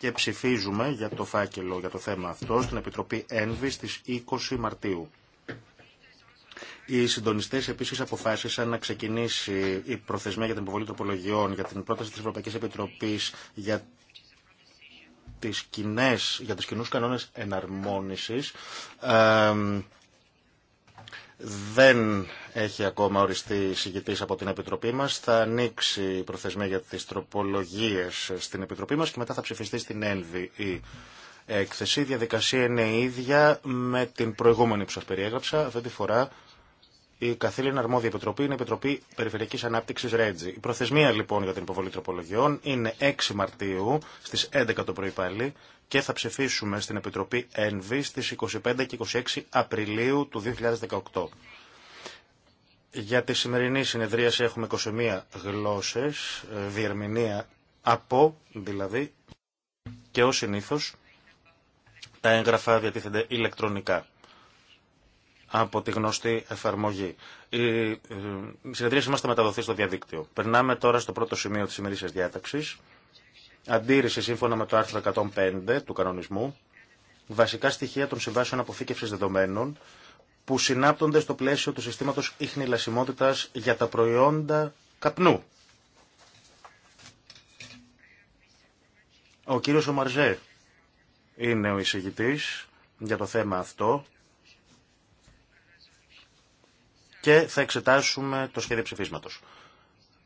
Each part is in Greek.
και ψηφίζουμε για το φάκελο, για το θέμα αυτό, στην Επιτροπή Ένβη στις 20 Μαρτίου. Οι συντονιστέ επίση αποφάσισαν να ξεκινήσει η προθεσμία για την υποβολή τροπολογιών για την πρόταση τη Ευρωπαϊκή Επιτροπή για τις κοινές, για τους κοινούς κανόνες εναρμόνισης δεν έχει ακόμα οριστεί συγκητή από την Επιτροπή μα. Θα ανοίξει η προθεσμία για τι τροπολογίε στην Επιτροπή μα και μετά θα ψηφιστεί στην ΕΛΒΗ η έκθεση. Η διαδικασία είναι ίδια με την προηγούμενη που σα περιέγραψα. Αυτή τη φορά η καθήλυνα αρμόδια επιτροπή είναι η Επιτροπή Περιφερειακή Ανάπτυξη Ρέτζι. Η προθεσμία λοιπόν για την υποβολή τροπολογιών είναι 6 Μαρτίου στι 11 το πρωί πάλι και θα ψηφίσουμε στην Επιτροπή ΕΝΒΗ στι 25 και 26 Απριλίου του 2018. Για τη σημερινή συνεδρίαση έχουμε 21 γλώσσες, ε, διερμηνία από δηλαδή και ως συνήθως τα έγγραφα διατίθενται ηλεκτρονικά από τη γνωστή εφαρμογή. Η συνεδρίαση μας θα μεταδοθεί στο διαδίκτυο. Περνάμε τώρα στο πρώτο σημείο της ημερήσιας διάταξης. Αντίρρηση σύμφωνα με το άρθρο 105 του κανονισμού. Βασικά στοιχεία των συμβάσεων αποθήκευση δεδομένων που συνάπτονται στο πλαίσιο του συστήματος ίχνηλασιμότητας για τα προϊόντα καπνού. Ο κύριος Ομαρζέ είναι ο εισηγητής για το θέμα αυτό και θα εξετάσουμε το σχέδιο ψηφίσματος.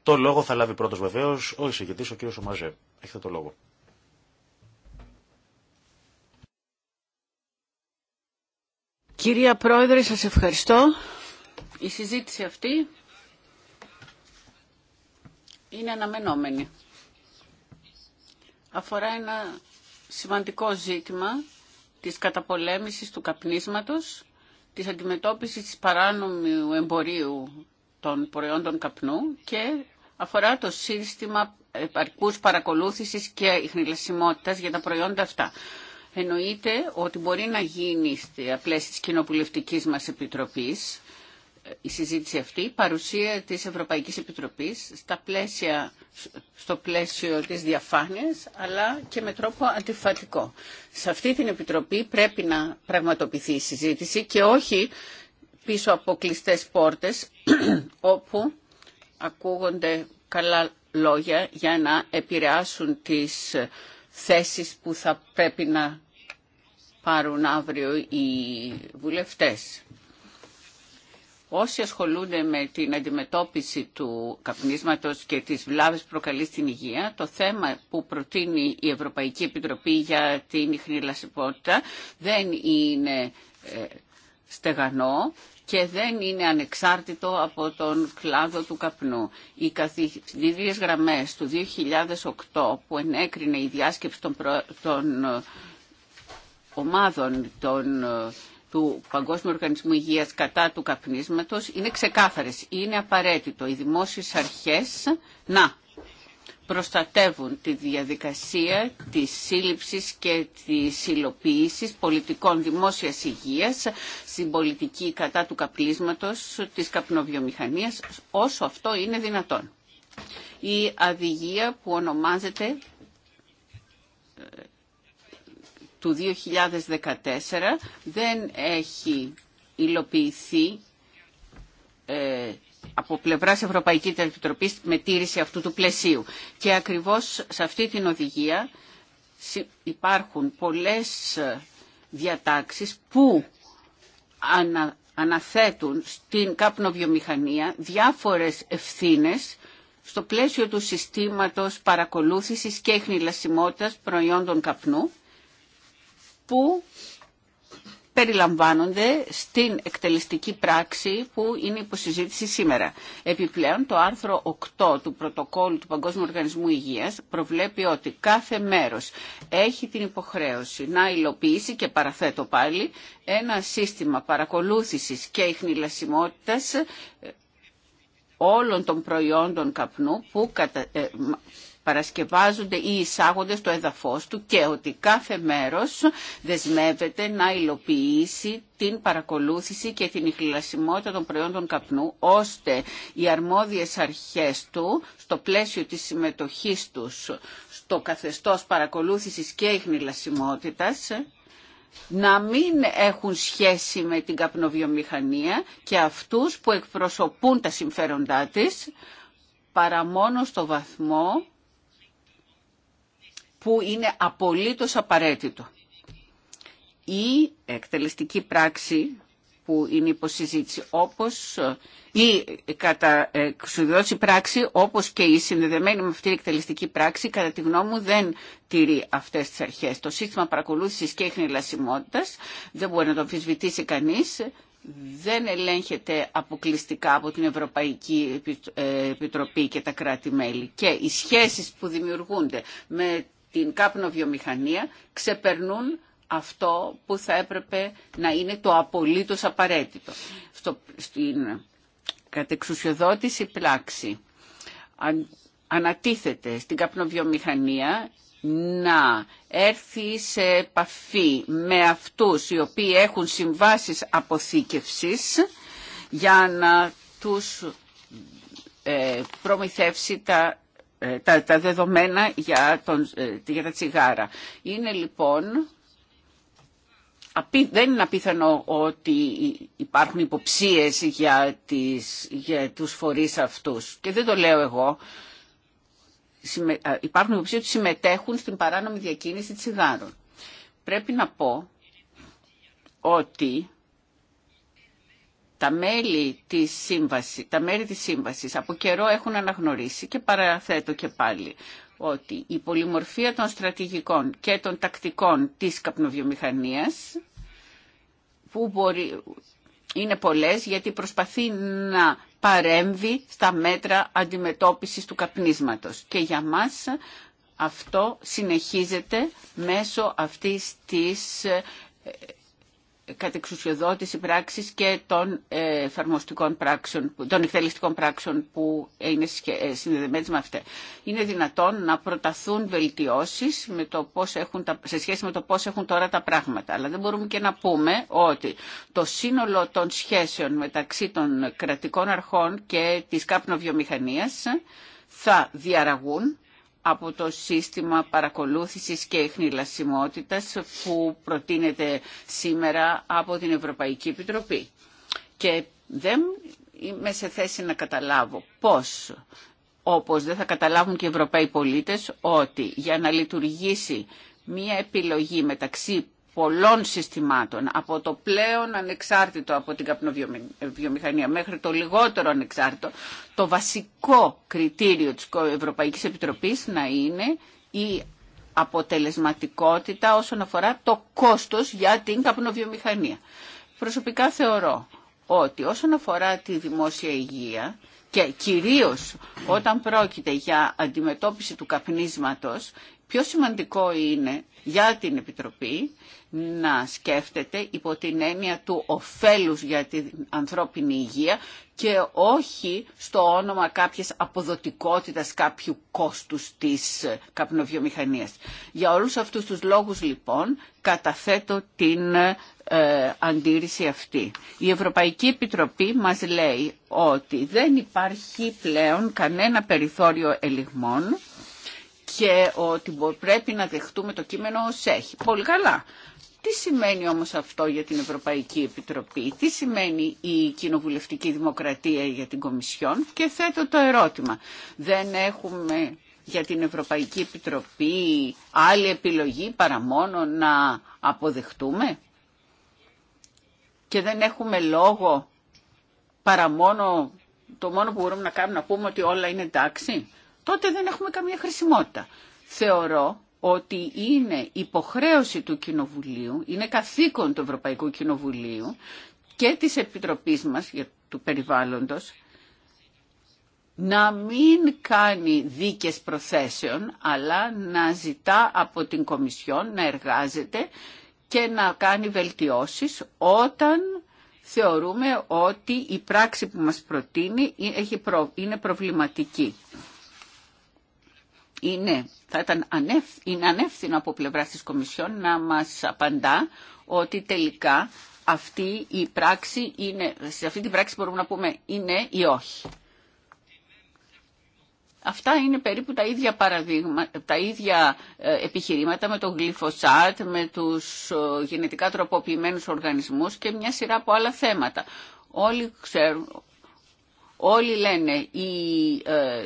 Το λόγο θα λάβει πρώτος βεβαίω. ο εισηγητή, ο κύριος Ομαζέ. Έχετε το λόγο. Κυρία Πρόεδρε, σας ευχαριστώ. Η συζήτηση αυτή είναι αναμενόμενη. Αφορά ένα σημαντικό ζήτημα της καταπολέμησης του καπνίσματος της αντιμετώπισης της παράνομου εμπορίου των προϊόντων καπνού και αφορά το σύστημα επαρκούς παρακολούθησης και ειχνηλασιμότητας για τα προϊόντα αυτά. Εννοείται ότι μπορεί να γίνει στα πλαίσια της κοινοβουλευτικής μας επιτροπής η συζήτηση αυτή, παρουσία της Ευρωπαϊκής Επιτροπής στα στο πλαίσιο της διαφάνειας, αλλά και με τρόπο αντιφατικό. Σε αυτή την Επιτροπή πρέπει να πραγματοποιηθεί η συζήτηση και όχι πίσω από κλειστές πόρτες, όπου ακούγονται καλά λόγια για να επηρεάσουν τις θέσεις που θα πρέπει να πάρουν αύριο οι βουλευτές. Όσοι ασχολούνται με την αντιμετώπιση του καπνίσματος και της βλάβες που προκαλεί στην υγεία, το θέμα που προτείνει η Ευρωπαϊκή Επιτροπή για την ιχνηλασιμότητα δεν είναι ε, στεγανό και δεν είναι ανεξάρτητο από τον κλάδο του καπνού. Οι καθηγητήριες γραμμές του 2008 που ενέκρινε η διάσκεψη των, των ε, ομάδων των ε, του Παγκόσμιου Οργανισμού Υγείας κατά του καπνίσματος είναι ξεκάθαρες. Είναι απαραίτητο οι δημόσιες αρχές να προστατεύουν τη διαδικασία της σύλληψης και της υλοποίησης πολιτικών δημόσιας υγείας στην πολιτική κατά του καπνίσματος της καπνοβιομηχανίας όσο αυτό είναι δυνατόν. Η αδηγία που ονομάζεται του 2014 δεν έχει υλοποιηθεί ε, από πλευράς Ευρωπαϊκής Επιτροπής με τήρηση αυτού του πλαισίου. Και ακριβώς σε αυτή την οδηγία υπάρχουν πολλές διατάξεις που αναθέτουν στην καπνοβιομηχανία διάφορες ευθύνες στο πλαίσιο του συστήματος παρακολούθησης και εχνηλασιμότητας προϊόντων καπνού που περιλαμβάνονται στην εκτελεστική πράξη που είναι υποσυζήτηση σήμερα. Επιπλέον, το άρθρο 8 του πρωτοκόλλου του Παγκόσμιου Οργανισμού Υγείας προβλέπει ότι κάθε μέρος έχει την υποχρέωση να υλοποιήσει και παραθέτω πάλι ένα σύστημα παρακολούθησης και ειχνηλασιμότητας όλων των προϊόντων καπνού που ε, παρασκευάζονται ή εισάγονται στο εδαφός του και ότι κάθε μέρος δεσμεύεται να υλοποιήσει την παρακολούθηση και την ηχηλασιμότητα των προϊόντων καπνού, ώστε οι αρμόδιες αρχές του, στο πλαίσιο της συμμετοχής τους στο καθεστώς παρακολούθησης και ηχνηλασιμότητας, να μην έχουν σχέση με την καπνοβιομηχανία και αυτούς που εκπροσωπούν τα συμφέροντά της, παρά μόνο στο βαθμό που είναι απολύτως απαραίτητο. Η εκτελεστική πράξη που είναι υποσυζήτηση, όπως ή κατά πράξη, όπως και η συνδεδεμένη με αυτή η εκτελεστική πράξη, κατά τη γνώμη μου δεν τηρεί αυτές τις αρχές. Το σύστημα παρακολούθησης και εχνηλασιμότητας δεν μπορεί να το αμφισβητήσει κανείς, δεν ελέγχεται αποκλειστικά από την Ευρωπαϊκή ε, Επιτροπή και τα κράτη-μέλη. Και οι σχέσεις που δημιουργούνται με την καπνοβιομηχανία ξεπερνούν αυτό που θα έπρεπε να είναι το απολύτως απαραίτητο. Στο, στην κατεξουσιοδότηση πλάξη ανατίθεται στην καπνοβιομηχανία να έρθει σε επαφή με αυτούς οι οποίοι έχουν συμβάσεις αποθήκευσης για να τους ε, προμηθεύσει τα ε, τα, δεδομένα για, τον, ε, για τα τσιγάρα. Είναι λοιπόν δεν είναι απίθανο ότι υπάρχουν υποψίες για, τις, για τους φορείς αυτούς. Και δεν το λέω εγώ. Υπάρχουν υποψίες ότι συμμετέχουν στην παράνομη διακίνηση τσιγάρων. Πρέπει να πω ότι τα μέλη της σύμβασης, τα μέλη της σύμβασης από καιρό έχουν αναγνωρίσει και παραθέτω και πάλι ότι η πολυμορφία των στρατηγικών και των τακτικών της καπνοβιομηχανίας που μπορεί, είναι πολλές γιατί προσπαθεί να παρέμβει στα μέτρα αντιμετώπισης του καπνίσματος. Και για μας αυτό συνεχίζεται μέσω αυτής της ε, κατεξουσιοδότηση πράξης και των, ε, εφαρμοστικών πράξεων, των εκτελεστικών πράξεων που είναι ε, συνδεδεμένες με αυτές, Είναι δυνατόν να προταθούν βελτιώσεις με το πώς έχουν τα, σε σχέση με το πώς έχουν τώρα τα πράγματα. Αλλά δεν μπορούμε και να πούμε ότι το σύνολο των σχέσεων μεταξύ των κρατικών αρχών και της καπνοβιομηχανίας θα διαραγούν από το σύστημα παρακολούθησης και εχνηλασιμότητας που προτείνεται σήμερα από την Ευρωπαϊκή Επιτροπή. Και δεν είμαι σε θέση να καταλάβω πώς, όπως δεν θα καταλάβουν και οι Ευρωπαίοι πολίτες, ότι για να λειτουργήσει μία επιλογή μεταξύ πολλών συστημάτων, από το πλέον ανεξάρτητο από την καπνοβιομηχανία μέχρι το λιγότερο ανεξάρτητο, το βασικό κριτήριο της Ευρωπαϊκής Επιτροπής να είναι η αποτελεσματικότητα όσον αφορά το κόστος για την καπνοβιομηχανία. Προσωπικά θεωρώ ότι όσον αφορά τη δημόσια υγεία και κυρίως όταν πρόκειται για αντιμετώπιση του καπνίσματος πιο σημαντικό είναι για την Επιτροπή να σκέφτεται υπό την έννοια του ωφέλους για την ανθρώπινη υγεία και όχι στο όνομα κάποιες αποδοτικότητας κάποιου κόστους της καπνοβιομηχανίας. Για όλους αυτούς τους λόγους λοιπόν καταθέτω την ε, αντίρρηση αυτή. Η Ευρωπαϊκή Επιτροπή μας λέει ότι δεν υπάρχει πλέον κανένα περιθώριο ελιγμών και ότι πρέπει να δεχτούμε το κείμενο ως έχει. Πολύ καλά. Τι σημαίνει όμως αυτό για την Ευρωπαϊκή Επιτροπή, τι σημαίνει η κοινοβουλευτική δημοκρατία για την Κομισιόν και θέτω το ερώτημα. Δεν έχουμε για την Ευρωπαϊκή Επιτροπή άλλη επιλογή παρά μόνο να αποδεχτούμε και δεν έχουμε λόγο παρά μόνο το μόνο που μπορούμε να κάνουμε να πούμε ότι όλα είναι εντάξει τότε δεν έχουμε καμία χρησιμότητα. Θεωρώ ότι είναι υποχρέωση του Κοινοβουλίου, είναι καθήκον του Ευρωπαϊκού Κοινοβουλίου και της Επιτροπής μας του περιβάλλοντος να μην κάνει δίκες προθέσεων, αλλά να ζητά από την Κομισιόν να εργάζεται και να κάνει βελτιώσεις όταν θεωρούμε ότι η πράξη που μας προτείνει είναι προβληματική είναι, θα ήταν είναι ανεύθυνο από πλευρά της Κομισιόν να μας απαντά ότι τελικά αυτή η πράξη είναι, σε αυτή την πράξη μπορούμε να πούμε είναι ή όχι. Αυτά είναι περίπου τα ίδια, παραδείγμα, τα ίδια ε, επιχειρήματα με το γλυφοσάτ, με τους ε, γενετικά τροποποιημένους οργανισμούς και μια σειρά από άλλα θέματα. Όλοι ξέρουν, Όλοι λένε οι ε,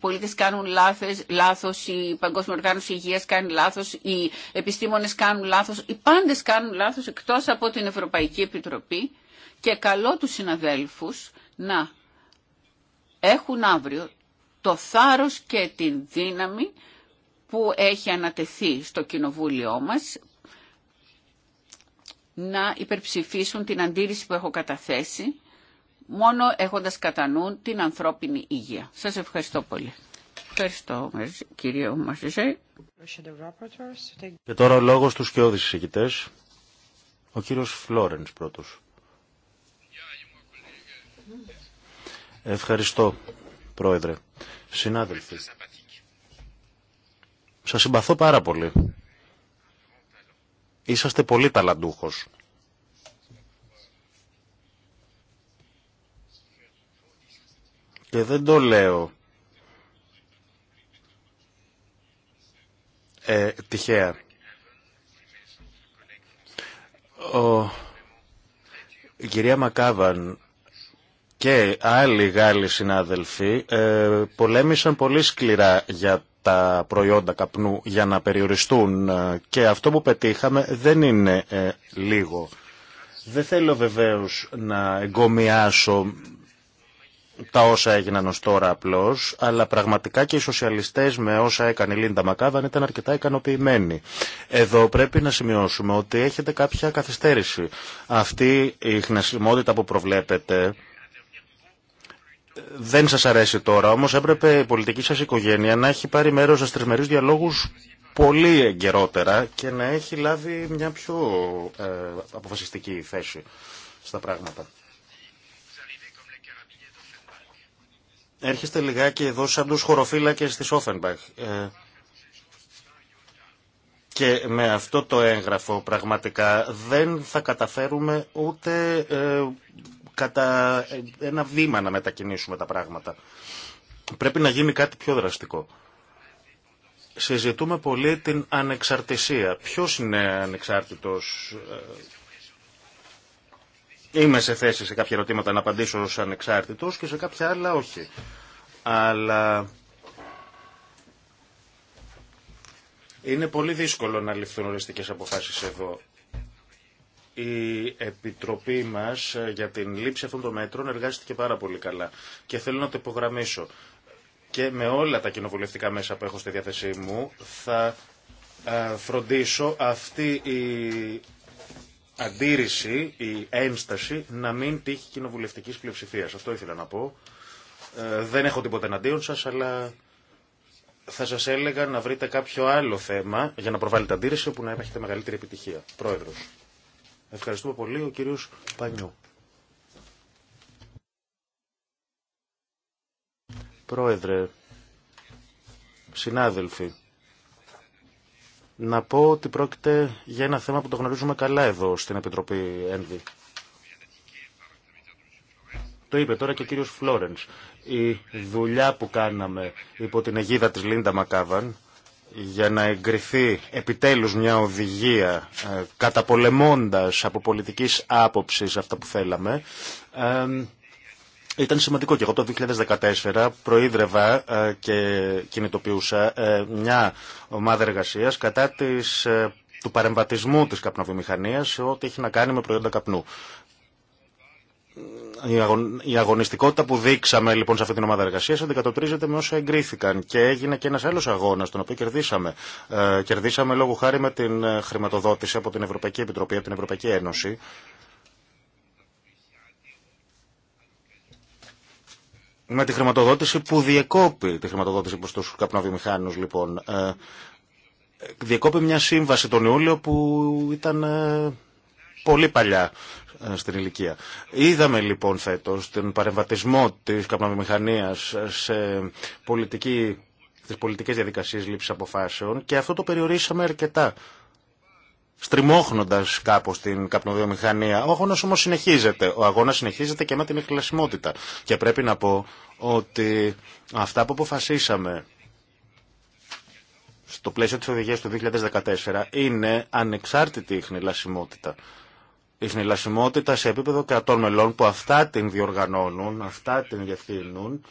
πολίτες κάνουν λάθος, λάθος η Παγκόσμια Οργάνωση Υγείας κάνει λάθος, οι επιστήμονες κάνουν λάθος, οι πάντες κάνουν λάθος εκτός από την Ευρωπαϊκή Επιτροπή και καλό τους συναδέλφους να έχουν αύριο το θάρρος και την δύναμη που έχει ανατεθεί στο κοινοβούλιο μας να υπερψηφίσουν την αντίρρηση που έχω καταθέσει μόνο έχοντας κατά νου την ανθρώπινη υγεία. Σας ευχαριστώ πολύ. Ευχαριστώ κύριε Μαζιζέ. Και τώρα ο λόγος στους και εισηγητές. Ο κύριος Φλόρενς πρώτος. Ευχαριστώ, Πρόεδρε. Συνάδελφοι, σας συμπαθώ πάρα πολύ. Είσαστε πολύ ταλαντούχος. Και δεν το λέω ε, τυχαία. Ο... Η κυρία Μακάβαν και άλλοι Γάλλοι συνάδελφοι ε, πολέμησαν πολύ σκληρά για τα προϊόντα καπνού για να περιοριστούν ε, και αυτό που πετύχαμε δεν είναι ε, λίγο. Δεν θέλω βεβαίως να εγκομιάσω τα όσα έγιναν ως τώρα απλώς, αλλά πραγματικά και οι σοσιαλιστές με όσα έκανε η Λίντα Μακάβαν ήταν αρκετά ικανοποιημένοι. Εδώ πρέπει να σημειώσουμε ότι έχετε κάποια καθυστέρηση. Αυτή η χνασιμότητα που προβλέπετε δεν σας αρέσει τώρα, όμως έπρεπε η πολιτική σας οικογένεια να έχει πάρει μέρος στους τρισμερείς διαλόγους πολύ εγκαιρότερα και να έχει λάβει μια πιο ε, αποφασιστική θέση στα πράγματα. Έρχεστε λιγάκι εδώ σαν τους χωροφύλακες της Όφενμπαχ. Και με αυτό το έγγραφο πραγματικά δεν θα καταφέρουμε ούτε ε, κατά ένα βήμα να μετακινήσουμε τα πράγματα. Πρέπει να γίνει κάτι πιο δραστικό. Συζητούμε πολύ την ανεξαρτησία. Ποιος είναι ανεξάρτητος ε, Είμαι σε θέση σε κάποια ερωτήματα να απαντήσω ως ανεξάρτητος και σε κάποια άλλα όχι. Αλλά είναι πολύ δύσκολο να ληφθούν οριστικές αποφάσεις εδώ. Η Επιτροπή μας ε, για την λήψη αυτών των μέτρων εργάστηκε πάρα πολύ καλά και θέλω να το υπογραμμίσω. Και με όλα τα κοινοβουλευτικά μέσα που έχω στη διάθεσή μου θα ε, φροντίσω αυτή η αντίρρηση, η ένσταση να μην τύχει κοινοβουλευτική πλειοψηφία. Αυτό ήθελα να πω. Ε, δεν έχω τίποτα εναντίον σα, αλλά θα σα έλεγα να βρείτε κάποιο άλλο θέμα για να προβάλλετε αντίρρηση όπου να έχετε μεγαλύτερη επιτυχία. Πρόεδρο. Ευχαριστούμε πολύ. Ο κύριο Πανιού. Πρόεδρε, συνάδελφοι, να πω ότι πρόκειται για ένα θέμα που το γνωρίζουμε καλά εδώ στην Επιτροπή ΕΝΔΙ. Το είπε τώρα και ο κύριος Φλόρενς. Η δουλειά που κάναμε υπό την αιγίδα της Λίντα Μακάβαν για να εγκριθεί επιτέλους μια οδηγία ε, καταπολεμώντας από πολιτικής άποψης αυτά που θέλαμε ε, ήταν σημαντικό και εγώ το 2014 προείδρευα ε, και κινητοποιούσα ε, μια ομάδα εργασίας κατά της, ε, του παρεμβατισμού της καπνοβιομηχανίας σε ό,τι έχει να κάνει με προϊόντα καπνού. Η αγωνιστικότητα που δείξαμε λοιπόν σε αυτή την ομάδα εργασία αντικατοπτρίζεται με όσα εγκρίθηκαν και έγινε και ένα άλλο αγώνα τον οποίο κερδίσαμε. κερδίσαμε λόγω χάρη με την χρηματοδότηση από την Ευρωπαϊκή Επιτροπή, από την Ευρωπαϊκή Ένωση με τη χρηματοδότηση που διεκόπη τη χρηματοδότηση προς τους καπνοβιομηχάνους λοιπόν. Ε, διεκόπη μια σύμβαση τον Ιούλιο που ήταν ε, πολύ παλιά ε, στην ηλικία. Είδαμε λοιπόν φέτος τον παρεμβατισμό της καπνοβιομηχανίας σε πολιτική, στις πολιτικές διαδικασίες λήψης αποφάσεων και αυτό το περιορίσαμε αρκετά στριμώχνοντας κάπω την καπνοβιομηχανία. Ο αγώνα όμω συνεχίζεται. Ο αγώνα συνεχίζεται και με την εχνηλασιμότητα. Και πρέπει να πω ότι αυτά που αποφασίσαμε στο πλαίσιο της οδηγίας του 2014 είναι ανεξάρτητη η χνηλασιμότητα. Η χνηλασιμότητα σε επίπεδο κρατών μελών που αυτά την διοργανώνουν, αυτά την διευθύνουν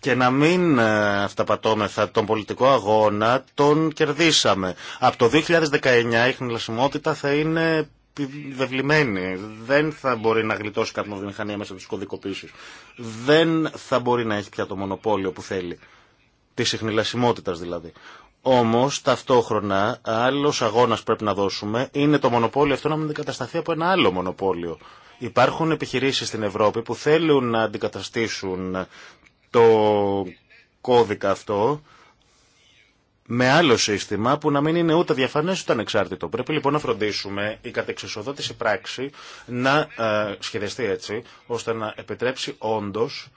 και να μην ε, αυταπατώμεθα τον πολιτικό αγώνα τον κερδίσαμε. Από το 2019 η χνηλασιμότητα θα είναι βεβλημένη. Δεν θα μπορεί να γλιτώσει κάποια μηχανία μέσα από τις κωδικοποίησεις. Δεν θα μπορεί να έχει πια το μονοπόλιο που θέλει. Τη χνηλασιμότητας δηλαδή. Όμως ταυτόχρονα άλλος αγώνας πρέπει να δώσουμε είναι το μονοπόλιο αυτό να μην αντικατασταθεί από ένα άλλο μονοπόλιο. Υπάρχουν επιχειρήσεις στην Ευρώπη που θέλουν να αντικαταστήσουν το κώδικα αυτό με άλλο σύστημα που να μην είναι ούτε διαφανές ούτε ανεξάρτητο. Πρέπει λοιπόν να φροντίσουμε η κατεξισοδότηση πράξη να ε, σχεδιαστεί έτσι, ώστε να επιτρέψει όντως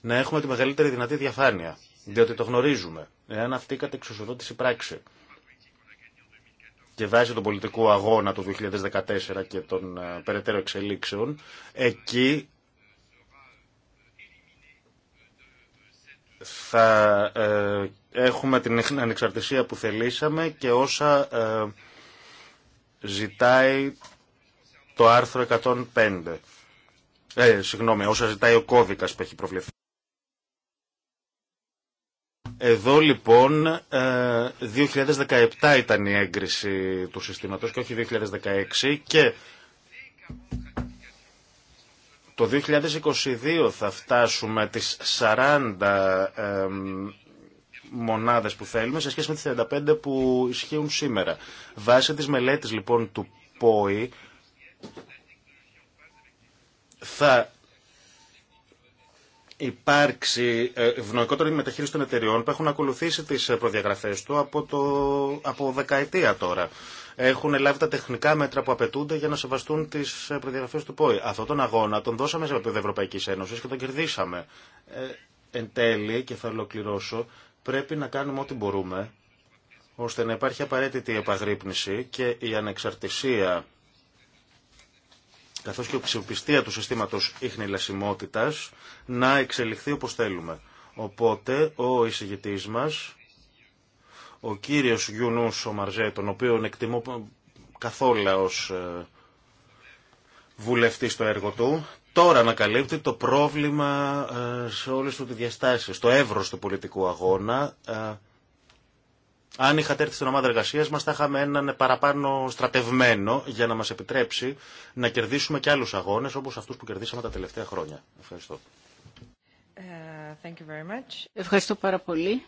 να έχουμε τη μεγαλύτερη δυνατή διαφάνεια. Διότι το γνωρίζουμε. Εάν αυτή η κατεξοσοδότηση πράξη και βάσει τον πολιτικό αγώνα του 2014 και των ε, περαιτέρω εξελίξεων, εκεί θα ε, έχουμε την ανεξαρτησία που θελήσαμε και όσα ε, ζητάει το άρθρο 105. Ε, συγγνώμη, όσα ζητάει ο κώδικας που έχει προβλεφθεί. Εδώ λοιπόν 2017 ε, ήταν η έγκριση του συστήματος και όχι 2016 και το 2022 θα φτάσουμε τις 40 μονάδες που θέλουμε σε σχέση με τις 35 που ισχύουν σήμερα. Βάσει της μελέτης λοιπόν του ΠΟΗ θα υπάρξει ε, ευνοϊκότερη μεταχείριση των εταιριών που έχουν ακολουθήσει τις ε, προδιαγραφές του από, το, από δεκαετία τώρα έχουν λάβει τα τεχνικά μέτρα που απαιτούνται για να σεβαστούν τι προδιαγραφέ του ΠΟΗ. αυτό τον αγώνα τον δώσαμε σε επίπεδο Ευρωπαϊκή Ένωση και τον κερδίσαμε. Ε, εν τέλει, και θα ολοκληρώσω, πρέπει να κάνουμε ό,τι μπορούμε ώστε να υπάρχει απαραίτητη επαγρύπνηση και η ανεξαρτησία καθώς και η ψηφοπιστία του συστήματος ίχνη να εξελιχθεί όπως θέλουμε. Οπότε ο εισηγητής μας ο κύριος Γιουνούς ο τον οποίο εκτιμώ καθόλου ως ε, βουλευτή στο έργο του, τώρα ανακαλύπτει το πρόβλημα ε, σε όλες του τη διαστάσεις, στο εύρος του πολιτικού αγώνα. Ε, αν είχατε έρθει στην ομάδα εργασία μα, θα είχαμε έναν παραπάνω στρατευμένο για να μα επιτρέψει να κερδίσουμε και άλλου αγώνε όπω αυτού που κερδίσαμε τα τελευταία χρόνια. Ευχαριστώ. Thank you very much. Ευχαριστώ πάρα πολύ.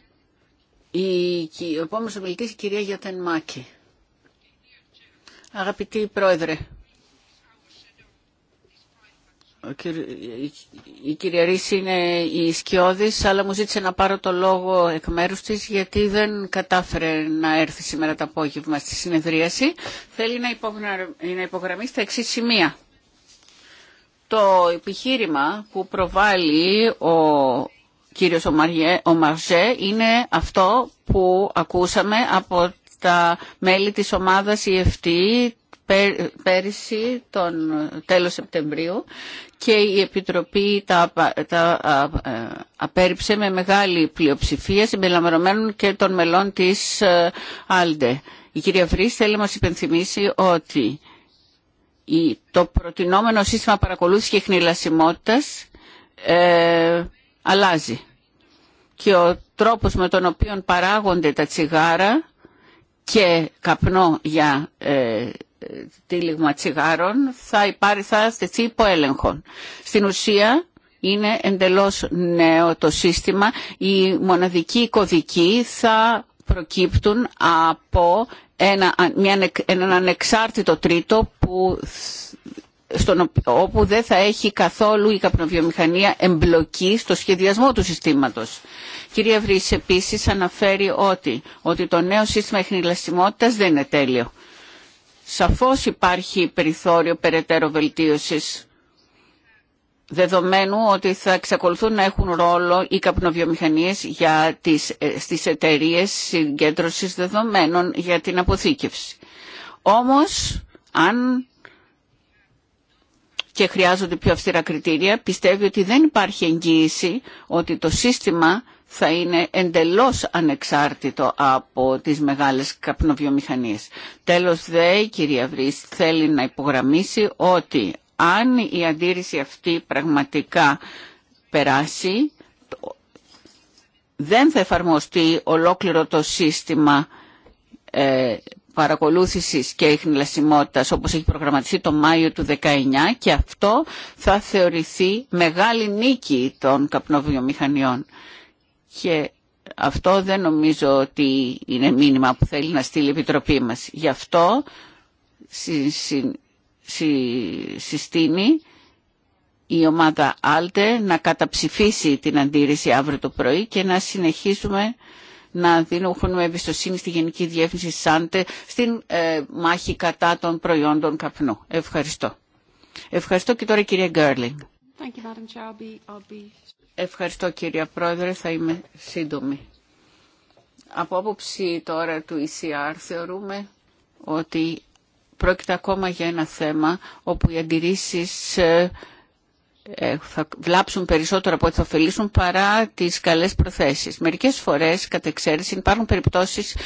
Η, ο επόμενος ομιλητή η κυρία Γιατενμάκη. Αγαπητή Πρόεδρε, η κυρία είναι η Σκιώδης, αλλά μου ζήτησε να πάρω το λόγο εκ μέρους της, γιατί δεν κατάφερε να έρθει σήμερα το απόγευμα στη συνεδρίαση. Θέλει να υπογραμμίσει τα εξή σημεία. Το επιχείρημα που προβάλλει ο κύριος μαρζέ είναι αυτό που ακούσαμε από τα μέλη της ομάδας EFT πέρυσι τον τέλος Σεπτεμβρίου και η Επιτροπή τα, τα ε, απέρριψε με μεγάλη πλειοψηφία συμπεριλαμβανομένων και των μελών της ε, Άλντε. Η κυρία Βρύς θέλει να μας υπενθυμίσει ότι το προτινόμενο σύστημα παρακολούθησης και χνηλασιμότητας ε, αλλάζει και ο τρόπος με τον οποίο παράγονται τα τσιγάρα και καπνό για ε, τύλιγμα τσιγάρων θα υπάρχει θα υπό έλεγχο. Στην ουσία είναι εντελώς νέο το σύστημα. Οι μοναδικοί κωδικοί θα προκύπτουν από ένα, μια, έναν ανεξάρτητο τρίτο που όπου δεν θα έχει καθόλου η καπνοβιομηχανία εμπλοκή στο σχεδιασμό του συστήματος. Κυρία Βρύση επίσης αναφέρει ότι, ότι το νέο σύστημα εχνηλαστιμότητας δεν είναι τέλειο. Σαφώς υπάρχει περιθώριο περαιτέρω βελτίωσης δεδομένου ότι θα εξακολουθούν να έχουν ρόλο οι καπνοβιομηχανίες για τις, ε, στις εταιρείες συγκέντρωσης δεδομένων για την αποθήκευση. Όμως, αν και χρειάζονται πιο αυστηρά κριτήρια, πιστεύει ότι δεν υπάρχει εγγύηση ότι το σύστημα θα είναι εντελώς ανεξάρτητο από τις μεγάλες καπνοβιομηχανίες. Τέλος δε, η κυρία Βρύς θέλει να υπογραμμίσει ότι αν η αντίρρηση αυτή πραγματικά περάσει, δεν θα εφαρμοστεί ολόκληρο το σύστημα ε, παρακολούθησης και ειχνηλασιμότητας όπως έχει προγραμματιστεί το Μάιο του 19 και αυτό θα θεωρηθεί μεγάλη νίκη των καπνοβιομηχανιών. Και αυτό δεν νομίζω ότι είναι μήνυμα που θέλει να στείλει η Επιτροπή μας. Γι' αυτό συ, συστήνει η ομάδα Άλτε να καταψηφίσει την αντίρρηση αύριο το πρωί και να συνεχίσουμε να δίνουν εμπιστοσύνη στη Γενική Διεύθυνση ΣΑΝΤΕ στην ε, μάχη κατά των προϊόντων καπνού. Ευχαριστώ. Ευχαριστώ και τώρα η κυρία Γκέρλινγκ. Ευχαριστώ κυρία Πρόεδρε, θα είμαι σύντομη. Από άποψη τώρα του ECR θεωρούμε ότι πρόκειται ακόμα για ένα θέμα όπου οι αντιρρήσεις ε, ε, θα βλάψουν περισσότερο από ό,τι θα ωφελήσουν παρά τις καλές προθέσεις. Μερικές φορές, κατά εξαίρεση, υπάρχουν περιπτώσεις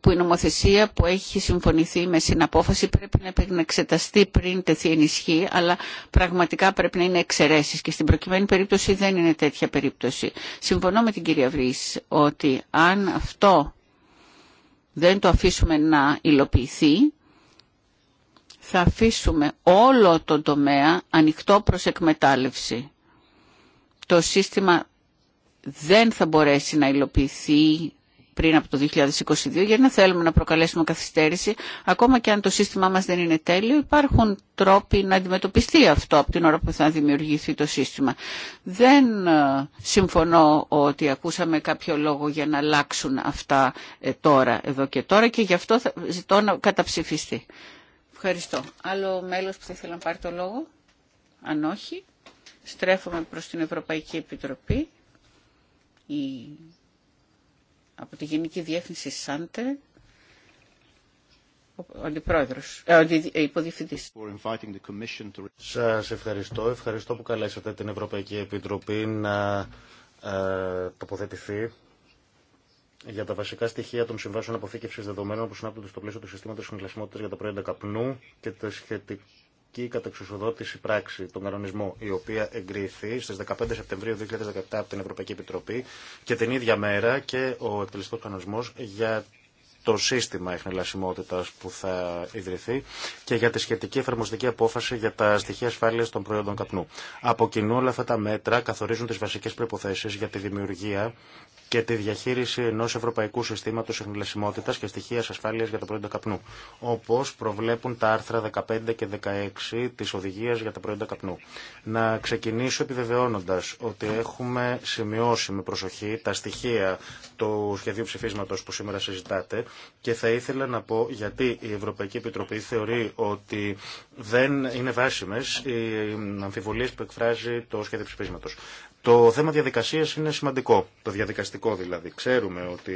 που η νομοθεσία που έχει συμφωνηθεί με συναπόφαση πρέπει να εξεταστεί πριν τεθεί ισχύ, αλλά πραγματικά πρέπει να είναι εξαιρέσεις και στην προκειμένη περίπτωση δεν είναι τέτοια περίπτωση. Συμφωνώ με την κυρία Βρύς ότι αν αυτό δεν το αφήσουμε να υλοποιηθεί, θα αφήσουμε όλο τον τομέα ανοιχτό προς εκμετάλλευση. Το σύστημα δεν θα μπορέσει να υλοποιηθεί πριν από το 2022, γιατί δεν θέλουμε να προκαλέσουμε καθυστέρηση. Ακόμα και αν το σύστημά μας δεν είναι τέλειο, υπάρχουν τρόποι να αντιμετωπιστεί αυτό από την ώρα που θα δημιουργηθεί το σύστημα. Δεν ε, συμφωνώ ότι ακούσαμε κάποιο λόγο για να αλλάξουν αυτά ε, τώρα, εδώ και τώρα, και γι' αυτό ζητώ να καταψηφιστεί. Ευχαριστώ. Άλλο μέλος που θα ήθελα να πάρει το λόγο. Αν όχι, στρέφομαι προς την Ευρωπαϊκή Επιτροπή η... από τη Γενική Διεύθυνση ΣΑΝΤΕ ο αντιπρόεδρος, Σα ε, ο ε, υποδιευθυντής. Σας ευχαριστώ. Ευχαριστώ που καλέσατε την Ευρωπαϊκή Επιτροπή να ε, τοποθετηθεί για τα βασικά στοιχεία των συμβάσεων αποθήκευση δεδομένων που συνάπτονται στο πλαίσιο του συστήματο συνεκλασιμότητα για τα προϊόντα καπνού και τη σχετική κατεξουσιοδότηση πράξη, τον κανονισμό, η οποία εγκρίθη στι 15 Σεπτεμβρίου 2017 από την Ευρωπαϊκή Επιτροπή και την ίδια μέρα και ο εκτελεστικό κανονισμό για το σύστημα εχνηλασιμότητα που θα ιδρυθεί και για τη σχετική εφαρμοστική απόφαση για τα στοιχεία ασφάλεια των προϊόντων καπνού. Από κοινού όλα αυτά τα μέτρα καθορίζουν τι βασικέ προποθέσει για τη δημιουργία και τη διαχείριση ενό ευρωπαϊκού συστήματο εχνηλασιμότητα και στοιχεία ασφάλεια για τα προϊόντα καπνού, Όπω προβλέπουν τα άρθρα 15 και 16 τη οδηγία για τα προϊόντα καπνού. Να ξεκινήσω επιβεβαιώνοντα ότι έχουμε σημειώσει με προσοχή τα στοιχεία του σχεδίου ψηφίσματο που σήμερα συζητάτε και θα ήθελα να πω γιατί η Ευρωπαϊκή Επιτροπή θεωρεί ότι δεν είναι βάσιμες οι αμφιβολίες που εκφράζει το σχέδιο ψηφίσματος. Το θέμα διαδικασίας είναι σημαντικό, το διαδικαστικό δηλαδή. Ξέρουμε ότι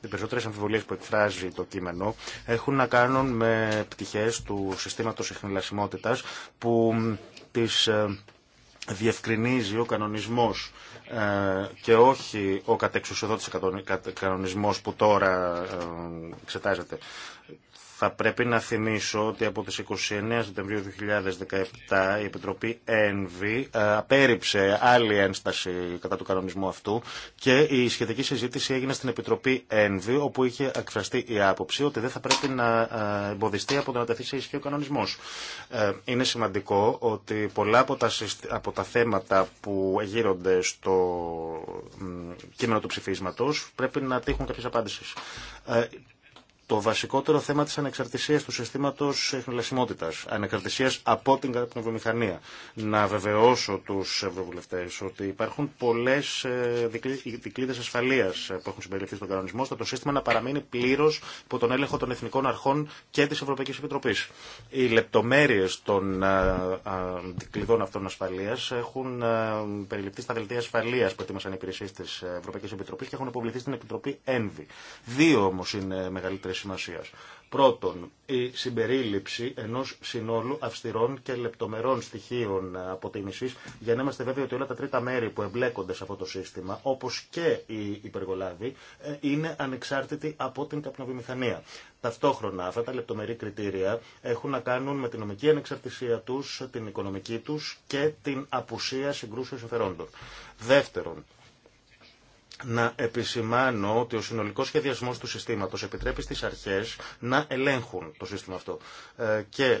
οι περισσότερες αμφιβολίες που εκφράζει το κείμενο έχουν να κάνουν με πτυχές του συστήματος εχνηλασιμότητας που ε, τις ε, διευκρινίζει ο κανονισμός ε, και όχι ο κατεξουσιοδότης κανονισμός που τώρα ε, εξετάζεται. Θα πρέπει να θυμίσω ότι από τις 29 Σεπτεμβρίου 2017 η Επιτροπή ΕΝΒΗ ε, απέρριψε άλλη ένσταση κατά του κανονισμού αυτού και η σχετική συζήτηση έγινε στην Επιτροπή ΕΝΒΗ όπου είχε εκφραστεί η άποψη ότι δεν θα πρέπει να ε, εμποδιστεί από το να τεθεί σε ισχύ ο κανονισμός. Ε, είναι σημαντικό ότι πολλά από τα, από τα θέματα που γύρονται στο κείμενο του ψηφίσματος πρέπει να τύχουν κάποιες απάντησεις το βασικότερο θέμα της ανεξαρτησίας του συστήματος εχνηλασιμότητας, ανεξαρτησίας από την καπνοβιομηχανία. Να βεβαιώσω τους ευρωβουλευτές ότι υπάρχουν πολλές ε, δικλείδες ασφαλείας που έχουν συμπεριληφθεί στον κανονισμό, ώστε το σύστημα να παραμείνει πλήρως υπό τον έλεγχο των Εθνικών Αρχών και της Ευρωπαϊκής Επιτροπής. Οι λεπτομέρειες των ε, ε, δικλειδών αυτών ασφαλείας έχουν περιληφθεί στα δελτία ασφαλείας που ετοίμασαν οι υπηρεσίες της Ευρωπαϊκής Επιτροπής και έχουν υποβληθεί στην Επιτροπή ΕΝΒΗ. Δύο όμως είναι μεγαλύτερε σημασία. Πρώτον, η συμπερίληψη ενό συνόλου αυστηρών και λεπτομερών στοιχείων ε, αποτίμηση για να είμαστε βέβαιοι ότι όλα τα τρίτα μέρη που εμπλέκονται σε αυτό το σύστημα, όπω και οι υπεργολάβοι, ε, είναι ανεξάρτητοι από την καπνοβιομηχανία. Ταυτόχρονα, αυτά τα λεπτομερή κριτήρια έχουν να κάνουν με την νομική ανεξαρτησία του, την οικονομική του και την απουσία συγκρούσεων συμφερόντων. Δεύτερον, να επισημάνω ότι ο συνολικός σχεδιασμός του συστήματος επιτρέπει στις αρχές να ελέγχουν το σύστημα αυτό. Ε, και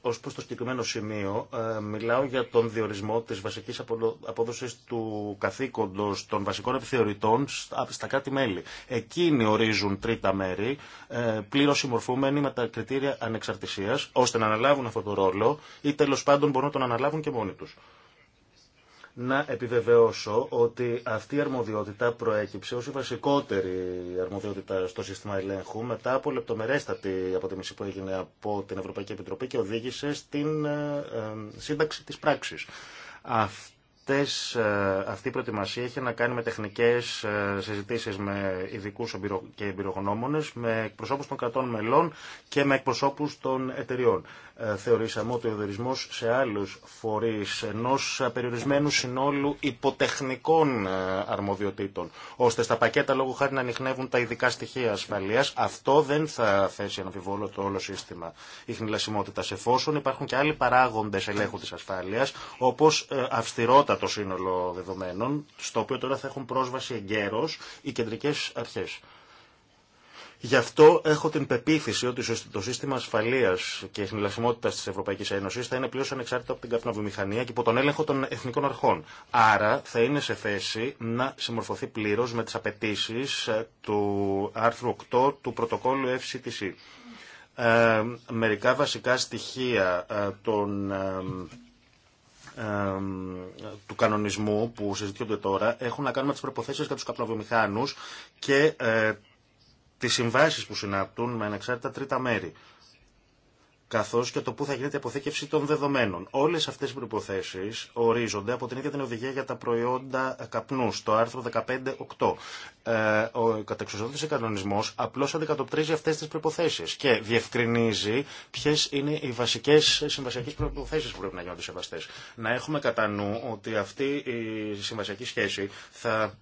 ως προς το συγκεκριμένο σημείο ε, μιλάω για τον διορισμό της βασικής απόδοσης του καθήκοντος των βασικών επιθεωρητών στα κράτη-μέλη. Εκείνοι ορίζουν τρίτα μέρη, ε, πλήρως συμμορφούμενοι με τα κριτήρια ανεξαρτησίας, ώστε να αναλάβουν αυτό το ρόλο ή τέλος πάντων μπορούν να τον αναλάβουν και μόνοι τους να επιβεβαιώσω ότι αυτή η αρμοδιότητα προέκυψε ως η βασικότερη αρμοδιότητα στο σύστημα ελέγχου μετά από λεπτομερέστατη αποτίμηση που έγινε από την Ευρωπαϊκή Επιτροπή και οδήγησε στην ε, ε, σύνταξη της πράξης αυτές, ε, αυτή η προετοιμασία έχει να κάνει με τεχνικές ε, συζητήσεις με ειδικούς και εμπειρογνώμονες, με εκπροσώπους των κρατών μελών και με εκπροσώπους των εταιριών. Ε, θεωρήσαμε ότι ο δερισμός σε άλλους φορείς ενός περιορισμένου συνόλου υποτεχνικών αρμοδιοτήτων, ώστε στα πακέτα λόγω χάρη να ανοιχνεύουν τα ειδικά στοιχεία ασφαλείας, αυτό δεν θα θέσει αμφιβόλο το όλο σύστημα ηχνηλασιμότητας, εφόσον υπάρχουν και άλλοι παράγοντες ελέγχου της ασφάλειας, όπως αυστηρότητα το σύνολο δεδομένων, στο οποίο τώρα θα έχουν πρόσβαση εγκαίρως οι κεντρικές αρχές. Γι' αυτό έχω την πεποίθηση ότι το σύστημα ασφαλεία και συνεργασιμότητα τη Ευρωπαϊκή Ένωση θα είναι πλήρω ανεξάρτητο από την καπνοβιομηχανία και υπό τον έλεγχο των εθνικών αρχών. Άρα θα είναι σε θέση να συμμορφωθεί πλήρω με τι απαιτήσει ε, του άρθρου 8 του πρωτοκόλλου FCTC. Ε, μερικά βασικά στοιχεία ε, των ε, του κανονισμού που συζητιούνται τώρα έχουν να κάνουν με τις προϋποθέσεις για τους καπνοβιομηχάνους και ε, τις συμβάσεις που συνάπτουν με ανεξάρτητα τρίτα μέρη καθώς και το πού θα γίνεται η αποθήκευση των δεδομένων. Όλες αυτές οι προποθέσει ορίζονται από την ίδια την οδηγία για τα προϊόντα καπνού, το άρθρο 15.8. Ε, ο κατεξουσιώδης κανονισμός απλώς αντικατοπτρίζει αυτές τις προποθέσει και διευκρινίζει ποιε είναι οι βασικές συμβασιακέ προποθέσει που πρέπει να γίνονται σεβαστέ. Να έχουμε κατά νου ότι αυτή η συμβασιακή σχέση θα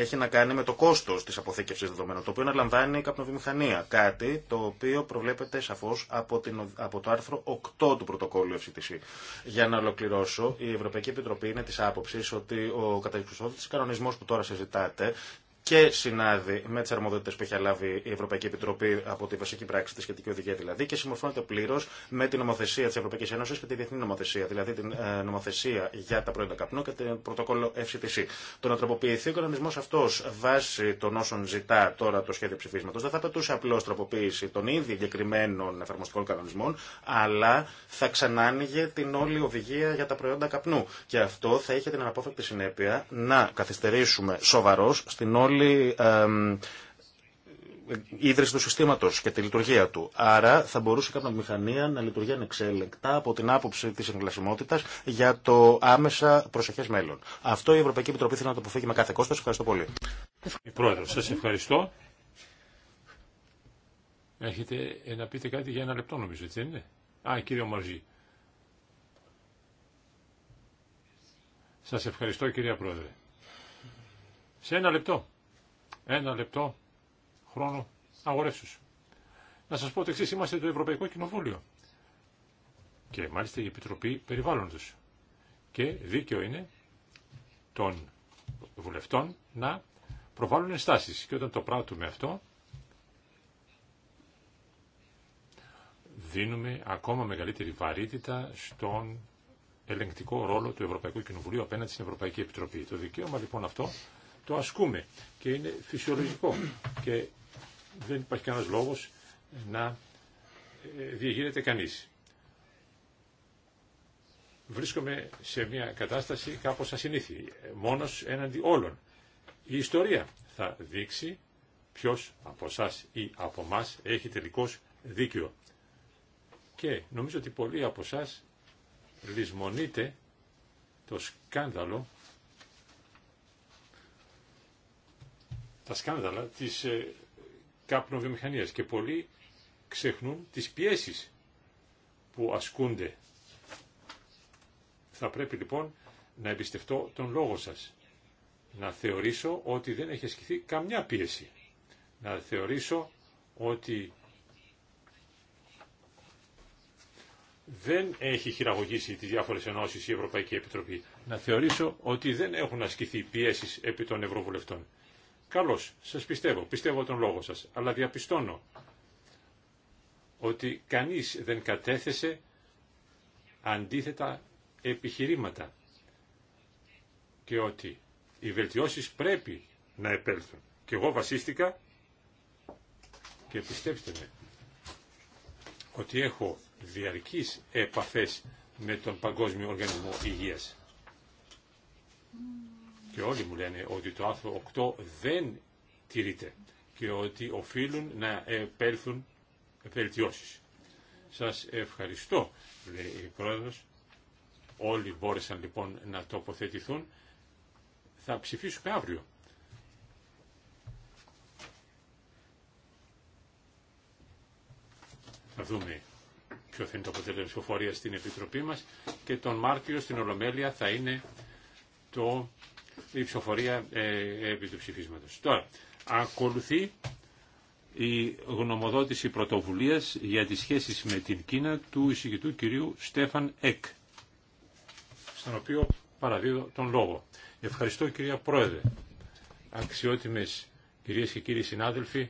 έχει να κάνει με το κόστο τη αποθήκευση δεδομένων, το οποίο αναλαμβάνει η καπνοβιομηχανία. Κάτι το οποίο προβλέπεται σαφώ από, από το άρθρο 8 του πρωτοκόλλου FCTC. Για να ολοκληρώσω, η Ευρωπαϊκή Επιτροπή είναι τη άποψη ότι ο τη κανονισμό που τώρα συζητάτε και συνάδει με τι αρμοδότητε που έχει λάβει η Ευρωπαϊκή Επιτροπή από τη βασική πράξη τη σχετική οδηγία δηλαδή και συμμορφώνεται πλήρω με την νομοθεσία τη Ευρωπαϊκή Ένωση και τη διεθνή νομοθεσία, δηλαδή την ε, νομοθεσία για τα προϊόντα καπνού και την πρωτοκόλλο FCTC. Το να τροποποιηθεί ο κανονισμό αυτό βάσει των όσων ζητά τώρα το σχέδιο ψηφίσματο δεν θα πετούσε απλώ τροποποίηση των ήδη εγκεκριμένων εφαρμοστικών κανονισμών, αλλά θα ξανάνοιγε την όλη οδηγία για τα προϊόντα καπνού. Και αυτό θα είχε την αναπόφευκτη συνέπεια να καθυστερήσουμε σοβαρώ στην όλη όλη η ίδρυση του συστήματο και τη λειτουργία του. Άρα θα μπορούσε κάποια μηχανία να λειτουργεί ανεξέλεγκτα από την άποψη τη εγκλασιμότητας για το άμεσα προσεχές μέλλον. Αυτό η Ευρωπαϊκή Επιτροπή θέλει να το αποφύγει με κάθε κόστο. Ευχαριστώ πολύ. πρόεδρο, σα ευχαριστώ. Έχετε να πείτε κάτι για ένα λεπτό, νομίζω, έτσι είναι. Α, κύριο Σας ευχαριστώ, κυρία Πρόεδρε. Σε ένα λεπτό. Ένα λεπτό χρόνο αγορεύσεως. Να σας πω ότι εξής, είμαστε το Ευρωπαϊκό Κοινοβούλιο και μάλιστα η Επιτροπή Περιβάλλοντος. Και δίκαιο είναι των βουλευτών να προβάλλουν ενστάσεις και όταν το πράττουμε αυτό δίνουμε ακόμα μεγαλύτερη βαρύτητα στον ελεγκτικό ρόλο του Ευρωπαϊκού Κοινοβουλίου απέναντι στην Ευρωπαϊκή Επιτροπή. Το δικαίωμα λοιπόν αυτό το ασκούμε και είναι φυσιολογικό και δεν υπάρχει κανένας λόγος να ε, διεγείρεται κανείς. Βρίσκομαι σε μια κατάσταση κάπως ασυνήθη, μόνος έναντι όλων. Η ιστορία θα δείξει ποιος από εσά ή από εμά έχει τελικώς δίκιο. Και νομίζω ότι πολλοί από εσά λησμονείτε το σκάνδαλο τα σκάνδαλα της ε, καπνοβιομηχανίας και πολλοί ξεχνούν τις πιέσεις που ασκούνται. Θα πρέπει λοιπόν να εμπιστευτώ τον λόγο σας. Να θεωρήσω ότι δεν έχει ασκηθεί καμιά πίεση. Να θεωρήσω ότι δεν έχει χειραγωγήσει τις διάφορες ενώσεις η Ευρωπαϊκή Επιτροπή. Να θεωρήσω ότι δεν έχουν ασκηθεί πιέσεις επί των Ευρωβουλευτών. Καλώ, σα πιστεύω, πιστεύω τον λόγο σας, αλλά διαπιστώνω ότι κανείς δεν κατέθεσε αντίθετα επιχειρήματα και ότι οι βελτιώσεις πρέπει να επέλθουν. Και εγώ βασίστηκα και πιστέψτε με ότι έχω διαρκείς επαφές με τον Παγκόσμιο Οργανισμό Υγείας. Και όλοι μου λένε ότι το άρθρο 8 δεν τηρείται και ότι οφείλουν να επέλθουν βελτιώσει. Σας ευχαριστώ, λέει η Πρόεδρος. Όλοι μπόρεσαν λοιπόν να τοποθετηθούν. Θα ψηφίσουμε αύριο. Θα δούμε ποιο θα είναι το αποτέλεσμα ψηφοφορία στην Επιτροπή μας και τον Μάρτιο στην Ολομέλεια θα είναι το η ψηφοφορία ε, επί του ψηφίσματος. Τώρα, ακολουθεί η γνωμοδότηση πρωτοβουλίας για τις σχέσεις με την Κίνα του εισηγητού κυρίου Στέφαν Εκ, στον οποίο παραδίδω τον λόγο. Ευχαριστώ κυρία Πρόεδρε. Αξιότιμες κυρίες και κύριοι συνάδελφοι,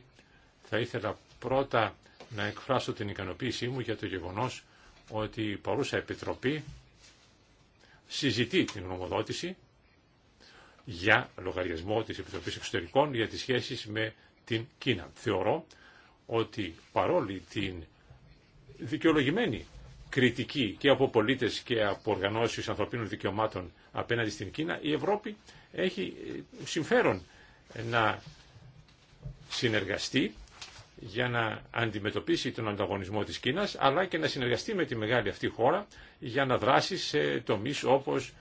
θα ήθελα πρώτα να εκφράσω την ικανοποίησή μου για το γεγονός ότι η παρούσα Επιτροπή συζητεί την γνωμοδότηση για λογαριασμό της Επιτροπής Εξωτερικών για τις σχέσεις με την Κίνα. Θεωρώ ότι παρόλη την δικαιολογημένη κριτική και από πολίτες και από οργανώσεις ανθρωπίνων δικαιωμάτων απέναντι στην Κίνα, η Ευρώπη έχει συμφέρον να συνεργαστεί για να αντιμετωπίσει τον ανταγωνισμό της Κίνας, αλλά και να συνεργαστεί με τη μεγάλη αυτή χώρα για να δράσει σε τομείς όπως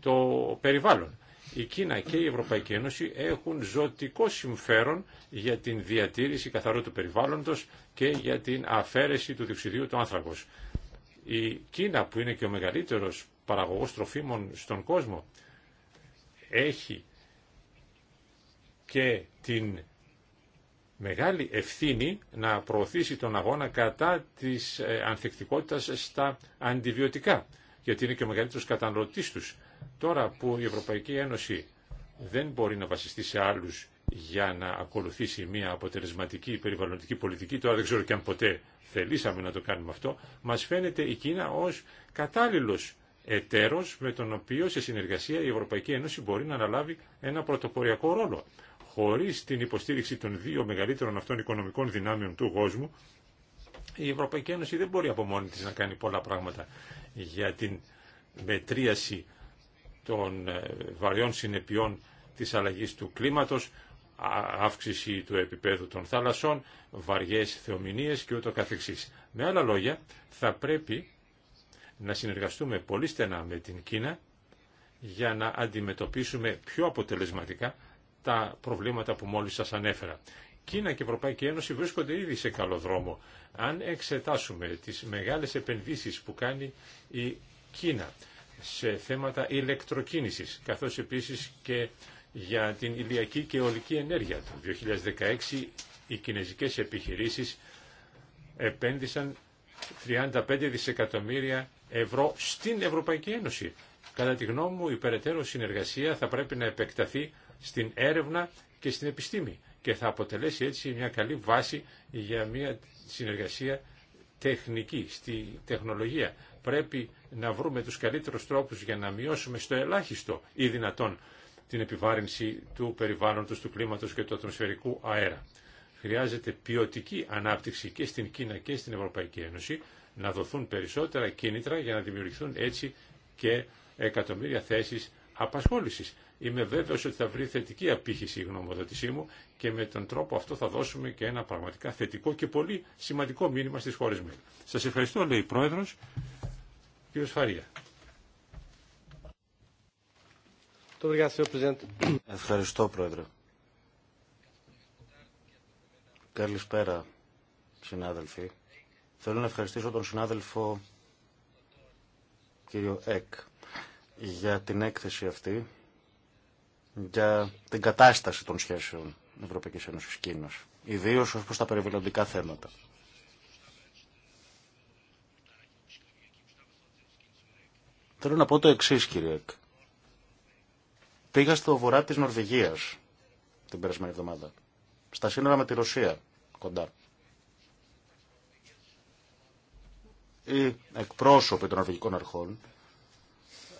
το περιβάλλον η Κίνα και η Ευρωπαϊκή Ένωση έχουν ζωτικό συμφέρον για την διατήρηση καθαρού του περιβάλλοντος και για την αφαίρεση του διοξιδίου του άνθρακος. Η Κίνα που είναι και ο μεγαλύτερος παραγωγός τροφίμων στον κόσμο έχει και την μεγάλη ευθύνη να προωθήσει τον αγώνα κατά της ε, ανθεκτικότητας στα αντιβιωτικά, γιατί είναι και ο μεγαλύτερος καταναλωτής τους. Τώρα που η Ευρωπαϊκή Ένωση δεν μπορεί να βασιστεί σε άλλους για να ακολουθήσει μια αποτελεσματική περιβαλλοντική πολιτική, τώρα δεν ξέρω και αν ποτέ θελήσαμε να το κάνουμε αυτό, μας φαίνεται η Κίνα ως κατάλληλος εταίρος με τον οποίο σε συνεργασία η Ευρωπαϊκή Ένωση μπορεί να αναλάβει ένα πρωτοποριακό ρόλο. Χωρίς την υποστήριξη των δύο μεγαλύτερων αυτών οικονομικών δυνάμεων του κόσμου, η Ευρωπαϊκή Ένωση δεν μπορεί από μόνη της να κάνει πολλά πράγματα για την μετρίαση των ε, βαριών συνεπειών της αλλαγής του κλίματος, αύξηση του επίπεδου των θάλασσών, βαριές θεομηνίες και ούτω καθεξής. Με άλλα λόγια, θα πρέπει να συνεργαστούμε πολύ στενά με την Κίνα για να αντιμετωπίσουμε πιο αποτελεσματικά τα προβλήματα που μόλις σας ανέφερα. Κίνα και Ευρωπαϊκή Ένωση βρίσκονται ήδη σε καλό δρόμο. Αν εξετάσουμε τις μεγάλες επενδύσεις που κάνει η Κίνα σε θέματα ηλεκτροκίνησης, καθώς επίσης και για την ηλιακή και ολική ενέργεια. Το 2016 οι κινέζικες επιχειρήσεις επένδυσαν 35 δισεκατομμύρια ευρώ στην Ευρωπαϊκή Ένωση. Κατά τη γνώμη μου, η περαιτέρω συνεργασία θα πρέπει να επεκταθεί στην έρευνα και στην επιστήμη και θα αποτελέσει έτσι μια καλή βάση για μια συνεργασία τεχνική, στη τεχνολογία, πρέπει να βρούμε τους καλύτερους τρόπους για να μειώσουμε στο ελάχιστο ή δυνατόν την επιβάρυνση του περιβάλλοντος, του κλίματος και του ατμοσφαιρικού αέρα. Χρειάζεται ποιοτική ανάπτυξη και στην Κίνα και στην Ευρωπαϊκή Ένωση να δοθούν περισσότερα κίνητρα για να δημιουργηθούν έτσι και εκατομμύρια θέσεις απασχόλησης. Είμαι βέβαιος ότι θα βρει θετική απήχηση η γνωμοδότησή μου και με τον τρόπο αυτό θα δώσουμε και ένα πραγματικά θετικό και πολύ σημαντικό μήνυμα στις χώρες μας. Σας ευχαριστώ, λέει η Πρόεδρος. Ευχαριστώ, Πρόεδρε. Καλησπέρα, συνάδελφοι. Θέλω να ευχαριστήσω τον συνάδελφο κύριο Εκ για την έκθεση αυτή, για την κατάσταση των σχέσεων Ευρωπαϊκής Ένωσης Κίνας, ιδίως ως προς τα περιβαλλοντικά θέματα. Θέλω να πω το εξή, κύριε Εκ. Πήγα στο βορρά της Νορβηγίας την περασμένη εβδομάδα. Στα σύνορα με τη Ρωσία, κοντά. Οι εκπρόσωποι των νορβηγικών αρχών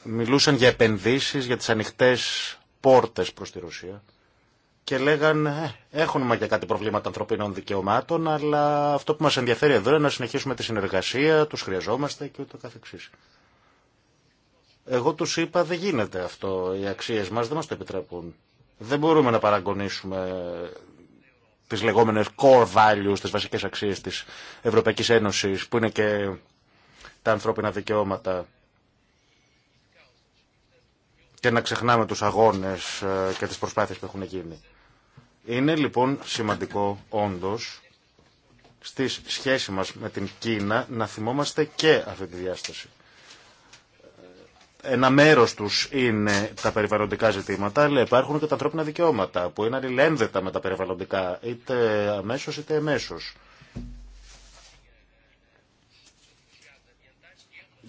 μιλούσαν για επενδύσεις, για τις ανοιχτές πόρτες προς τη Ρωσία και λέγαν ε, έχουμε για κάτι προβλήματα ανθρωπίνων δικαιωμάτων αλλά αυτό που μας ενδιαφέρει εδώ είναι να συνεχίσουμε τη συνεργασία, τους χρειαζόμαστε και ούτω καθεξής. Εγώ τους είπα δεν γίνεται αυτό, οι αξίες μας δεν μας το επιτρέπουν. Δεν μπορούμε να παραγωνίσουμε τις λεγόμενες core values, τις βασικές αξίες της Ευρωπαϊκής Ένωσης, που είναι και τα ανθρώπινα δικαιώματα και να ξεχνάμε τους αγώνες ε, και τις προσπάθειες που έχουν γίνει. Είναι λοιπόν σημαντικό όντως στη σχέση μας με την Κίνα να θυμόμαστε και αυτή τη διάσταση ένα μέρο του είναι τα περιβαλλοντικά ζητήματα, αλλά υπάρχουν και τα ανθρώπινα δικαιώματα που είναι αλληλένδετα με τα περιβαλλοντικά, είτε αμέσω είτε εμέσω.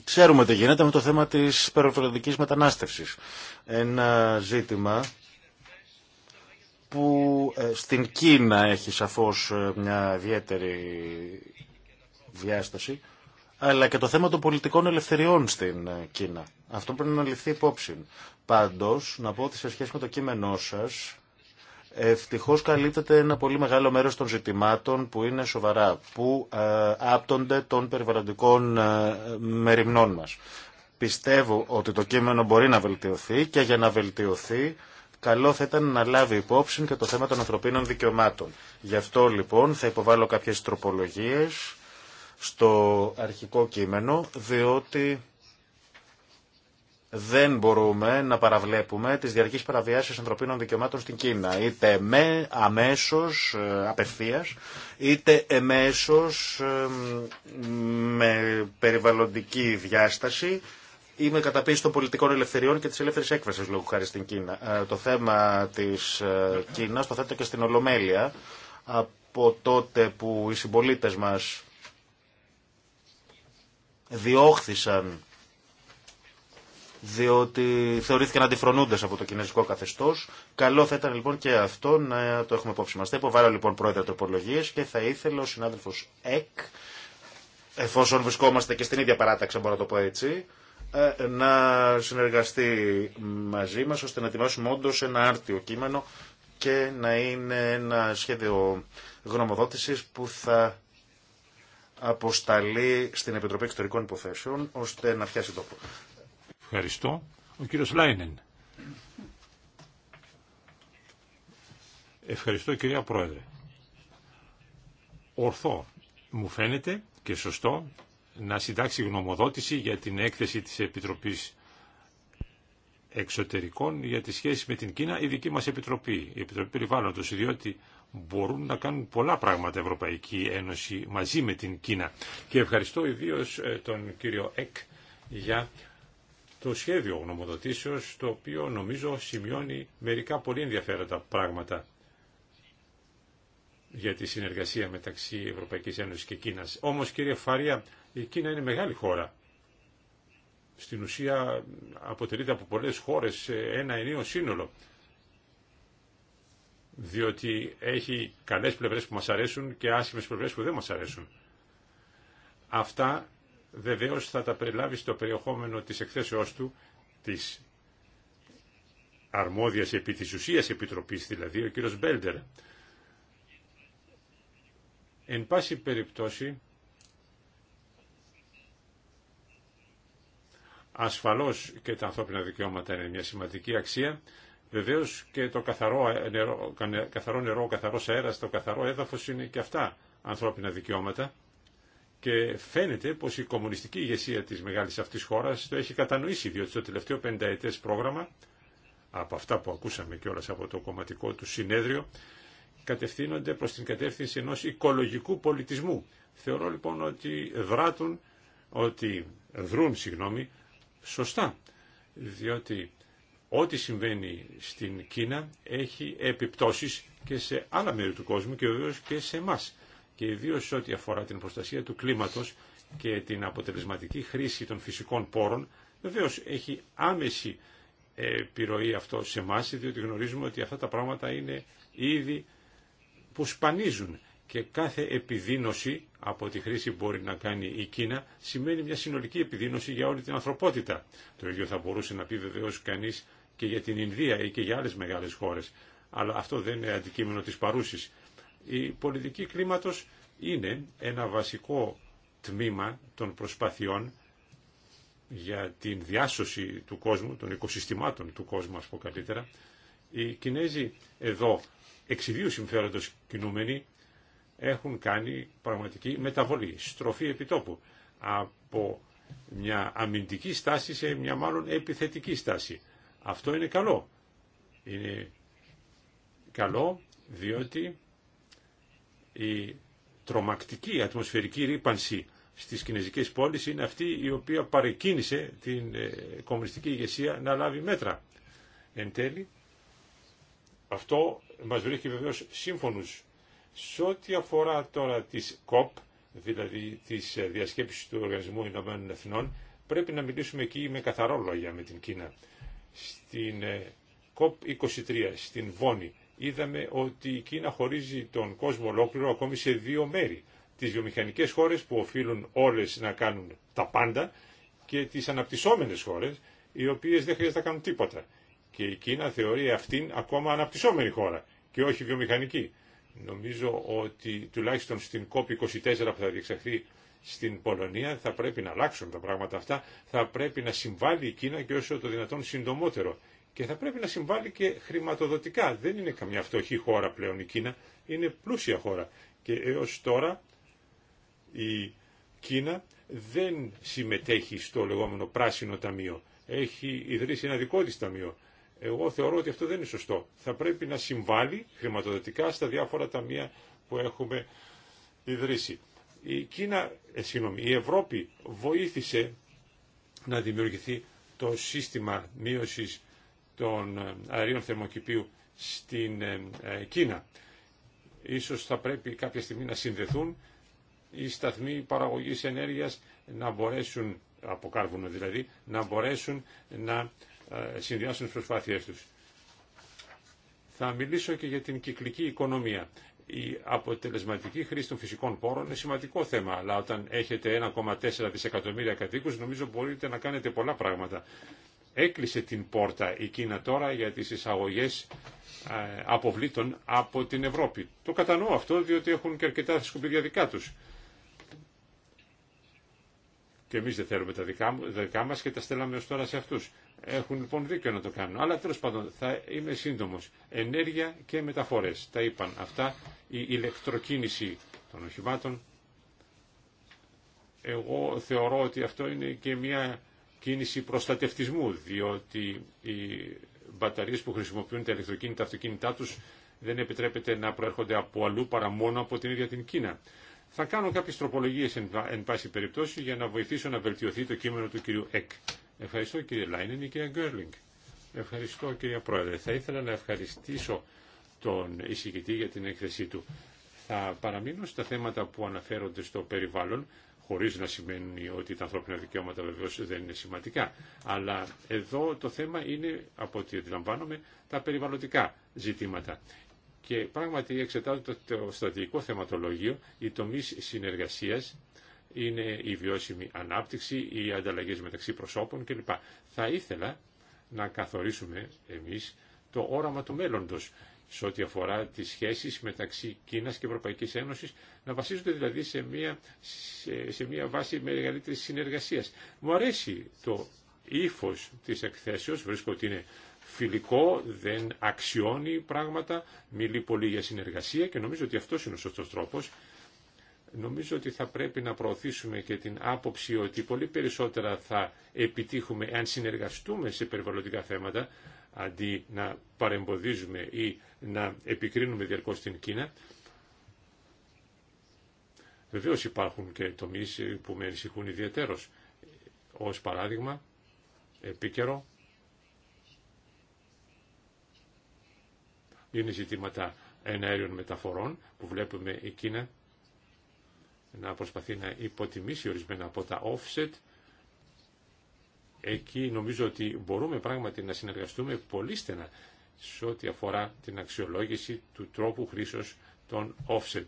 Ξέρουμε τι γίνεται με το θέμα της περιβαλλοντικής μετανάστευση, Ένα ζήτημα που ε, στην Κίνα έχει σαφώς ε, μια ιδιαίτερη διάσταση, αλλά και το θέμα των πολιτικών ελευθεριών στην ε, Κίνα. Αυτό πρέπει να ληφθεί υπόψη. Πάντω να πω ότι σε σχέση με το κείμενό σας, Ευτυχώ καλύπτεται ένα πολύ μεγάλο μέρο των ζητημάτων που είναι σοβαρά, που ε, άπτονται των περιβαλλοντικών ε, μεριμνών μα. Πιστεύω ότι το κείμενο μπορεί να βελτιωθεί και για να βελτιωθεί καλό θα ήταν να λάβει υπόψη και το θέμα των ανθρωπίνων δικαιωμάτων. Γι' αυτό λοιπόν θα υποβάλω κάποιε τροπολογίε στο αρχικό κείμενο, διότι δεν μπορούμε να παραβλέπουμε τις διαρκείς παραβιάσεις ανθρωπίνων δικαιωμάτων στην Κίνα. Είτε με, αμέσως, ε, απευθείας, είτε εμέσως με περιβαλλοντική διάσταση ή με καταπίεση των πολιτικών ελευθεριών και της ελεύθερης έκφρασης λόγω χάρη στην Κίνα. Ε, το θέμα της ε, Κίνας το θέτω και στην Ολομέλεια από τότε που οι συμπολίτες μας διώχθησαν διότι θεωρήθηκαν αντιφρονούντε από το κινέζικο καθεστώ. Καλό θα ήταν λοιπόν και αυτό να το έχουμε υπόψη μα. Θα υποβάλω λοιπόν πρόεδρε τροπολογίε και θα ήθελε ο συνάδελφο ΕΚ, εφόσον βρισκόμαστε και στην ίδια παράταξη, μπορώ να το πω έτσι, ε, να συνεργαστεί μαζί μα ώστε να ετοιμάσουμε όντω ένα άρτιο κείμενο και να είναι ένα σχέδιο γνωμοδότησης που θα αποσταλεί στην Επιτροπή Εξωτερικών Υποθέσεων ώστε να πιάσει τόπο. Ευχαριστώ. Ο κύριος Λάινεν. Ευχαριστώ κυρία Πρόεδρε. Ορθό μου φαίνεται και σωστό να συντάξει γνωμοδότηση για την έκθεση της Επιτροπής Εξωτερικών για τη σχέση με την Κίνα η δική μας Επιτροπή, η Επιτροπή Περιβάλλοντος, διότι μπορούν να κάνουν πολλά πράγματα Ευρωπαϊκή Ένωση μαζί με την Κίνα. Και ευχαριστώ ιδίως ε, τον κύριο Εκ για το σχέδιο γνωμοδοτήσεως, το οποίο νομίζω σημειώνει μερικά πολύ ενδιαφέροντα πράγματα για τη συνεργασία μεταξύ Ευρωπαϊκής Ένωσης και Κίνας. Όμως κύριε Φαρία, η Κίνα είναι μεγάλη χώρα. Στην ουσία αποτελείται από πολλές χώρες ένα ενίο σύνολο. Διότι έχει καλές πλευρές που μας αρέσουν και άσχημες πλευρές που δεν μας αρέσουν. Αυτά βεβαίως θα τα περιλάβει στο περιεχόμενο της εκθέσεώς του, της αρμόδιας επί της ουσίας επιτροπής, δηλαδή ο κύριος Μπέλτερ. Εν πάση περιπτώσει, ασφαλώς και τα ανθρώπινα δικαιώματα είναι μια σημαντική αξία, βεβαίως και το καθαρό νερό, καθαρό νερό, ο καθαρός αέρας, το καθαρό έδαφος είναι και αυτά ανθρώπινα δικαιώματα. Και φαίνεται πως η κομμουνιστική ηγεσία της μεγάλης αυτής χώρας το έχει κατανοήσει, διότι στο τελευταίο πενταετές πρόγραμμα, από αυτά που ακούσαμε κιόλας από το κομματικό του συνέδριο, κατευθύνονται προς την κατεύθυνση ενός οικολογικού πολιτισμού. Θεωρώ λοιπόν ότι δράτουν, ότι δρούν, συγγνώμη, σωστά, διότι ό,τι συμβαίνει στην Κίνα έχει επιπτώσεις και σε άλλα μέρη του κόσμου και βεβαίως και σε εμάς και ιδίω σε ό,τι αφορά την προστασία του κλίματο και την αποτελεσματική χρήση των φυσικών πόρων, βεβαίω έχει άμεση ε, επιρροή αυτό σε εμά, διότι γνωρίζουμε ότι αυτά τα πράγματα είναι ήδη που σπανίζουν και κάθε επιδείνωση από τη χρήση που μπορεί να κάνει η Κίνα σημαίνει μια συνολική επιδείνωση για όλη την ανθρωπότητα. Το ίδιο θα μπορούσε να πει βεβαίως κανείς και για την Ινδία ή και για άλλες μεγάλες χώρες. Αλλά αυτό δεν είναι αντικείμενο της παρούσης η πολιτική κλίματος είναι ένα βασικό τμήμα των προσπαθειών για την διάσωση του κόσμου, των οικοσυστημάτων του κόσμου, ας πω καλύτερα. Οι Κινέζοι εδώ, εξιδίου συμφέροντος κινούμενοι, έχουν κάνει πραγματική μεταβολή, στροφή επιτόπου από μια αμυντική στάση σε μια μάλλον επιθετική στάση. Αυτό είναι καλό. Είναι καλό διότι η τρομακτική ατμοσφαιρική ρήπανση στις κινέζικες πόλεις είναι αυτή η οποία παρεκκίνησε την ε, κομμουνιστική ηγεσία να λάβει μέτρα. Εν τέλει, αυτό μας βρίσκει βεβαίως σύμφωνους. Σε ό,τι αφορά τώρα τις COP, δηλαδή τις ε, διασκέψεις του Οργανισμού Ηνωμένων Εθνών, πρέπει να μιλήσουμε εκεί με καθαρό λόγια με την Κίνα. Στην COP23, ε, στην Βόνη, είδαμε ότι η Κίνα χωρίζει τον κόσμο ολόκληρο ακόμη σε δύο μέρη. Τις βιομηχανικές χώρες που οφείλουν όλες να κάνουν τα πάντα και τις αναπτυσσόμενες χώρες οι οποίες δεν χρειάζεται να κάνουν τίποτα. Και η Κίνα θεωρεί αυτήν ακόμα αναπτυσσόμενη χώρα και όχι βιομηχανική. Νομίζω ότι τουλάχιστον στην COP24 που θα διεξαχθεί στην Πολωνία θα πρέπει να αλλάξουν τα πράγματα αυτά, θα πρέπει να συμβάλλει η Κίνα και όσο το δυνατόν συντομότερο και θα πρέπει να συμβάλλει και χρηματοδοτικά. Δεν είναι καμιά φτωχή χώρα πλέον η Κίνα, είναι πλούσια χώρα. Και έως τώρα η Κίνα δεν συμμετέχει στο λεγόμενο πράσινο ταμείο. Έχει ιδρύσει ένα δικό της ταμείο. Εγώ θεωρώ ότι αυτό δεν είναι σωστό. Θα πρέπει να συμβάλλει χρηματοδοτικά στα διάφορα ταμεία που έχουμε ιδρύσει. Η, Κίνα, ε, η Ευρώπη βοήθησε να δημιουργηθεί το σύστημα μείωσης των ε, αερίων θερμοκηπίου στην ε, ε, Κίνα. Ίσως θα πρέπει κάποια στιγμή να συνδεθούν οι σταθμοί παραγωγής ενέργειας να μπορέσουν, από κάρβουνο δηλαδή, να μπορέσουν να συνδυάσουν τις προσπάθειές τους. Θα μιλήσω και για την κυκλική οικονομία. Η αποτελεσματική χρήση των φυσικών πόρων είναι σημαντικό θέμα, αλλά όταν έχετε 1,4 δισεκατομμύρια κατοίκους νομίζω μπορείτε να κάνετε πολλά πράγματα έκλεισε την πόρτα η Κίνα τώρα για τις εισαγωγές ε, αποβλήτων από την Ευρώπη. Το κατανοώ αυτό διότι έχουν και αρκετά σκουπίδια δικά τους. Και εμείς δεν θέλουμε τα δικά, τα δικά μας και τα στέλαμε ως τώρα σε αυτούς. Έχουν λοιπόν δίκιο να το κάνουν. Αλλά τέλος πάντων θα είμαι σύντομος. Ενέργεια και μεταφορές. Τα είπαν αυτά. Η ηλεκτροκίνηση των οχημάτων. Εγώ θεωρώ ότι αυτό είναι και μια κίνηση προστατευτισμού, διότι οι μπαταρίες που χρησιμοποιούν τα ηλεκτροκίνητα αυτοκίνητά τους δεν επιτρέπεται να προέρχονται από αλλού παρά μόνο από την ίδια την Κίνα. Θα κάνω κάποιες τροπολογίες εν, πάση περιπτώσει για να βοηθήσω να βελτιωθεί το κείμενο του κυρίου Εκ. Ευχαριστώ κύριε Λάινεν και κυρία Γκέρλινγκ. Ευχαριστώ κύριε Πρόεδρε. Θα ήθελα να ευχαριστήσω τον εισηγητή για την έκθεσή του. Θα παραμείνω στα θέματα που αναφέρονται στο περιβάλλον χωρίς να σημαίνει ότι τα ανθρώπινα δικαιώματα βεβαίως δεν είναι σημαντικά. Αλλά εδώ το θέμα είναι, από ό,τι αντιλαμβάνομαι, τα περιβαλλοντικά ζητήματα. Και πράγματι εξετάζεται το στρατηγικό θεματολόγιο, οι τομεί συνεργασίας είναι η βιώσιμη ανάπτυξη, οι ανταλλαγές μεταξύ προσώπων κλπ. Θα ήθελα να καθορίσουμε εμείς το όραμα του μέλλοντος σε ό,τι αφορά τις σχέσεις μεταξύ Κίνας και Ευρωπαϊκής Ένωσης, να βασίζονται δηλαδή σε μια, σε, μια βάση μεγαλύτερη συνεργασίας. Μου αρέσει το ύφο της εκθέσεως, βρίσκω ότι είναι φιλικό, δεν αξιώνει πράγματα, μιλεί πολύ για συνεργασία και νομίζω ότι αυτός είναι ο σωστός τρόπος. Νομίζω ότι θα πρέπει να προωθήσουμε και την άποψη ότι πολύ περισσότερα θα επιτύχουμε αν συνεργαστούμε σε περιβαλλοντικά θέματα αντί να παρεμποδίζουμε ή να επικρίνουμε διαρκώς την Κίνα. Βεβαίω υπάρχουν και τομείς που με ανησυχούν ιδιαίτερω. ω παράδειγμα, επίκαιρο, είναι ζητήματα εναέριων μεταφορών που βλέπουμε η Κίνα να προσπαθεί να υποτιμήσει ορισμένα από τα offset Εκεί νομίζω ότι μπορούμε πράγματι να συνεργαστούμε πολύ στενά σε ό,τι αφορά την αξιολόγηση του τρόπου χρήσεως των offset.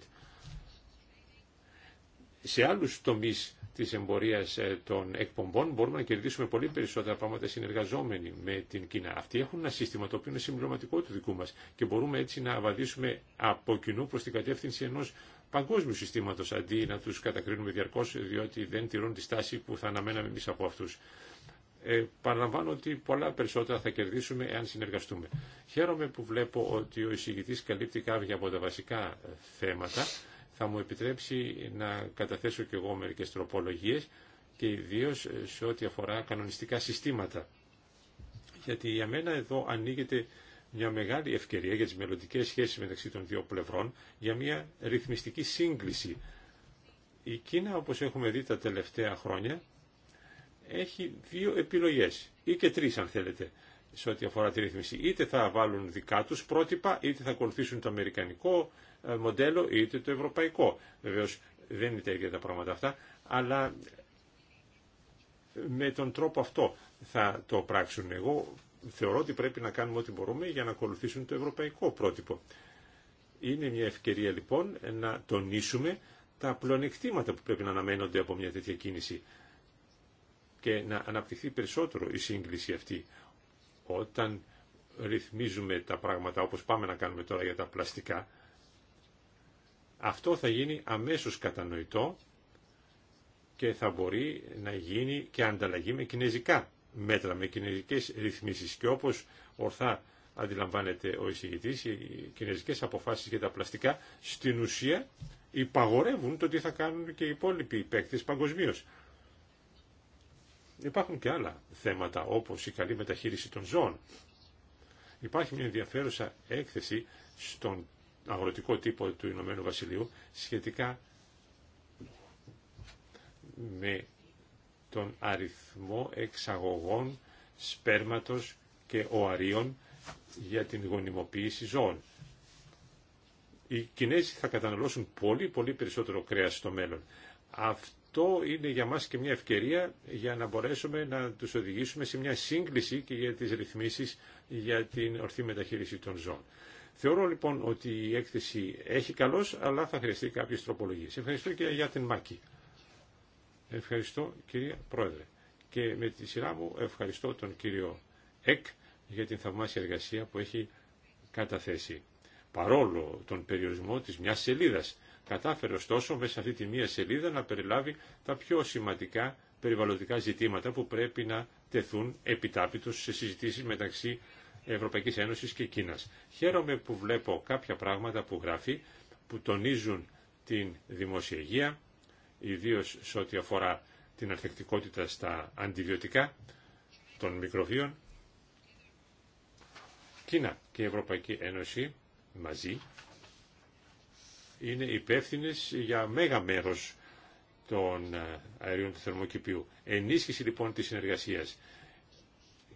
Σε άλλους τομείς της εμπορίας ε, των εκπομπών μπορούμε να κερδίσουμε πολύ περισσότερα πράγματα συνεργαζόμενοι με την Κίνα. Αυτοί έχουν ένα σύστημα το οποίο είναι συμπληρωματικό του δικού μας και μπορούμε έτσι να βαδίσουμε από κοινού προς την κατεύθυνση ενός παγκόσμιου συστήματος αντί να τους κατακρίνουμε διαρκώς διότι δεν τηρούν τη στάση που θα αναμέναμε εμείς από αυτούς. Ε, παραλαμβάνω ότι πολλά περισσότερα θα κερδίσουμε εάν συνεργαστούμε. Χαίρομαι που βλέπω ότι ο εισηγητής καλύπτει κάποια από τα βασικά ε, θέματα. Θα μου επιτρέψει να καταθέσω και εγώ μερικές τροπολογίες και ιδίω ε, σε ό,τι αφορά κανονιστικά συστήματα. Γιατί για μένα εδώ ανοίγεται μια μεγάλη ευκαιρία για τις μελλοντικέ σχέσεις μεταξύ των δύο πλευρών για μια ρυθμιστική σύγκληση. Η Κίνα, όπως έχουμε δει τα τελευταία χρόνια, έχει δύο επιλογές ή και τρεις αν θέλετε σε ό,τι αφορά τη ρύθμιση. Είτε θα βάλουν δικά τους πρότυπα, είτε θα ακολουθήσουν το αμερικανικό ε, μοντέλο, είτε το ευρωπαϊκό. Βεβαίως δεν είναι τα ίδια τα πράγματα αυτά, αλλά ε, με τον τρόπο αυτό θα το πράξουν. Εγώ θεωρώ ότι πρέπει να κάνουμε ό,τι μπορούμε για να ακολουθήσουν το ευρωπαϊκό πρότυπο. Είναι μια ευκαιρία λοιπόν να τονίσουμε τα πλονεκτήματα που πρέπει να αναμένονται από μια τέτοια κίνηση και να αναπτυχθεί περισσότερο η σύγκληση αυτή. Όταν ρυθμίζουμε τα πράγματα όπως πάμε να κάνουμε τώρα για τα πλαστικά, αυτό θα γίνει αμέσως κατανοητό και θα μπορεί να γίνει και ανταλλαγή με κινέζικα μέτρα, με κινέζικες ρυθμίσεις. Και όπως ορθά αντιλαμβάνεται ο εισηγητής, οι κινέζικες αποφάσεις για τα πλαστικά στην ουσία υπαγορεύουν το τι θα κάνουν και οι υπόλοιποι παίκτες παγκοσμίω. Υπάρχουν και άλλα θέματα όπως η καλή μεταχείριση των ζώων. Υπάρχει μια ενδιαφέρουσα έκθεση στον αγροτικό τύπο του Ηνωμένου Βασιλείου σχετικά με τον αριθμό εξαγωγών σπέρματος και οαρίων για την γονιμοποίηση ζώων. Οι Κινέζοι θα καταναλώσουν πολύ πολύ περισσότερο κρέας στο μέλλον. Αυτό το είναι για μας και μια ευκαιρία για να μπορέσουμε να τους οδηγήσουμε σε μια σύγκληση και για τις ρυθμίσεις για την ορθή μεταχείριση των ζώων. Θεωρώ λοιπόν ότι η έκθεση έχει καλώς, αλλά θα χρειαστεί κάποιες τροπολογίες. Ευχαριστώ και για την Μάκη. Ευχαριστώ κυρία Πρόεδρε. Και με τη σειρά μου ευχαριστώ τον κύριο Εκ για την θαυμάσια εργασία που έχει καταθέσει. Παρόλο τον περιορισμό της μιας σελίδας Κατάφερε ωστόσο μέσα σε αυτή τη μία σελίδα να περιλάβει τα πιο σημαντικά περιβαλλοντικά ζητήματα που πρέπει να τεθούν επιτάπητος σε συζητήσεις μεταξύ Ευρωπαϊκής Ένωσης και Κίνας. Χαίρομαι που βλέπω κάποια πράγματα που γράφει, που τονίζουν την δημόσια υγεία, ιδίως σε ό,τι αφορά την αρθεκτικότητα στα αντιβιωτικά των μικροβίων. Κίνα και Ευρωπαϊκή Ένωση μαζί είναι υπεύθυνε για μέγα μέρος των ε, αερίων του θερμοκηπίου. Ενίσχυση λοιπόν της συνεργασίας,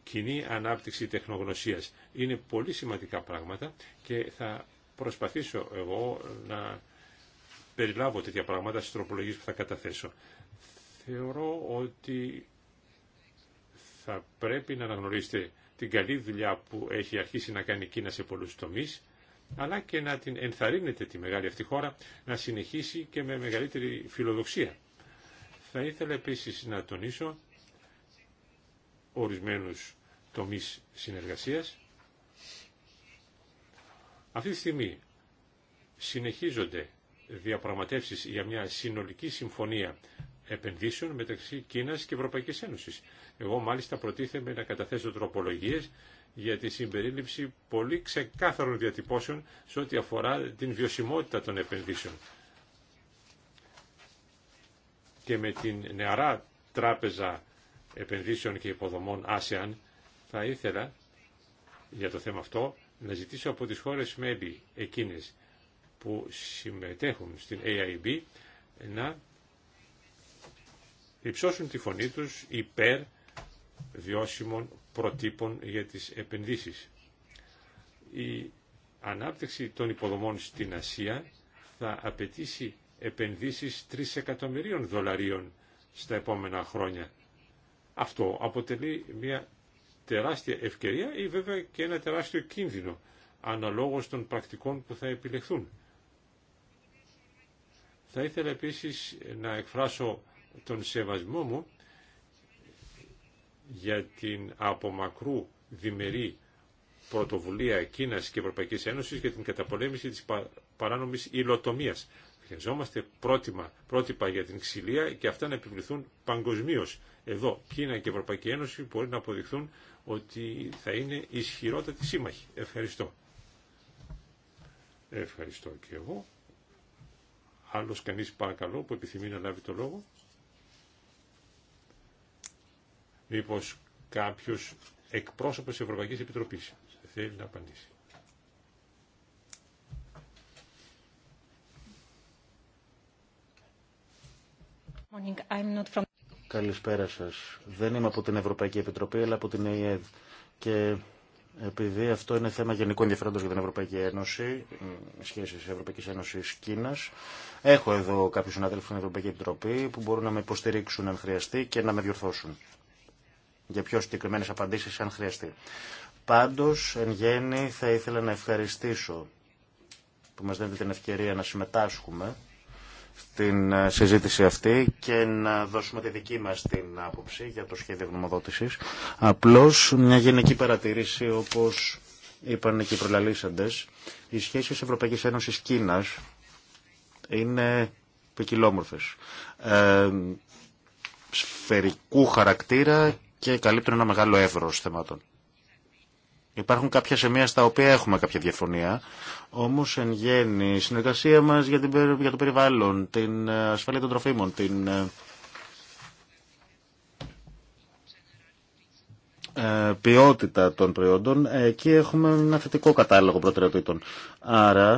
κοινή ανάπτυξη τεχνογνωσίας είναι πολύ σημαντικά πράγματα και θα προσπαθήσω εγώ να περιλάβω τέτοια πράγματα στι τροπολογίε που θα καταθέσω. Θεωρώ ότι θα πρέπει να αναγνωρίσετε την καλή δουλειά που έχει αρχίσει να κάνει η Κίνα σε πολλούς τομείς αλλά και να την ενθαρρύνεται τη μεγάλη αυτή χώρα να συνεχίσει και με μεγαλύτερη φιλοδοξία. Θα ήθελα επίσης να τονίσω ορισμένους τομείς συνεργασίας. Αυτή τη στιγμή συνεχίζονται διαπραγματεύσεις για μια συνολική συμφωνία επενδύσεων μεταξύ Κίνας και Ευρωπαϊκής Ένωσης. Εγώ μάλιστα προτίθεμαι να καταθέσω τροπολογίες για τη συμπερίληψη πολύ ξεκάθαρων διατυπώσεων σε ό,τι αφορά την βιωσιμότητα των επενδύσεων. Και με την νεαρά τράπεζα επενδύσεων και υποδομών ASEAN θα ήθελα για το θέμα αυτό να ζητήσω από τις χώρες μέλη εκείνες που συμμετέχουν στην AIB να υψώσουν τη φωνή τους υπέρ βιώσιμων προτύπων για τις επενδύσεις. Η ανάπτυξη των υποδομών στην Ασία θα απαιτήσει επενδύσεις 3 εκατομμυρίων δολαρίων στα επόμενα χρόνια. Αυτό αποτελεί μια τεράστια ευκαιρία ή βέβαια και ένα τεράστιο κίνδυνο αναλόγως των πρακτικών που θα επιλεχθούν. Θα ήθελα επίσης να εκφράσω τον σεβασμό μου για την από μακρού διμερή πρωτοβουλία Κίνας και Ευρωπαϊκής Ένωσης για την καταπολέμηση της παράνομης υλοτομίας. Χρειαζόμαστε πρότυπα, πρότυπα για την ξυλία και αυτά να επιβληθούν παγκοσμίω. Εδώ Κίνα και Ευρωπαϊκή Ένωση μπορεί να αποδειχθούν ότι θα είναι ισχυρότατοι σύμμαχοι. Ευχαριστώ. Ευχαριστώ και εγώ. Άλλος κανείς παρακαλώ που επιθυμεί να λάβει το λόγο. Μήπως κάποιος εκπρόσωπος της Ευρωπαϊκής Επιτροπής θέλει να απαντήσει. Καλησπέρα σας. Δεν είμαι από την Ευρωπαϊκή Επιτροπή, αλλά από την ΕΕΔ. Και επειδή αυτό είναι θέμα γενικού ενδιαφέροντος για την Ευρωπαϊκή Ένωση, σχέσεις Ευρωπαϊκής Ένωσης Κίνας, έχω εδώ κάποιους συνάδελφους στην Ευρωπαϊκή Επιτροπή που μπορούν να με υποστηρίξουν αν χρειαστεί και να με διορθώσουν για πιο συγκεκριμένε απαντήσει αν χρειαστεί. Πάντως, εν γέννη, θα ήθελα να ευχαριστήσω που μας δίνετε την ευκαιρία να συμμετάσχουμε στην ε, συζήτηση αυτή και να δώσουμε τη δική μας την άποψη για το σχέδιο γνωμοδότησης. Απλώς μια γενική παρατηρήση όπως είπαν και οι προλαλήσαντες. Οι σχέσεις Ευρωπαϊκής Ένωσης Κίνας είναι ποικιλόμορφες. Ε, σφαιρικού χαρακτήρα και καλύπτουν ένα μεγάλο εύρο θεμάτων. Υπάρχουν κάποια σημεία στα οποία έχουμε κάποια διαφωνία, όμως εν γέννη η συνεργασία μας για, για το περιβάλλον, την ε, ασφάλεια των τροφίμων, την ε, ε, ποιότητα των προϊόντων, εκεί έχουμε ένα θετικό κατάλογο προτεραιοτήτων. Άρα,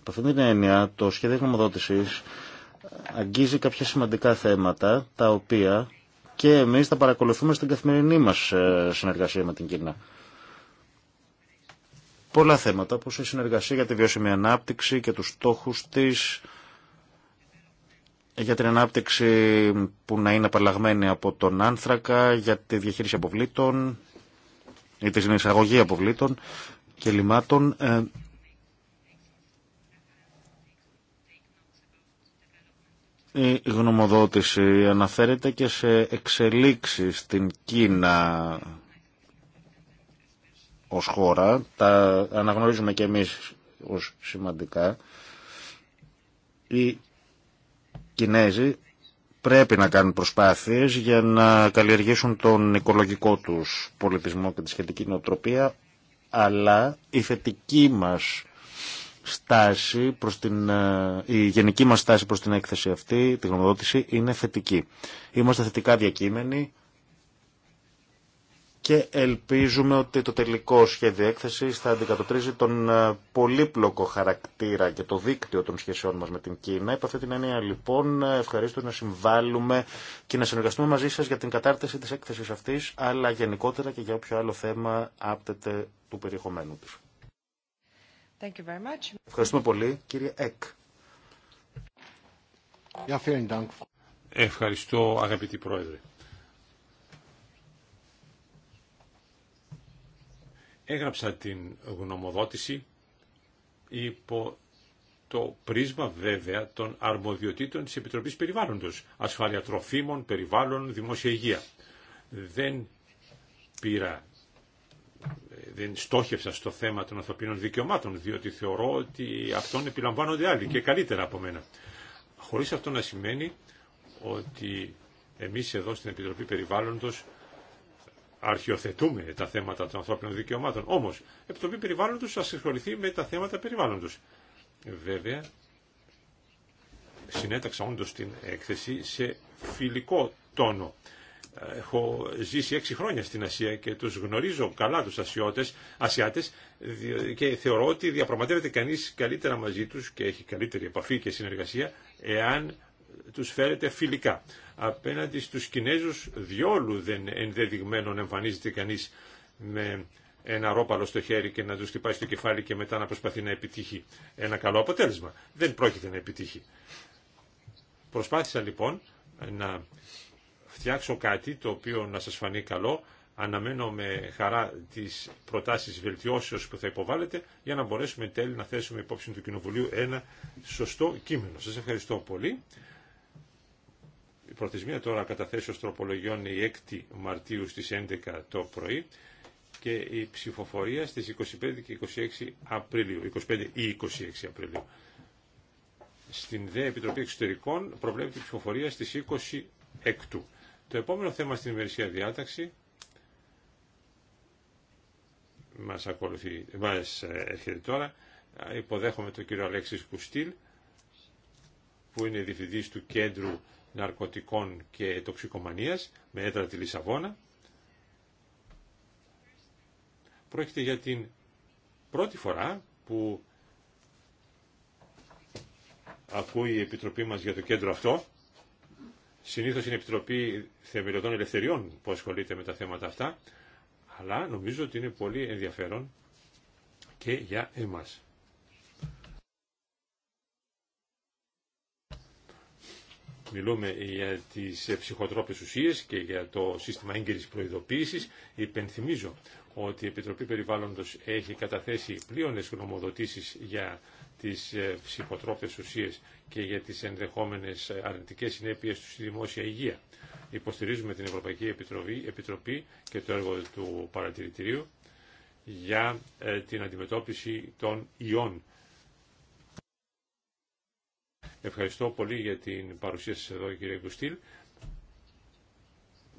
από αυτήν την έννοια, το σχέδιο γνωμοδότησης αγγίζει κάποια σημαντικά θέματα τα οποία και εμείς θα παρακολουθούμε στην καθημερινή μας ε, συνεργασία με την Κίνα. Πολλά θέματα όπως η συνεργασία για τη βιώσιμη ανάπτυξη και τους στόχους της για την ανάπτυξη που να είναι απαλλαγμένη από τον άνθρακα, για τη διαχείριση αποβλήτων ή τη συνεισαγωγή αποβλήτων και λιμάτων. Ε, Η γνωμοδότηση αναφέρεται και σε εξελίξεις στην Κίνα ως χώρα. Τα αναγνωρίζουμε και εμείς ως σημαντικά. Οι Κινέζοι πρέπει να κάνουν προσπάθειες για να καλλιεργήσουν τον οικολογικό τους πολιτισμό και τη σχετική νοοτροπία, αλλά η θετική μας στάση προς την, ε, η γενική μας στάση προς την έκθεση αυτή, τη γνωμοδότηση, είναι θετική. Είμαστε θετικά διακείμενοι και ελπίζουμε ότι το τελικό σχέδιο έκθεσης θα αντικατοπτρίζει τον ε, πολύπλοκο χαρακτήρα και το δίκτυο των σχέσεών μας με την Κίνα. Επ' αυτή την έννοια λοιπόν ευχαρίστω να συμβάλλουμε και να συνεργαστούμε μαζί σας για την κατάρτιση της έκθεσης αυτής, αλλά γενικότερα και για όποιο άλλο θέμα άπτεται του περιεχομένου της. Thank Ευχαριστούμε πολύ, κύριε Εκ. Ευχαριστώ, αγαπητή Πρόεδρε. Έγραψα την γνωμοδότηση υπό το πρίσμα βέβαια των αρμοδιοτήτων της Επιτροπής Περιβάλλοντος, ασφάλεια τροφίμων, περιβάλλον, δημόσια υγεία. Δεν πήρα δεν στόχευσα στο θέμα των ανθρωπίνων δικαιωμάτων, διότι θεωρώ ότι αυτόν επιλαμβάνονται άλλοι και καλύτερα από μένα. Χωρίς αυτό να σημαίνει ότι εμείς εδώ στην Επιτροπή Περιβάλλοντος αρχιοθετούμε τα θέματα των ανθρώπινων δικαιωμάτων. Όμως, η Επιτροπή Περιβάλλοντος θα με τα θέματα περιβάλλοντος. Βέβαια, συνέταξα όντως την έκθεση σε φιλικό τόνο έχω ζήσει έξι χρόνια στην Ασία και τους γνωρίζω καλά τους Ασιώτες, Ασιάτες και θεωρώ ότι διαπραγματεύεται κανείς καλύτερα μαζί τους και έχει καλύτερη επαφή και συνεργασία εάν τους φέρετε φιλικά. Απέναντι στους Κινέζους διόλου δεν να εμφανίζεται κανείς με ένα ρόπαλο στο χέρι και να του χτυπάει στο κεφάλι και μετά να προσπαθεί να επιτύχει ένα καλό αποτέλεσμα. Δεν πρόκειται να επιτύχει. Προσπάθησα λοιπόν να φτιάξω κάτι το οποίο να σας φανεί καλό. Αναμένω με χαρά τις προτάσεις βελτιώσεως που θα υποβάλλετε για να μπορέσουμε τέλει να θέσουμε υπόψη του Κοινοβουλίου ένα σωστό κείμενο. Σας ευχαριστώ πολύ. Η προθεσμία τώρα καταθέσεως τροπολογιών η 6η Μαρτίου στις 11 το πρωί και η ψηφοφορία στις 25 και 26 Απριλίου, 25 ή 26 Απριλίου. Στην ΔΕ Επιτροπή Εξωτερικών προβλέπεται η ψηφοφορία στις 26. έκτου. Το επόμενο θέμα στην ημερησία διάταξη μας, ακολουθεί, μας ε, έρχεται τώρα. Υποδέχομαι τον κύριο Αλέξη Κουστίλ, που είναι διευθυντής του Κέντρου Ναρκωτικών και Τοξικομανίας, με έδρα τη Λισαβόνα. Πρόκειται για την πρώτη φορά που ακούει η Επιτροπή μας για το κέντρο αυτό συνήθως είναι Επιτροπή Θεμελιωτών Ελευθεριών που ασχολείται με τα θέματα αυτά, αλλά νομίζω ότι είναι πολύ ενδιαφέρον και για εμάς. Μιλούμε για τις ψυχοτρόπες ουσίες και για το σύστημα έγκαιρης προειδοποίησης. Υπενθυμίζω ότι η Επιτροπή Περιβάλλοντος έχει καταθέσει πλήρωνες γνωμοδοτήσεις για τι ψυχοτρόπες ε, ουσίες και για τις ενδεχόμενες αρνητικές συνέπειες στη δημόσια υγεία. Υποστηρίζουμε την Ευρωπαϊκή Επιτροπή, Επιτροπή και το έργο του παρατηρητηρίου για ε, την αντιμετώπιση των ιών. Ευχαριστώ πολύ για την παρουσία σας εδώ κύριε Γκουστήλ.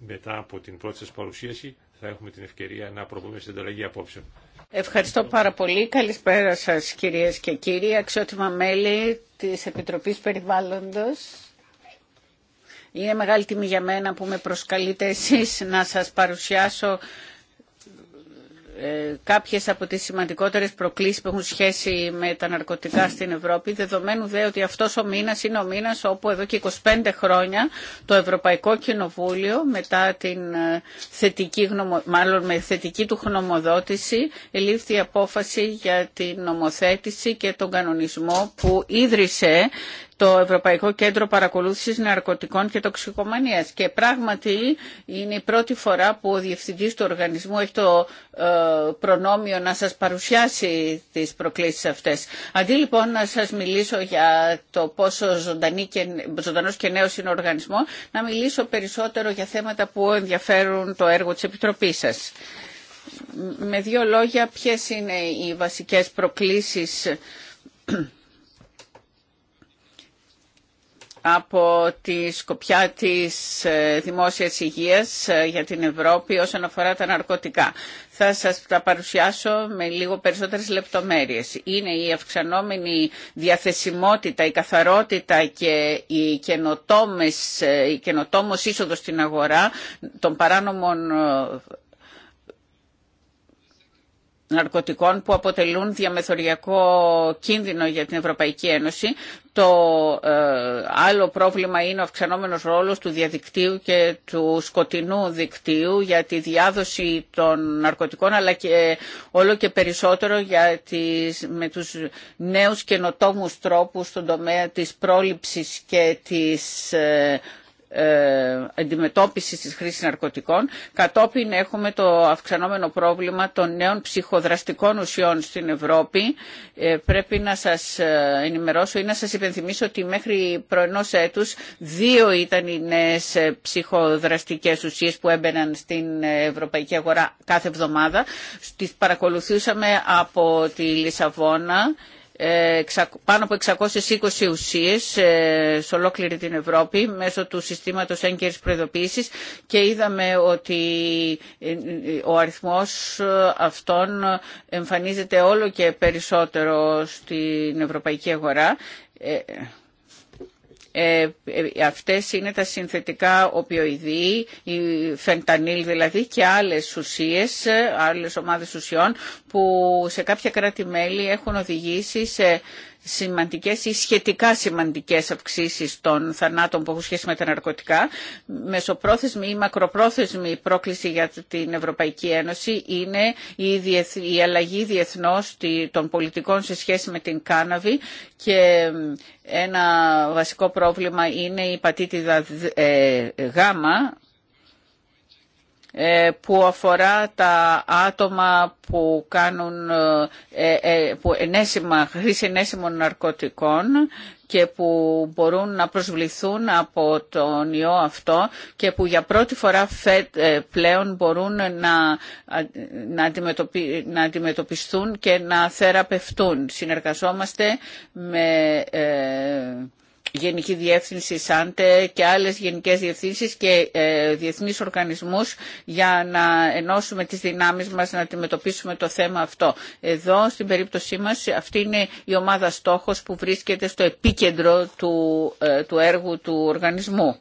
Μετά από την πρώτη σας παρουσίαση θα έχουμε την ευκαιρία να προβούμε στην ανταλλαγή απόψεων. Ευχαριστώ πάρα πολύ. Καλησπέρα σας κυρίες και κύριοι, αξιότιμα μέλη της Επιτροπής Περιβάλλοντος. Είναι μεγάλη τιμή για μένα που με προσκαλείτε εσείς να σας παρουσιάσω ε, κάποιες από τις σημαντικότερες προκλήσεις που έχουν σχέση με τα ναρκωτικά στην Ευρώπη, δεδομένου δε ότι αυτός ο μήνας είναι ο μήνας όπου εδώ και 25 χρόνια το Ευρωπαϊκό Κοινοβούλιο μετά την ε, θετική, μάλλον με θετική του γνωμοδότηση ελήφθη απόφαση για την νομοθέτηση και τον κανονισμό που ίδρυσε το Ευρωπαϊκό Κέντρο Παρακολούθησης Ναρκωτικών και Τοξικομανίας. Και πράγματι είναι η πρώτη φορά που ο Διευθυντής του Οργανισμού έχει το ε, προνόμιο να σας παρουσιάσει τις προκλήσεις αυτές. Αντί λοιπόν να σας μιλήσω για το πόσο και, ζωντανός και νέος είναι ο οργανισμό, να μιλήσω περισσότερο για θέματα που ενδιαφέρουν το έργο της Επιτροπής σας. Με δύο λόγια, ποιες είναι οι βασικές προκλήσεις από τη σκοπιά της ε, δημόσιας υγείας ε, για την Ευρώπη όσον αφορά τα ναρκωτικά. Θα σας τα παρουσιάσω με λίγο περισσότερες λεπτομέρειες. Είναι η αυξανόμενη διαθεσιμότητα, η καθαρότητα και η, καινοτόμες, ε, η καινοτόμος είσοδος στην αγορά των παράνομων ναρκωτικών που αποτελούν διαμεθοριακό κίνδυνο για την Ευρωπαϊκή Ένωση. Το ε, άλλο πρόβλημα είναι ο αυξανόμενος ρόλος του διαδικτύου και του σκοτεινού δικτύου για τη διάδοση των ναρκωτικών αλλά και όλο και περισσότερο για τις, με τους νέους καινοτόμους τρόπους στον τομέα της πρόληψης και της ε, ε, αντιμετώπισης της χρήσης ναρκωτικών. Κατόπιν έχουμε το αυξανόμενο πρόβλημα των νέων ψυχοδραστικών ουσιών στην Ευρώπη. Ε, πρέπει να σας ε, ενημερώσω ή να σας υπενθυμίσω ότι μέχρι προενός έτους δύο ήταν οι νέες ψυχοδραστικές ουσίες που έμπαιναν στην ευρωπαϊκή αγορά κάθε εβδομάδα. Τις παρακολουθούσαμε από τη Λισαβόνα πάνω από 620 ουσίες ε, σε ολόκληρη την Ευρώπη μέσω του συστήματος έγκαιρης προειδοποίησης και είδαμε ότι ε, ο αριθμός ε, αυτών εμφανίζεται όλο και περισσότερο στην ευρωπαϊκή αγορά. Ε, ε, αυτές είναι τα συνθετικά οπιοειδή, η φεντανίλ δηλαδή και άλλες ουσίες, ε, άλλες ομάδες ουσιών που σε κάποια κράτη-μέλη έχουν οδηγήσει σε σημαντικές ή σχετικά σημαντικές αυξήσεις των θανάτων που έχουν σχέση με τα ναρκωτικά. Μεσοπρόθεσμη ή μακροπρόθεσμη πρόκληση για την Ευρωπαϊκή Ένωση είναι η αλλαγή διεθνώς των πολιτικών σε σχέση με την κάναβη και ένα βασικό πρόβλημα είναι η πατήτηδα ε, γάμα ε, που αφορά τα άτομα που κάνουν ε, ε, που ενέσιμα, χρήση ενέσιμων ναρκωτικών και που μπορούν να προσβληθούν από τον ιό αυτό και που για πρώτη φορά πλέον μπορούν να, να, αντιμετωπιστούν και να θεραπευτούν. Συνεργαζόμαστε με Γενική Διεύθυνση ΣΑΝΤΕ και άλλες γενικές διευθύνσεις και ε, διεθνείς για να ενώσουμε τις δυνάμεις μας να αντιμετωπίσουμε το θέμα αυτό. Εδώ στην περίπτωσή μας αυτή είναι η ομάδα στόχος που βρίσκεται στο επίκεντρο του, ε, του έργου του οργανισμού.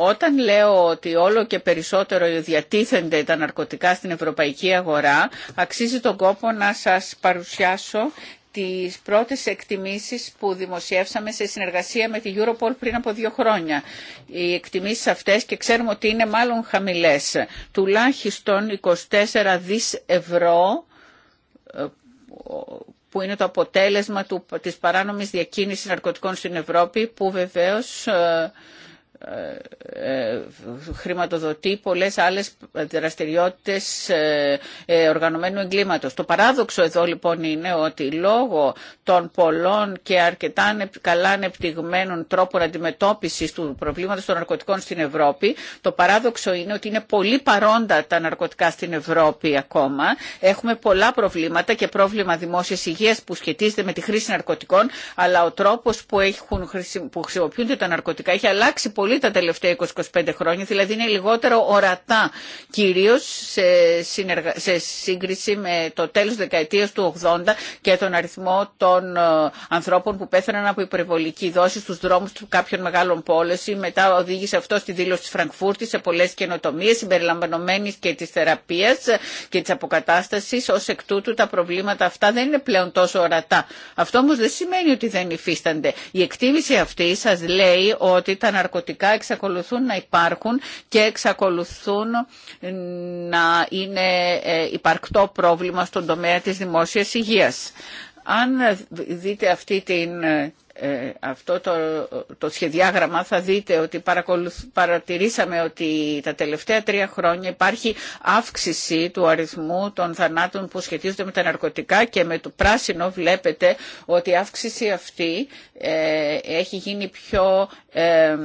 Όταν λέω ότι όλο και περισσότερο διατίθενται τα ναρκωτικά στην ευρωπαϊκή αγορά, αξίζει τον κόπο να σας παρουσιάσω τις πρώτες εκτιμήσεις που δημοσιεύσαμε σε συνεργασία με τη Europol πριν από δύο χρόνια. Οι εκτιμήσεις αυτές και ξέρουμε ότι είναι μάλλον χαμηλές. Τουλάχιστον 24 δις ευρώ ε, που είναι το αποτέλεσμα του, της παράνομης διακίνησης ναρκωτικών στην Ευρώπη που βεβαίως ε, ε, ε, χρηματοδοτεί πολλές άλλες δραστηριότητες ε, οργανωμένου εγκλήματος. Το παράδοξο εδώ λοιπόν είναι ότι λόγω των πολλών και αρκετά καλά ανεπτυγμένων τρόπων αντιμετώπισης του προβλήματος των ναρκωτικών στην Ευρώπη, το παράδοξο είναι ότι είναι πολύ παρόντα τα ναρκωτικά στην Ευρώπη ακόμα. Έχουμε πολλά προβλήματα και πρόβλημα δημόσιας υγείας που σχετίζεται με τη χρήση ναρκωτικών, αλλά ο τρόπος που, έχουν, που χρησιμοποιούνται τα ναρκωτικά έχει αλλάξει πολύ πολύ τα τελευταία 20-25 χρόνια, δηλαδή είναι λιγότερο ορατά, κυρίω σε, συνεργα... σε σύγκριση με το τέλος δεκαετίας του 80 και τον αριθμό των ε, ανθρώπων που πέθαναν από υπερβολική δόση στους δρόμους του κάποιων μεγάλων πόλεων. Μετά οδήγησε αυτό στη δήλωση τη Φραγκφούρτης σε πολλέ καινοτομίε, συμπεριλαμβανομένης και τη θεραπεία και τη αποκατάσταση Ως εκ τούτου τα προβλήματα αυτά δεν είναι πλέον τόσο ορατά. Αυτό όμω δεν σημαίνει ότι δεν υφίστανται. Η εκτίμηση αυτή σα λέει ότι τα ναρκωτικά τελικά εξακολουθούν να υπάρχουν και εξακολουθούν να είναι ε, υπαρκτό πρόβλημα στον τομέα της δημόσιας υγείας. Αν δείτε αυτή την ε, ε, αυτό το, το σχεδιάγραμμα θα δείτε ότι παρατηρήσαμε ότι τα τελευταία τρία χρόνια υπάρχει αύξηση του αριθμού των θανάτων που σχετίζονται με τα ναρκωτικά και με το πράσινο βλέπετε ότι η αύξηση αυτή ε, έχει γίνει πιο ε,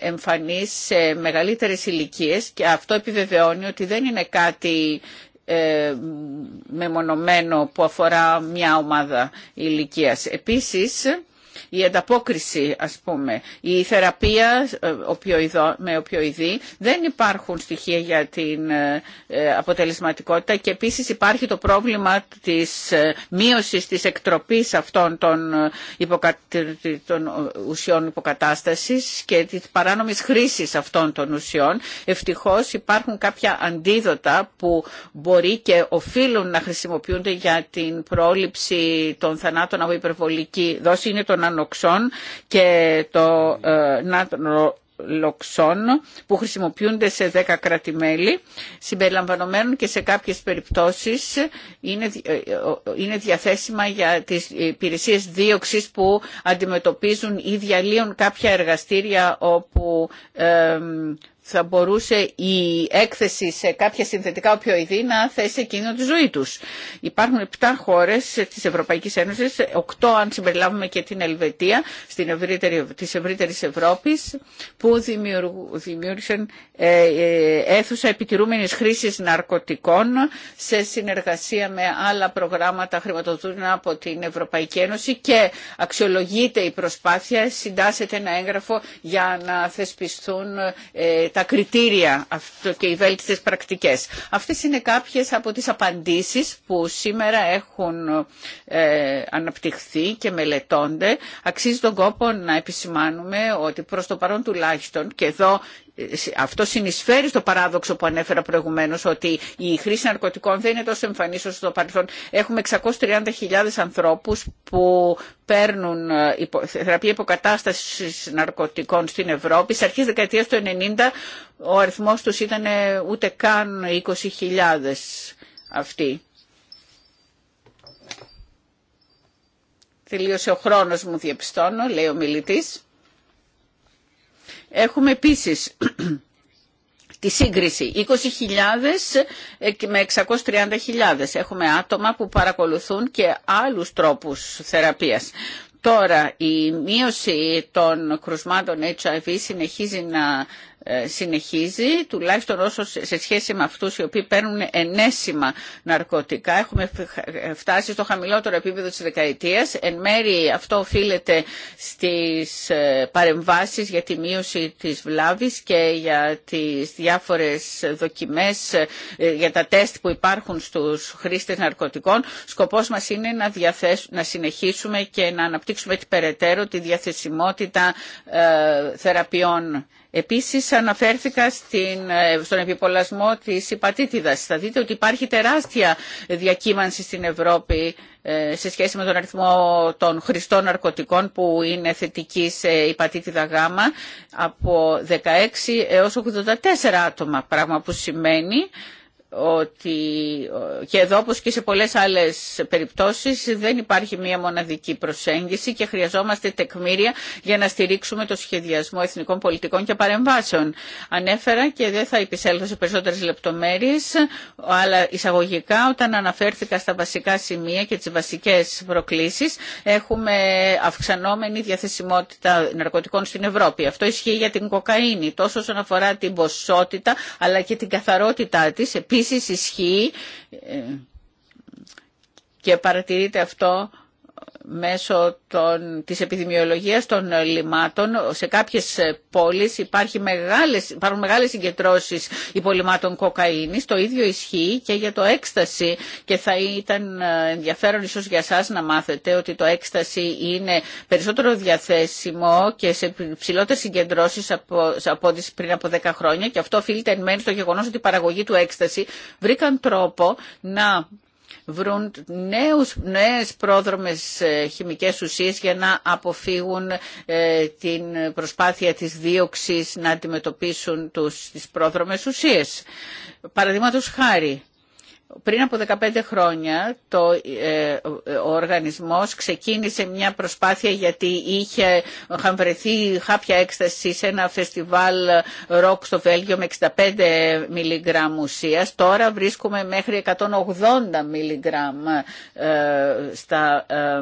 εμφανής σε μεγαλύτερες ηλικίες και αυτό επιβεβαιώνει ότι δεν είναι κάτι ε, μεμονωμένο που αφορά μια ομάδα ηλικίας. Επίσης, η ανταπόκριση ας πούμε, η θεραπεία ε, με οποιοειδή δεν υπάρχουν στοιχεία για την ε, ε, αποτελεσματικότητα και επίσης υπάρχει το πρόβλημα της μείωσης της εκτροπής αυτών των, υποκα... των ουσιών υποκατάστασης και της παράνομης χρήσης αυτών των ουσιών. Ευτυχώς υπάρχουν κάποια αντίδοτα που μπορεί και οφείλουν να χρησιμοποιούνται για την πρόληψη των θανάτων από υπερβολική δόση ανοξών και το ε, νατρολοξών που χρησιμοποιούνται σε 10 κράτη-μέλη, συμπεριλαμβανομένων και σε κάποιες περιπτώσεις είναι, ε, ε, είναι διαθέσιμα για τις υπηρεσίες δίωξης που αντιμετωπίζουν ή διαλύουν κάποια εργαστήρια όπου θα μπορούσε η έκθεση σε κάποια συνθετικά οπιοειδή να θέσει εκείνο τη ζωή τους. Υπάρχουν 7 χώρες της Ευρωπαϊκής Ένωσης, 8 αν συμπεριλάβουμε και την Ελβετία τη ευρύτερη, της ευρύτερης Ευρώπης που δημιούργησαν ε, ε, αίθουσα επιτηρούμενης χρήσης ναρκωτικών σε συνεργασία με άλλα προγράμματα χρηματοδοτούμενα από την Ευρωπαϊκή Ένωση και αξιολογείται η προσπάθεια, συντάσσεται ένα έγγραφο για να θεσπιστούν ε, τα κριτήρια και οι βέλτιστες πρακτικές. Αυτές είναι κάποιες από τις απαντήσεις που σήμερα έχουν ε, αναπτυχθεί και μελετώνται. Αξίζει τον κόπο να επισημάνουμε ότι προς το παρόν τουλάχιστον και εδώ αυτό συνεισφέρει στο παράδοξο που ανέφερα προηγουμένως ότι η χρήση ναρκωτικών δεν είναι τόσο εμφανής όσο στο παρελθόν. Έχουμε 630.000 ανθρώπους που παίρνουν θεραπεία υποκατάσταση ναρκωτικών στην Ευρώπη. Σε αρχές δεκαετίας του 90 ο αριθμός τους ήταν ούτε καν 20.000 αυτοί. Τελείωσε ο χρόνος μου διαπιστώνω, λέει ο μιλητής. Έχουμε επίσης τη σύγκριση 20.000 με 630.000. Έχουμε άτομα που παρακολουθούν και άλλους τρόπους θεραπείας. Τώρα η μείωση των κρουσμάτων HIV συνεχίζει να ε, συνεχίζει, τουλάχιστον όσο σε σχέση με αυτούς οι οποίοι παίρνουν ενέσιμα ναρκωτικά. Έχουμε φτάσει στο χαμηλότερο επίπεδο της δεκαετίας. Εν μέρη αυτό οφείλεται στις ε, παρεμβάσεις για τη μείωση της βλάβης και για τις διάφορες δοκιμές, ε, για τα τεστ που υπάρχουν στους χρήστες ναρκωτικών. Σκοπός μας είναι να, να συνεχίσουμε και να αναπτύξουμε την περαιτέρω τη διαθεσιμότητα θεραπείων Επίσης αναφέρθηκα στην, ε, στον επιπολασμό της υπατήτηδας. Θα δείτε ότι υπάρχει τεράστια διακύμανση στην Ευρώπη ε, σε σχέση με τον αριθμό των χρηστών ναρκωτικών που είναι θετική σε υπατήτηδα Γ από 16 έως 84 άτομα, πράγμα που σημαίνει ότι και εδώ όπως και σε πολλές άλλες περιπτώσεις δεν υπάρχει μία μοναδική προσέγγιση και χρειαζόμαστε τεκμήρια για να στηρίξουμε το σχεδιασμό εθνικών πολιτικών και παρεμβάσεων. Ανέφερα και δεν θα επισέλθω σε περισσότερες λεπτομέρειες, αλλά εισαγωγικά όταν αναφέρθηκα στα βασικά σημεία και τις βασικές προκλήσεις έχουμε αυξανόμενη διαθεσιμότητα ναρκωτικών στην Ευρώπη. Αυτό ισχύει για την κοκαίνη τόσο όσον αφορά την ποσότητα αλλά και την καθαρότητά της. Επίσης ισχύει ε, και παρατηρείται αυτό μέσω των, της επιδημιολογίας των λιμάτων σε κάποιες πόλεις υπάρχει μεγάλες, υπάρχουν μεγάλες συγκεντρώσεις υπολοιμάτων κοκαίνης. Το ίδιο ισχύει και για το έκσταση και θα ήταν ε, ενδιαφέρον ίσως για σας να μάθετε ότι το έκσταση είναι περισσότερο διαθέσιμο και σε ψηλότερες συγκεντρώσεις από, από τις πριν από 10 χρόνια και αυτό οφείλεται εν μέρει στο γεγονός ότι η παραγωγή του έκσταση βρήκαν τρόπο να βρουν νέους, νέες πρόδρομες ε, χημικές ουσίες για να αποφύγουν ε, την προσπάθεια της δίωξης να αντιμετωπίσουν τους, τις πρόδρομες ουσίες. Παραδείγματος χάρη, πριν από 15 χρόνια το, ε, ο οργανισμός ξεκίνησε μια προσπάθεια γιατί είχε βρεθεί χάπια έκσταση σε ένα φεστιβάλ ροκ στο Βέλγιο με 65 μιλιγκράμμ ουσίας. Τώρα βρίσκουμε μέχρι 180 μιλιγκράμμ ε, στα ε,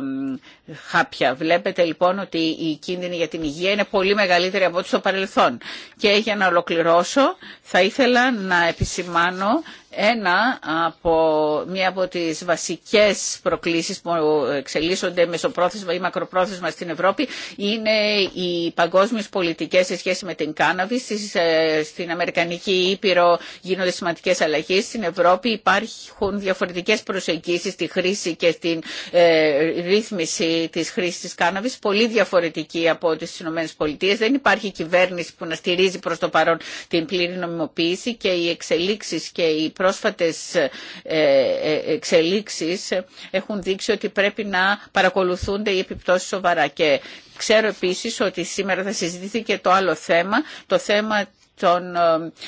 χάπια. Βλέπετε λοιπόν ότι η κίνδυνη για την υγεία είναι πολύ μεγαλύτερη από ό,τι στο παρελθόν. Και για να ολοκληρώσω θα ήθελα να επισημάνω ένα από, μία από τις βασικές προκλήσεις που εξελίσσονται μεσοπρόθεσμα ή μακροπρόθεσμα στην Ευρώπη είναι οι παγκόσμιες πολιτικές σε σχέση με την κάναβη. Ε, στην Αμερικανική Ήπειρο γίνονται σημαντικές αλλαγές. Στην Ευρώπη υπάρχουν διαφορετικές προσεγγίσεις στη χρήση και στην ε, ρύθμιση της χρήσης της κάναβης. Πολύ διαφορετική από τις ΗΠΑ. Δεν υπάρχει κυβέρνηση που να στηρίζει προς το παρόν την πλήρη νομιμοποίηση και οι εξελίξεις και οι πρόσφατες ε, ε, εξελίξεις έχουν δείξει ότι πρέπει να παρακολουθούνται οι επιπτώσεις σοβαρά. Και ξέρω επίσης ότι σήμερα θα συζητηθεί και το άλλο θέμα, το θέμα των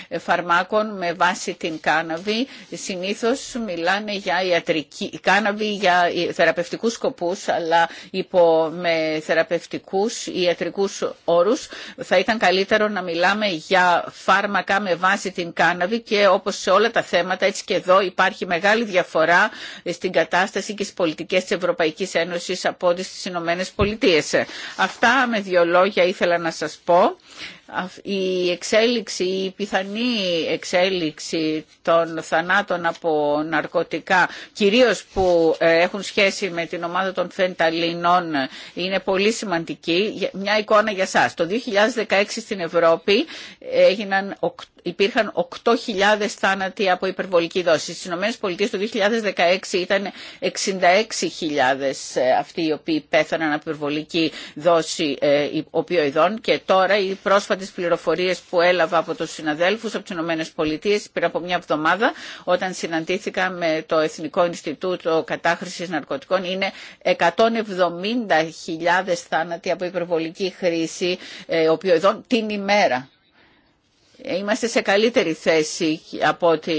ε, φαρμάκων με βάση την κάναβη. Συνήθως μιλάνε για ιατρική, κάναβη για ε, θεραπευτικούς σκοπούς, αλλά υπό με θεραπευτικούς ή ιατρικούς όρους θα ήταν καλύτερο να μιλάμε για φάρμακα με βάση την κάναβη και όπως σε όλα τα θέματα έτσι και εδώ υπάρχει μεγάλη διαφορά στην κατάσταση και στις πολιτικές της Ευρωπαϊκής Ένωσης από ό,τι στις Ηνωμένες Πολιτείες. Αυτά με δύο λόγια ήθελα να σας πω η εξέλιξη, η πιθανή εξέλιξη των θανάτων από ναρκωτικά, κυρίως που ε, έχουν σχέση με την ομάδα των φενταλινών, είναι πολύ σημαντική. Μια εικόνα για σας. Το 2016 στην Ευρώπη ε, έγιναν υπήρχαν 8.000 θάνατοι από υπερβολική δόση. Ηνωμένε ΗΠΑ το 2016 ήταν 66.000 ε, αυτοί οι οποίοι πέθαναν από υπερβολική δόση ε, οπιοειδών και τώρα οι πρόσφατε πληροφορίε που έλαβα από του συναδέλφου από τις ΗΠΑ πριν από μια εβδομάδα όταν συναντήθηκα με το Εθνικό Ινστιτούτο κατάχρηση Ναρκωτικών είναι 170.000 θάνατοι από υπερβολική χρήση ε, οπιοειδών την ημέρα είμαστε σε καλύτερη θέση από ότι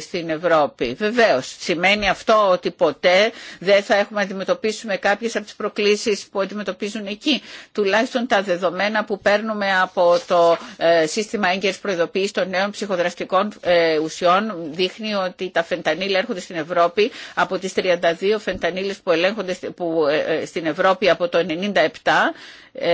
στην Ευρώπη. Βεβαίως, σημαίνει αυτό ότι ποτέ δεν θα έχουμε να αντιμετωπίσουμε κάποιες από τις προκλήσεις που αντιμετωπίζουν εκεί. Τουλάχιστον τα δεδομένα που παίρνουμε από το ε, σύστημα έγκαιρης προειδοποίησης των νέων ψυχοδραστικών ε, ουσιών δείχνει ότι τα φεντανίλ έρχονται στην Ευρώπη από τις 32 φεντανίλε που ελέγχονται ε, στην Ευρώπη από το 1997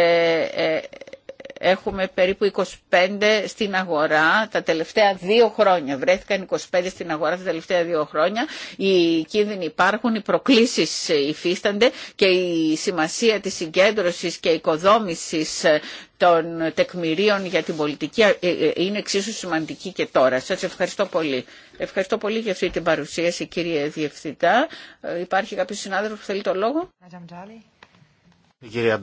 έχουμε περίπου 25 στην αγορά τα τελευταία δύο χρόνια. Βρέθηκαν 25 στην αγορά τα τελευταία δύο χρόνια. Οι κίνδυνοι υπάρχουν, οι προκλήσεις υφίστανται και η σημασία της συγκέντρωσης και οικοδόμησης των τεκμηρίων για την πολιτική ε, ε, είναι εξίσου σημαντική και τώρα. Σας ευχαριστώ πολύ. Ευχαριστώ πολύ για αυτή την παρουσίαση κύριε Διευθυντά. Ε, υπάρχει κάποιος συνάδελφος που θέλει το λόγο. Η κυρία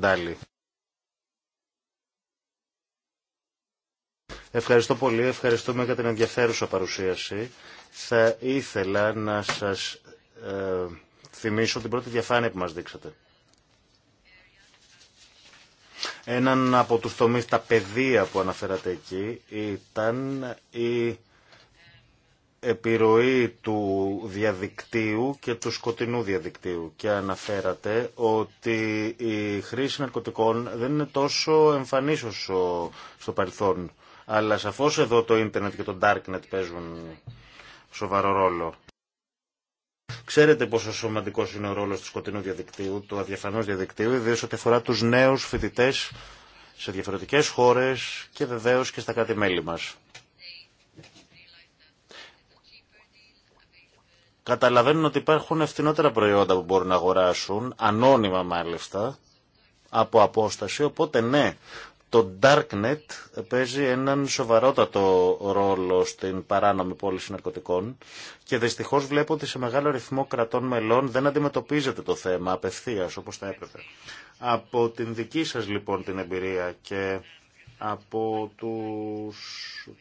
Ευχαριστώ πολύ, ευχαριστούμε για την ενδιαφέρουσα παρουσίαση. Θα ήθελα να σας ε, θυμίσω την πρώτη διαφάνεια που μας δείξατε. Έναν από τους τομείς, τα παιδεία που αναφέρατε εκεί, ήταν η επιρροή του διαδικτύου και του σκοτεινού διαδικτύου και αναφέρατε ότι η χρήση ναρκωτικών δεν είναι τόσο εμφανής στο παρελθόν. Αλλά σαφώς εδώ το ίντερνετ και το darknet παίζουν σοβαρό ρόλο. Ξέρετε πόσο σημαντικό είναι ο ρόλο του σκοτεινού διαδικτύου, του αδιαφανούς διαδικτύου, ιδίω ό,τι αφορά του νέου φοιτητέ σε διαφορετικέ χώρε και βεβαίω και στα κράτη-μέλη μα. Καταλαβαίνουν ότι υπάρχουν ευθυνότερα προϊόντα που μπορούν να αγοράσουν, ανώνυμα μάλιστα, από απόσταση, οπότε ναι, το Darknet παίζει έναν σοβαρότατο ρόλο στην παράνομη πώληση ναρκωτικών και δυστυχώς βλέπω ότι σε μεγάλο ρυθμό κρατών μελών δεν αντιμετωπίζεται το θέμα απευθείας όπως θα έπρεπε. Από την δική σας λοιπόν την εμπειρία και από τους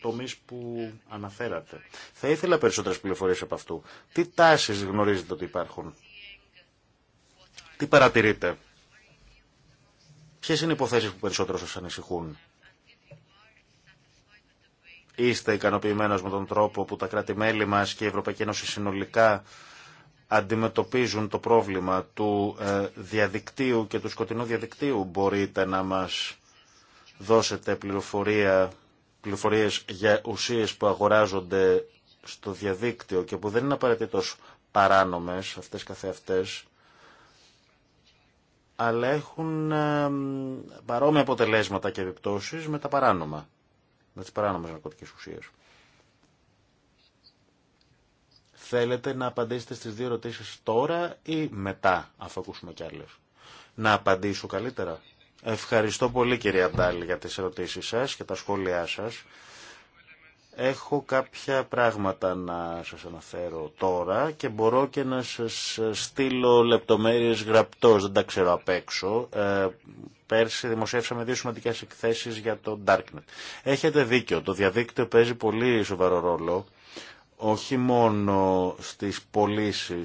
τομείς που αναφέρατε. Θα ήθελα περισσότερες πληροφορίες από αυτού. Τι τάσεις γνωρίζετε ότι υπάρχουν. Τι παρατηρείτε. Ποιε είναι οι υποθέσει που περισσότερο σα ανησυχούν, Είστε ικανοποιημένο με τον τρόπο που τα κράτη-μέλη μα και η Ευρωπαϊκή Ένωση συνολικά αντιμετωπίζουν το πρόβλημα του ε, διαδικτύου και του σκοτεινού διαδικτύου. Μπορείτε να μας δώσετε πληροφορία, πληροφορίες για ουσίες που αγοράζονται στο διαδίκτυο και που δεν είναι απαραίτητο παράνομες αυτές καθεαυτές αλλά έχουν παρόμοια αποτελέσματα και επιπτώσεις με τα παράνομα, με τις παράνομες ναρκωτικές ουσίες. Θέλετε να απαντήσετε στις δύο ερωτήσεις τώρα ή μετά, αφού ακούσουμε κι άλλες. Να απαντήσω καλύτερα. Ευχαριστώ πολύ κυρία Ντάλη για τις ερωτήσεις σας και τα σχόλιά σας. Έχω κάποια πράγματα να σας αναφέρω τώρα και μπορώ και να σας στείλω λεπτομέρειες γραπτός, δεν τα ξέρω απ' έξω. Ε, πέρσι δημοσιεύσαμε δύο σημαντικές εκθέσεις για το Darknet. Έχετε δίκιο, το διαδίκτυο παίζει πολύ σοβαρό ρόλο, όχι μόνο στις πωλήσει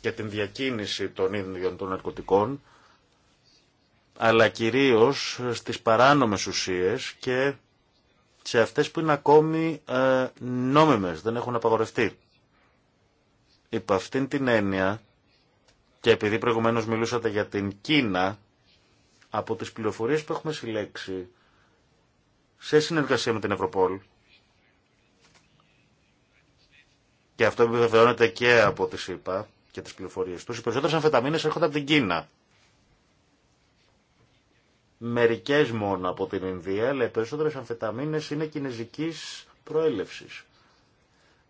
και την διακίνηση των ίδιων των ναρκωτικών, αλλά κυρίως στις παράνομες ουσίες και σε αυτές που είναι ακόμη ε, νόμιμες, δεν έχουν απαγορευτεί. Υπ' αυτήν την έννοια, και επειδή προηγουμένως μιλούσατε για την Κίνα, από τις πληροφορίες που έχουμε συλλέξει, σε συνεργασία με την Ευρωπόλ, και αυτό επιβεβαιώνεται και από τις ΗΠΑ και τις πληροφορίες τους, οι περισσότερες αμφεταμίνες έρχονται από την Κίνα. Μερικέ μόνο από την Ινδία, αλλά οι περισσότερε αμφεταμίνε είναι κινέζικης προέλευση.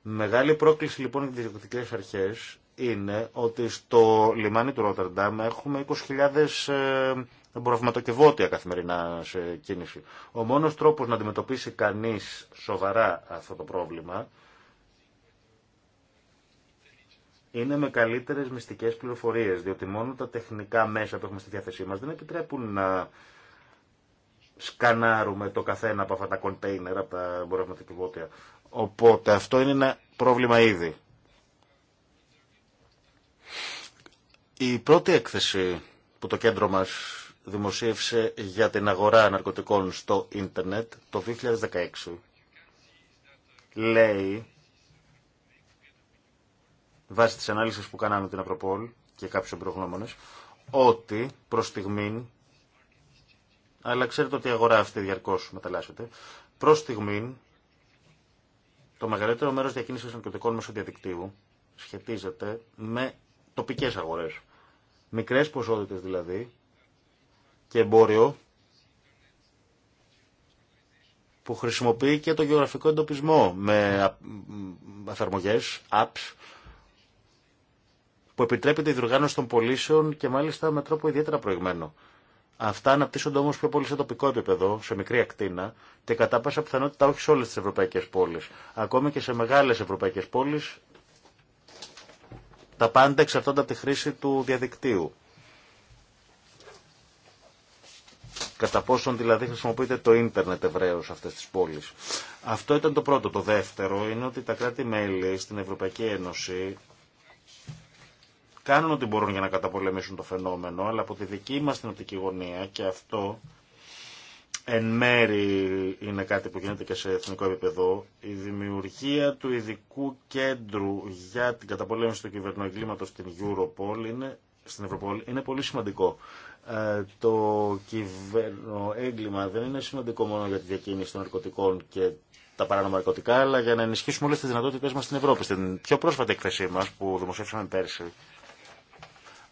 Μεγάλη πρόκληση λοιπόν για τι διοικητικέ αρχές είναι ότι στο λιμάνι του Ρότερνταμ έχουμε 20.000 ε, εμπορευματοκιβώτια καθημερινά σε κίνηση. Ο μόνος τρόπος να αντιμετωπίσει κανείς σοβαρά αυτό το πρόβλημα είναι με καλύτερες μυστικές πληροφορίες, διότι μόνο τα τεχνικά μέσα που έχουμε στη διάθεσή μας δεν επιτρέπουν να σκανάρουμε το καθένα από αυτά τα κοντέινερ, από τα εμπορευματικά Οπότε αυτό είναι ένα πρόβλημα ήδη. Η πρώτη έκθεση που το κέντρο μας δημοσίευσε για την αγορά ναρκωτικών στο ίντερνετ το 2016 λέει βάσει της ανάλυσης που κάναμε την Απροπόλ και κάποιους εμπειρογνώμονες ότι προς στιγμήν αλλά ξέρετε ότι η αγορά αυτή διαρκώς μεταλλάσσεται. Προ στιγμή, το μεγαλύτερο μέρος των κεντρικών μέσω διαδικτύου σχετίζεται με τοπικέ αγορέ, μικρέ ποσότητε, δηλαδή και εμπόριο που χρησιμοποιεί και το γεωγραφικό εντοπισμό με εφαρμογές, apps, που επιτρέπεται η διοργάνωση των πωλήσεων και μάλιστα με τρόπο ιδιαίτερα προηγμένο. Αυτά αναπτύσσονται όμω πιο πολύ σε τοπικό επίπεδο, σε μικρή ακτίνα και κατά πάσα πιθανότητα όχι σε όλε τι ευρωπαϊκέ πόλει. Ακόμη και σε μεγάλε ευρωπαϊκέ πόλει τα πάντα εξαρτώνται από τη χρήση του διαδικτύου. Κατά πόσον δηλαδή χρησιμοποιείται το ίντερνετ ευρέω σε αυτέ τι πόλει. Αυτό ήταν το πρώτο. Το δεύτερο είναι ότι τα κράτη-μέλη στην Ευρωπαϊκή Ένωση κάνουν ό,τι μπορούν για να καταπολεμήσουν το φαινόμενο, αλλά από τη δική μας την οπτική γωνία και αυτό εν μέρη είναι κάτι που γίνεται και σε εθνικό επίπεδο, η δημιουργία του ειδικού κέντρου για την καταπολέμηση του κυβερνοεγκλήματος στην Europol είναι, στην Ευρωπόλη είναι πολύ σημαντικό. Ε, το εγκλήμα δεν είναι σημαντικό μόνο για τη διακίνηση των ναρκωτικών και τα παράνομα ναρκωτικά, αλλά για να ενισχύσουμε όλε τι δυνατότητέ μα στην Ευρώπη. Στην πιο πρόσφατη εκθεσή μα που δημοσίευσαμε πέρσι,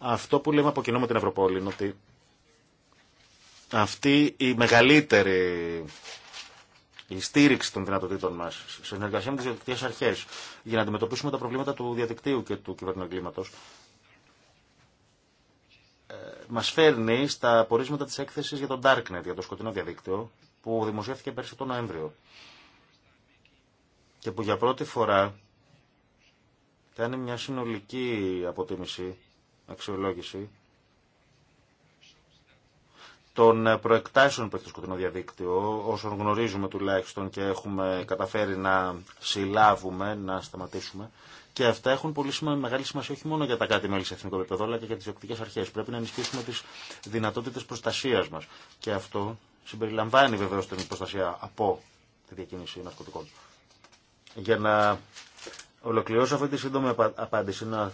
αυτό που λέμε από κοινό με την Ευρωπόλη είναι ότι αυτή η μεγαλύτερη η στήριξη των δυνατοτήτων μα, σε συνεργασία με τι διαδικτυακέ αρχέ, για να αντιμετωπίσουμε τα προβλήματα του διαδικτύου και του κυβερνοεγκλήματο, ε, μα φέρνει στα πορίσματα τη έκθεση για τον Darknet, για το σκοτεινό διαδίκτυο, που δημοσιεύτηκε πέρσι τον Νοέμβριο. Και που για πρώτη φορά κάνει μια συνολική αποτίμηση αξιολόγηση των ε, προεκτάσεων που έχει το σκοτεινό διαδίκτυο, όσων γνωρίζουμε τουλάχιστον και έχουμε καταφέρει να συλλάβουμε, να σταματήσουμε. Και αυτά έχουν πολύ σημαντικά μεγάλη σημασία όχι μόνο για τα κάτι μέλη σε εθνικό επίπεδο, αλλά και για τι διοκτικέ αρχέ. Πρέπει να ενισχύσουμε τι δυνατότητε προστασία μα. Και αυτό συμπεριλαμβάνει βεβαίω την προστασία από τη διακίνηση ναρκωτικών. Για να ολοκληρώσω αυτή τη σύντομη απάντηση. Να,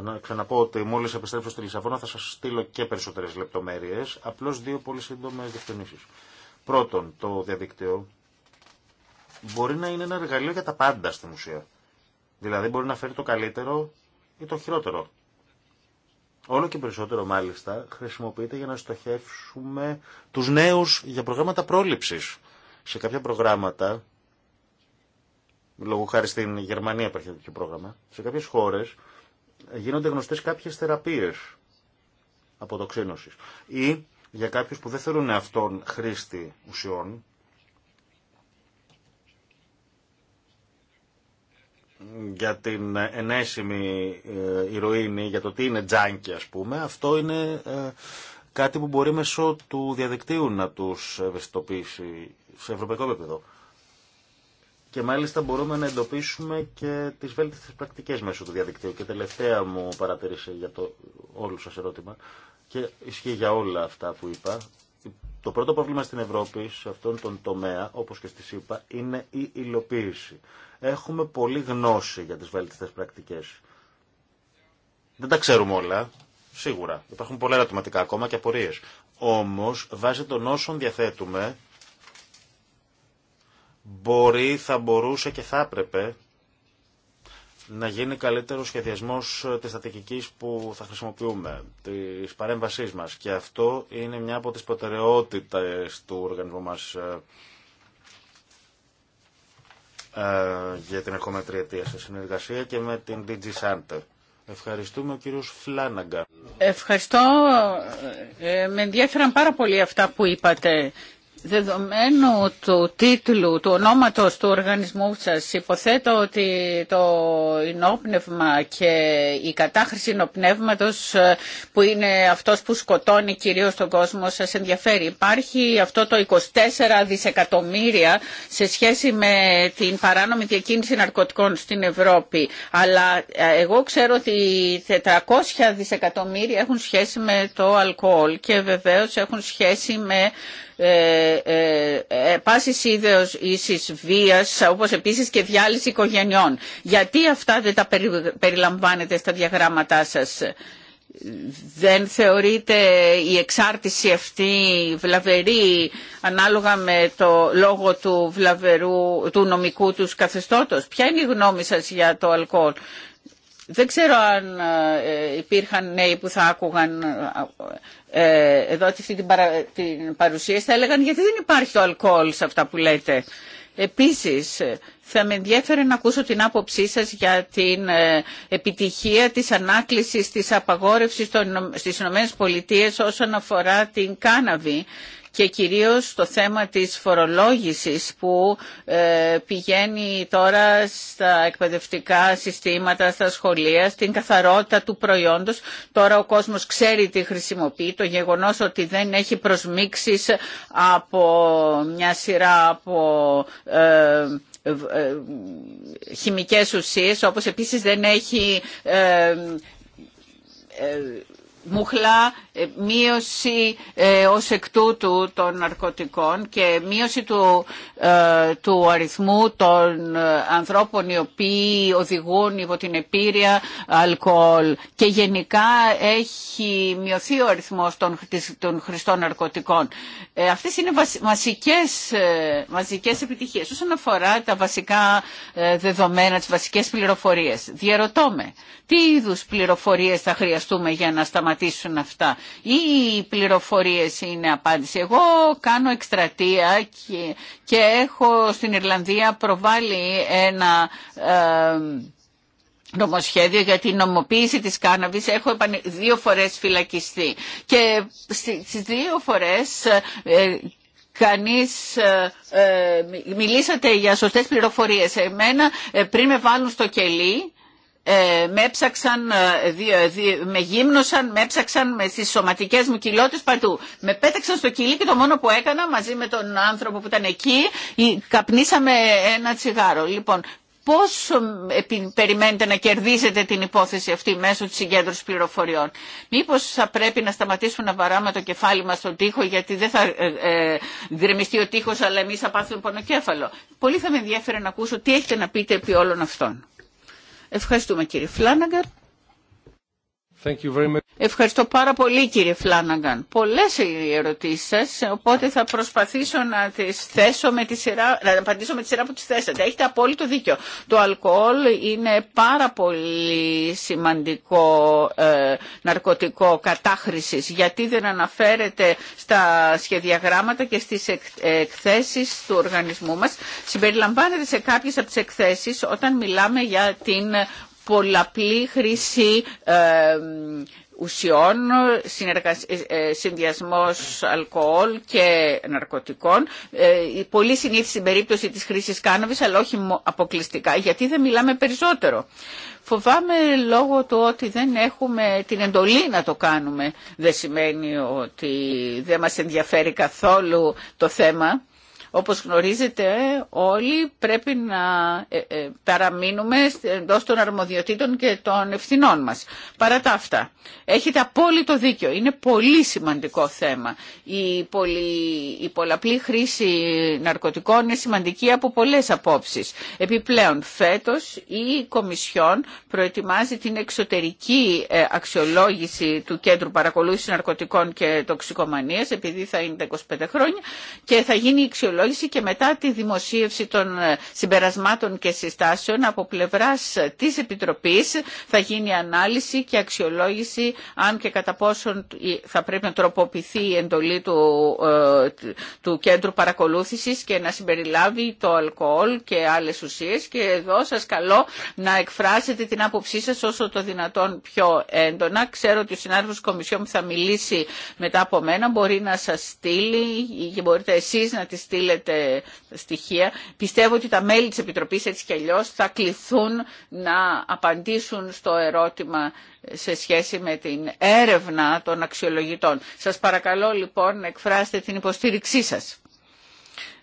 να ξαναπώ ότι μόλι επιστρέψω στη Λισαβόνα θα σα στείλω και περισσότερε λεπτομέρειε. Απλώ δύο πολύ σύντομε διευκρινήσει. Πρώτον, το διαδίκτυο μπορεί να είναι ένα εργαλείο για τα πάντα στην ουσία. Δηλαδή μπορεί να φέρει το καλύτερο ή το χειρότερο. Όλο και περισσότερο μάλιστα χρησιμοποιείται για να στοχεύσουμε τους νέους για προγράμματα πρόληψης. Σε κάποια προγράμματα Λόγω χάρη στην Γερμανία υπάρχει τέτοιο πρόγραμμα. Σε κάποιε χώρε γίνονται γνωστέ κάποιε θεραπείε αποτοξίνωση. Ή για κάποιου που δεν θέλουν αυτόν χρήστη ουσιών, για την ενέσιμη ε, ηρωίνη, για το τι είναι τζάνκι ας πούμε, αυτό είναι ε, κάτι που μπορεί μέσω του διαδικτύου να τους ευαισθητοποιήσει σε ευρωπαϊκό επίπεδο. Και μάλιστα μπορούμε να εντοπίσουμε και τις βέλτιστες πρακτικές μέσω του διαδικτύου. Και τελευταία μου παρατηρήσε για το όλο σας ερώτημα και ισχύει για όλα αυτά που είπα. Το πρώτο πρόβλημα στην Ευρώπη σε αυτόν τον τομέα, όπως και στη ΣΥΠΑ, είναι η υλοποίηση. Έχουμε πολλή γνώση για τις βέλτιστες πρακτικές. Δεν τα ξέρουμε όλα, σίγουρα. Υπάρχουν πολλά ερωτηματικά ακόμα και απορίες. Όμως, βάσει των όσων διαθέτουμε, μπορεί, θα μπορούσε και θα έπρεπε να γίνει καλύτερο σχεδιασμό ε, τη στατικική που θα χρησιμοποιούμε, τη παρέμβασή μα. Και αυτό είναι μια από τι προτεραιότητε του οργανισμού μα ε, ε, για την ερχόμενη τριετία σε συνεργασία και με την DG Center. Ευχαριστούμε ο κύριος Φλάναγκα. Ευχαριστώ. με ενδιαφέραν πάρα πολύ αυτά που είπατε Δεδομένου του τίτλου, του ονόματος του οργανισμού σας, υποθέτω ότι το ενόπνευμα και η κατάχρηση ενόπνευματος ε, που είναι αυτός που σκοτώνει κυρίως τον κόσμο σας ενδιαφέρει. Υπάρχει αυτό το 24 δισεκατομμύρια σε σχέση με την παράνομη διακίνηση ναρκωτικών στην Ευρώπη. Αλλά ε, εγώ ξέρω ότι 400 δισεκατομμύρια έχουν σχέση με το αλκοόλ και βεβαίως έχουν σχέση με ε, ε, ε, πάσης είδεως ίσης βίας, όπως επίσης και διάλυση οικογενειών. Γιατί αυτά δεν τα περιλαμβάνετε στα διαγράμματά σας. Δεν θεωρείτε η εξάρτηση αυτή βλαβερή ανάλογα με το λόγο του, βλαβερού, του νομικού τους καθεστώτος. Ποια είναι η γνώμη σας για το αλκοόλ. Δεν ξέρω αν υπήρχαν νέοι που θα άκουγαν ε, εδώ αυτή την, παρα... την παρουσίαση θα έλεγαν γιατί δεν υπάρχει το αλκοόλ σε αυτά που λέτε. Επίσης, ε, θα με ενδιαφέρε να ακούσω την άποψή σας για την ε, επιτυχία της ανάκλησης της απαγόρευσης στις ΗΠΑ όσον αφορά την κάναβη και κυρίως το θέμα της φορολόγησης που ε, πηγαίνει τώρα στα εκπαιδευτικά συστήματα, στα σχολεία, στην καθαρότητα του προϊόντος. Τώρα ο κόσμος ξέρει τι χρησιμοποιεί. Το γεγονός ότι δεν έχει προσμίξεις από μια σειρά από ε, ε, χημικές ουσίες, όπως επίσης δεν έχει μουχλά ε, μείωση ε, ως εκ τούτου των ναρκωτικών και μείωση του, ε, του αριθμού των ανθρώπων οι οποίοι οδηγούν υπό την επίρρεια αλκοόλ και γενικά έχει μειωθεί ο αριθμός των, των χρηστών ναρκωτικών. Αυτές είναι βασικές, βασικές επιτυχίες όσον αφορά τα βασικά δεδομένα, τις βασικές πληροφορίες. Διαρωτώ με, τι είδους πληροφορίες θα χρειαστούμε για να σταματήσουμε σταματήσουν αυτά. Ή οι πληροφορίες είναι απάντηση. Εγώ κάνω εκστρατεία και, έχω στην Ιρλανδία προβάλλει ένα... Ε, νομοσχέδιο για την νομοποίηση της κάναβης έχω δύο φορές φυλακιστεί και στις δύο φορές ε, Κανείς ε, ε, μιλήσατε για σωστές πληροφορίες. Εμένα ε, πριν με βάλουν στο κελί ε, με έψαξαν, ε, ε, με γύμνωσαν, με έψαξαν με στις σωματικές μου κοιλώτες παντού. Με πέταξαν στο κυλί και το μόνο που έκανα μαζί με τον άνθρωπο που ήταν εκεί, καπνίσαμε ένα τσιγάρο. Λοιπόν, πώς ε, περιμένετε να κερδίσετε την υπόθεση αυτή μέσω της συγκέντρωσης πληροφοριών. Μήπως θα πρέπει να σταματήσουμε να βαράμε το κεφάλι μας στον τοίχο γιατί δεν θα ε, γκρεμιστεί ο τείχος αλλά εμείς θα πάθουμε πονοκέφαλο. Πολύ θα με ενδιαφέρει να ακούσω τι έχετε να πείτε επί όλων αυτών. Ευχαριστούμε κύριε Φλάναγκαν. Ευχαριστώ πάρα πολύ κύριε Φλάναγκαν. Πολλές οι ερωτήσεις σας, οπότε θα προσπαθήσω να τις θέσω με τη σειρά, να απαντήσω με τη σειρά που τις θέσατε. Έχετε απόλυτο δίκιο. Το αλκοόλ είναι πάρα πολύ σημαντικό ε, ναρκωτικό κατάχρησης, γιατί δεν αναφέρεται στα σχεδιαγράμματα και στις εκ, εκθέσεις του οργανισμού μας. Συμπεριλαμβάνεται σε κάποιες από τις εκθέσεις όταν μιλάμε για την πολλαπλή χρήση ε, ουσιών, ε, ε, συνδυασμός αλκοόλ και ναρκωτικών. Πολύ συνήθι στην περίπτωση της χρήσης κάναβης, αλλά όχι αποκλειστικά, γιατί δεν μιλάμε περισσότερο. Φοβάμαι λόγω του ότι δεν έχουμε την εντολή να το κάνουμε. Δεν σημαίνει ότι δεν μας ενδιαφέρει καθόλου το θέμα. Όπως γνωρίζετε όλοι πρέπει να ε, ε, παραμείνουμε εντός των αρμοδιοτήτων και των ευθυνών μας. Παρά τα αυτά, έχετε απόλυτο δίκιο. Είναι πολύ σημαντικό θέμα. Η, πολυ... πολλαπλή χρήση ναρκωτικών είναι σημαντική από πολλές απόψεις. Επιπλέον, φέτος η Κομισιόν προετοιμάζει την εξωτερική ε, αξιολόγηση του Κέντρου Παρακολούθησης Ναρκωτικών και Τοξικομανίας, επειδή θα είναι τα 25 χρόνια, και θα γίνει η αξιολόγηση και μετά τη δημοσίευση των ε, συμπερασμάτων και συστάσεων από πλευράς ε, της Επιτροπής θα γίνει ανάλυση και αξιολόγηση αν και κατά πόσον θα πρέπει να τροποποιηθεί η εντολή του, ε, του κέντρου παρακολούθησης και να συμπεριλάβει το αλκοόλ και άλλες ουσίες και εδώ σας καλώ να εκφράσετε την άποψή σας όσο το δυνατόν πιο έντονα. Ξέρω ότι ο συνάδελφος Κομισιόν θα μιλήσει μετά από μένα μπορεί να σας στείλει ή μπορείτε εσείς να τη στείλετε στείλετε στοιχεία. Πιστεύω ότι τα μέλη της Επιτροπής έτσι και αλλιώ θα κληθούν να απαντήσουν στο ερώτημα σε σχέση με την έρευνα των αξιολογητών. Σας παρακαλώ λοιπόν να εκφράσετε την υποστήριξή σας.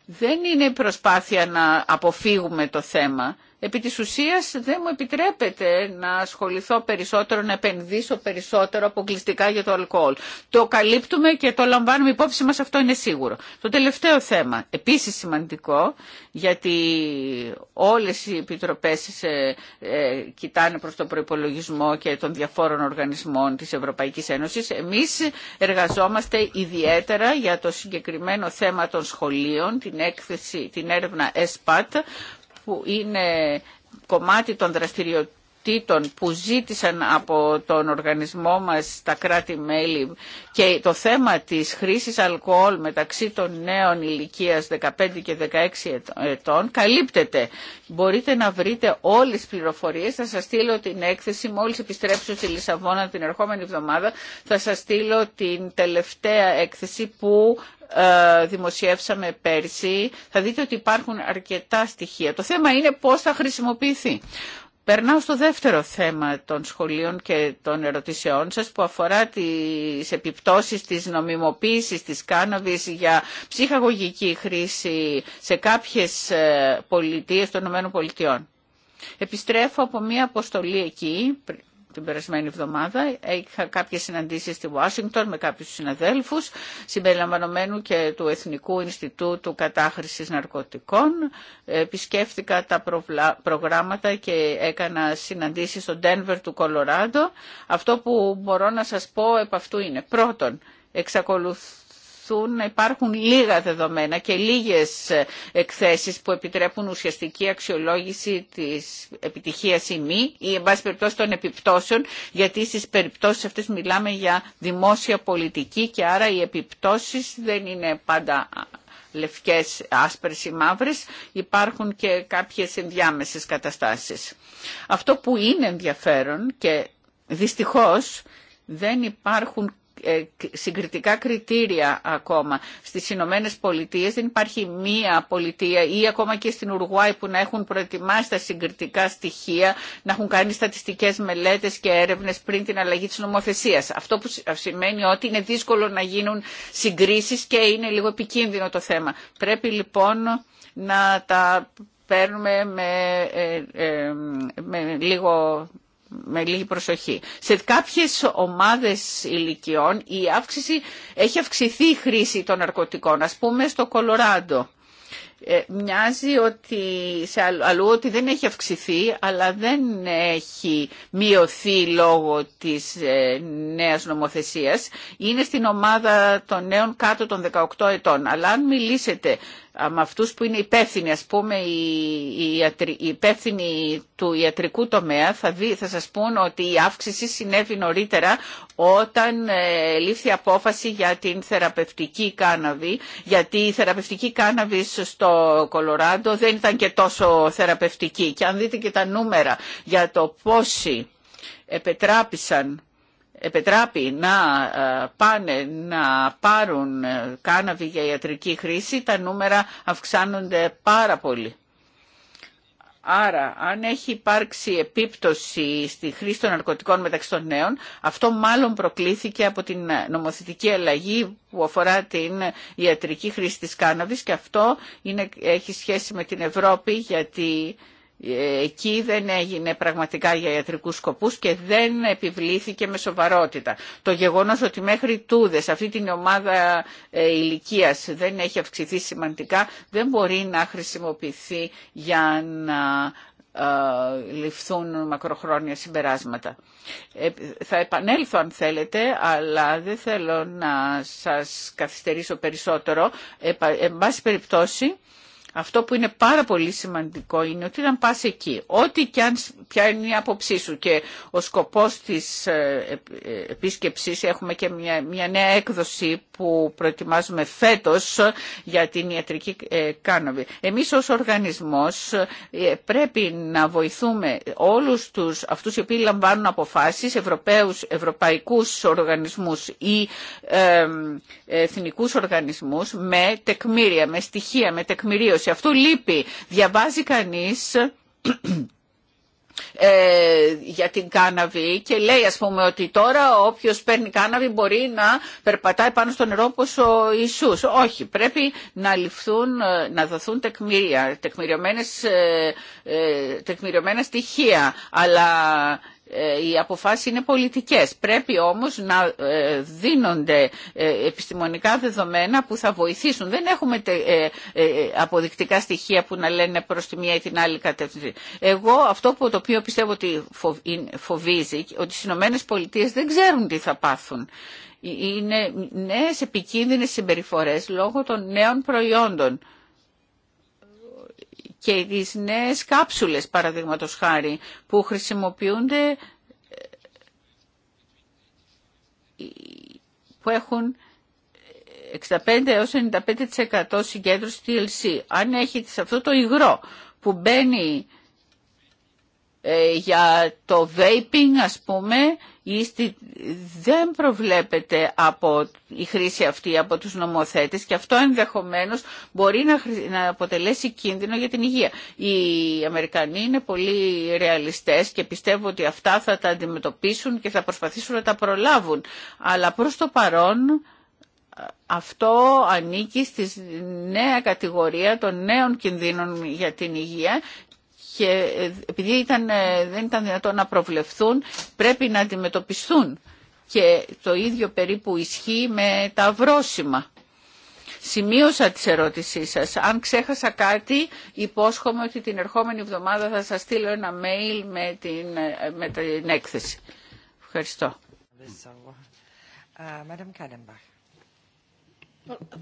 Δεν είναι προσπάθεια να αποφύγουμε το θέμα επί της ουσίας δεν μου επιτρέπεται να ασχοληθώ περισσότερο, να επενδύσω περισσότερο αποκλειστικά για το αλκοόλ. Το καλύπτουμε και το λαμβάνουμε υπόψη μας, αυτό είναι σίγουρο. Το τελευταίο θέμα, επίσης σημαντικό, γιατί όλες οι επιτροπές ε, ε, κοιτάνε προς το προϋπολογισμό και των διαφόρων οργανισμών της Ευρωπαϊκής Ένωσης. Εμείς εργαζόμαστε ιδιαίτερα για το συγκεκριμένο θέμα των σχολείων, την, έκθεση, την έρευνα ESPAT, που είναι κομμάτι των δραστηριοτήτων που ζήτησαν από τον οργανισμό μας τα κράτη-μέλη και το θέμα της χρήσης αλκοόλ μεταξύ των νέων ηλικίας 15 και 16 ετών καλύπτεται. Μπορείτε να βρείτε όλες τις πληροφορίες, θα σας στείλω την έκθεση μόλις επιστρέψω στη Λισαβόνα την ερχόμενη εβδομάδα, θα σας στείλω την τελευταία έκθεση που ε, δημοσιεύσαμε πέρσι, θα δείτε ότι υπάρχουν αρκετά στοιχεία. Το θέμα είναι πώς θα χρησιμοποιηθεί. Περνάω στο δεύτερο θέμα των σχολείων και των ερωτήσεών σας που αφορά τις επιπτώσεις της νομιμοποίησης της κάναβης για ψυχαγωγική χρήση σε κάποιες ε, πολιτείες των ΗΠΑ. Επιστρέφω από μία αποστολή εκεί την περασμένη εβδομάδα. Είχα κάποιες συναντήσεις στη Ουάσιγκτον με κάποιους συναδέλφους, συμπεριλαμβανομένου και του Εθνικού Ινστιτούτου Κατάχρησης Ναρκωτικών. Επισκέφθηκα τα προγράμματα και έκανα συναντήσεις στο Ντένβερ του Κολοράντο. Αυτό που μπορώ να σας πω επ' αυτού είναι πρώτον, εξακολουθώ υπάρχουν λίγα δεδομένα και λίγες εκθέσεις που επιτρέπουν ουσιαστική αξιολόγηση της επιτυχίας ή μη ή εν πάση περιπτώσει των επιπτώσεων γιατί στις περιπτώσεις αυτές μιλάμε για δημόσια πολιτική και άρα οι επιπτώσεις δεν είναι πάντα λευκές, άσπρες ή μαύρες, υπάρχουν και κάποιες ενδιάμεσες καταστάσεις. Αυτό που είναι ενδιαφέρον και δυστυχώς δεν υπάρχουν ε, συγκριτικά κριτήρια ακόμα. Στις Ηνωμένε Πολιτείε δεν υπάρχει μία πολιτεία ή ακόμα και στην Ουρουάη που να έχουν προετοιμάσει τα συγκριτικά στοιχεία, να έχουν κάνει στατιστικές μελέτες και έρευνες πριν την αλλαγή της νομοθεσίας. Αυτό που σημαίνει ότι είναι δύσκολο να γίνουν συγκρίσεις και είναι λίγο επικίνδυνο το θέμα. Πρέπει λοιπόν να τα παίρνουμε με, ε, ε, με λίγο με προσοχή. Σε κάποιες ομάδες ηλικιών η αύξηση έχει αυξηθεί η χρήση των ναρκωτικών, ας πούμε στο Κολοράντο. Ε, μοιάζει ότι σε αλλού ότι δεν έχει αυξηθεί αλλά δεν έχει μειωθεί λόγω της ε, νέας νομοθεσίας. Είναι στην ομάδα των νέων κάτω των 18 ετών. Αλλά αν μιλήσετε με αυτούς που είναι υπεύθυνοι, ας πούμε, οι υπεύθυνοι του ιατρικού τομέα θα, δει, θα σας πούν ότι η αύξηση συνέβη νωρίτερα όταν ε, λήφθη απόφαση για την θεραπευτική κάναβη, γιατί η θεραπευτική κάναβη στο Κολοράντο δεν ήταν και τόσο θεραπευτική. Και αν δείτε και τα νούμερα για το πόσοι επετράπησαν επιτράπει να ε, πάνε να πάρουν ε, κάναβη για ιατρική χρήση, τα νούμερα αυξάνονται πάρα πολύ. Άρα, αν έχει υπάρξει επίπτωση στη χρήση των ναρκωτικών μεταξύ των νέων, αυτό μάλλον προκλήθηκε από την νομοθετική αλλαγή που αφορά την ιατρική χρήση της κάναβης και αυτό είναι, έχει σχέση με την Ευρώπη γιατί Εκεί δεν έγινε πραγματικά για ιατρικούς σκοπούς και δεν επιβλήθηκε με σοβαρότητα. Το γεγονός ότι μέχρι τούδες αυτή την ομάδα ε, ηλικίας δεν έχει αυξηθεί σημαντικά δεν μπορεί να χρησιμοποιηθεί για να ε, ληφθούν μακροχρόνια συμπεράσματα. Ε, θα επανέλθω αν θέλετε, αλλά δεν θέλω να σας καθυστερήσω περισσότερο. Ε, εν πάση αυτό που είναι πάρα πολύ σημαντικό είναι ότι όταν πας εκεί, ό,τι και αν είναι η άποψή σου και ο σκοπός της ε, ε, επίσκεψης, έχουμε και μια, μια νέα έκδοση που προετοιμάζουμε φέτος για την ιατρική ε, κάναβη. Εμείς ως οργανισμός πρέπει να βοηθούμε όλους τους, αυτούς οι οποίοι λαμβάνουν αποφάσεις, ευρωπαίους, ευρωπαϊκούς οργανισμούς ή εθνικούς οργανισμούς με τεκμήρια, με στοιχεία, με τεκμηρίωση σε αυτού λείπει. Διαβάζει κανείς ε, για την κάναβη και λέει ας πούμε ότι τώρα όποιος παίρνει κάναβη μπορεί να περπατάει πάνω στο νερό όπως ο Ιησούς. Όχι, πρέπει να ληφθούν, ε, να δοθούν τεκμήρια, τεκμηριωμένες, ε, ε, τεκμηριωμένα στοιχεία. Αλλά ε, οι αποφάσεις είναι πολιτικές. Πρέπει όμως να ε, δίνονται ε, επιστημονικά δεδομένα που θα βοηθήσουν. Δεν έχουμε αποδεικτικά στοιχεία που να λένε προς τη μία ή την άλλη κατεύθυνση. Εγώ αυτό που το οποίο πιστεύω ότι φοβίζει, ότι οι Ηνωμένε Πολιτείες δεν ξέρουν τι θα πάθουν. Είναι νέες επικίνδυνες συμπεριφορές λόγω των νέων προϊόντων και τις νέες κάψουλες παραδείγματος χάρη που χρησιμοποιούνται ε, που έχουν 65 έως 95% συγκέντρωση TLC. Αν έχει σε αυτό το υγρό που μπαίνει ε, για το vaping ας πούμε ή δεν προβλέπεται από η χρήση αυτή από τους νομοθέτες και αυτό ενδεχομένως μπορεί να, να αποτελέσει κίνδυνο για την υγεία. Οι Αμερικανοί είναι πολύ ρεαλιστές και πιστεύω ότι αυτά θα τα αντιμετωπίσουν και θα προσπαθήσουν να τα προλάβουν. Αλλά προς το παρόν αυτό ανήκει στη νέα κατηγορία των νέων κινδύνων για την υγεία και ε, επειδή ήταν, ε, δεν ήταν δυνατόν να προβλεφθούν πρέπει να αντιμετωπιστούν και το ίδιο περίπου ισχύει με τα βρόσιμα. Σημείωσα τις ερώτησή σας. Αν ξέχασα κάτι, υπόσχομαι ότι την ερχόμενη εβδομάδα θα σας στείλω ένα mail με την, ε, με την έκθεση. Ευχαριστώ.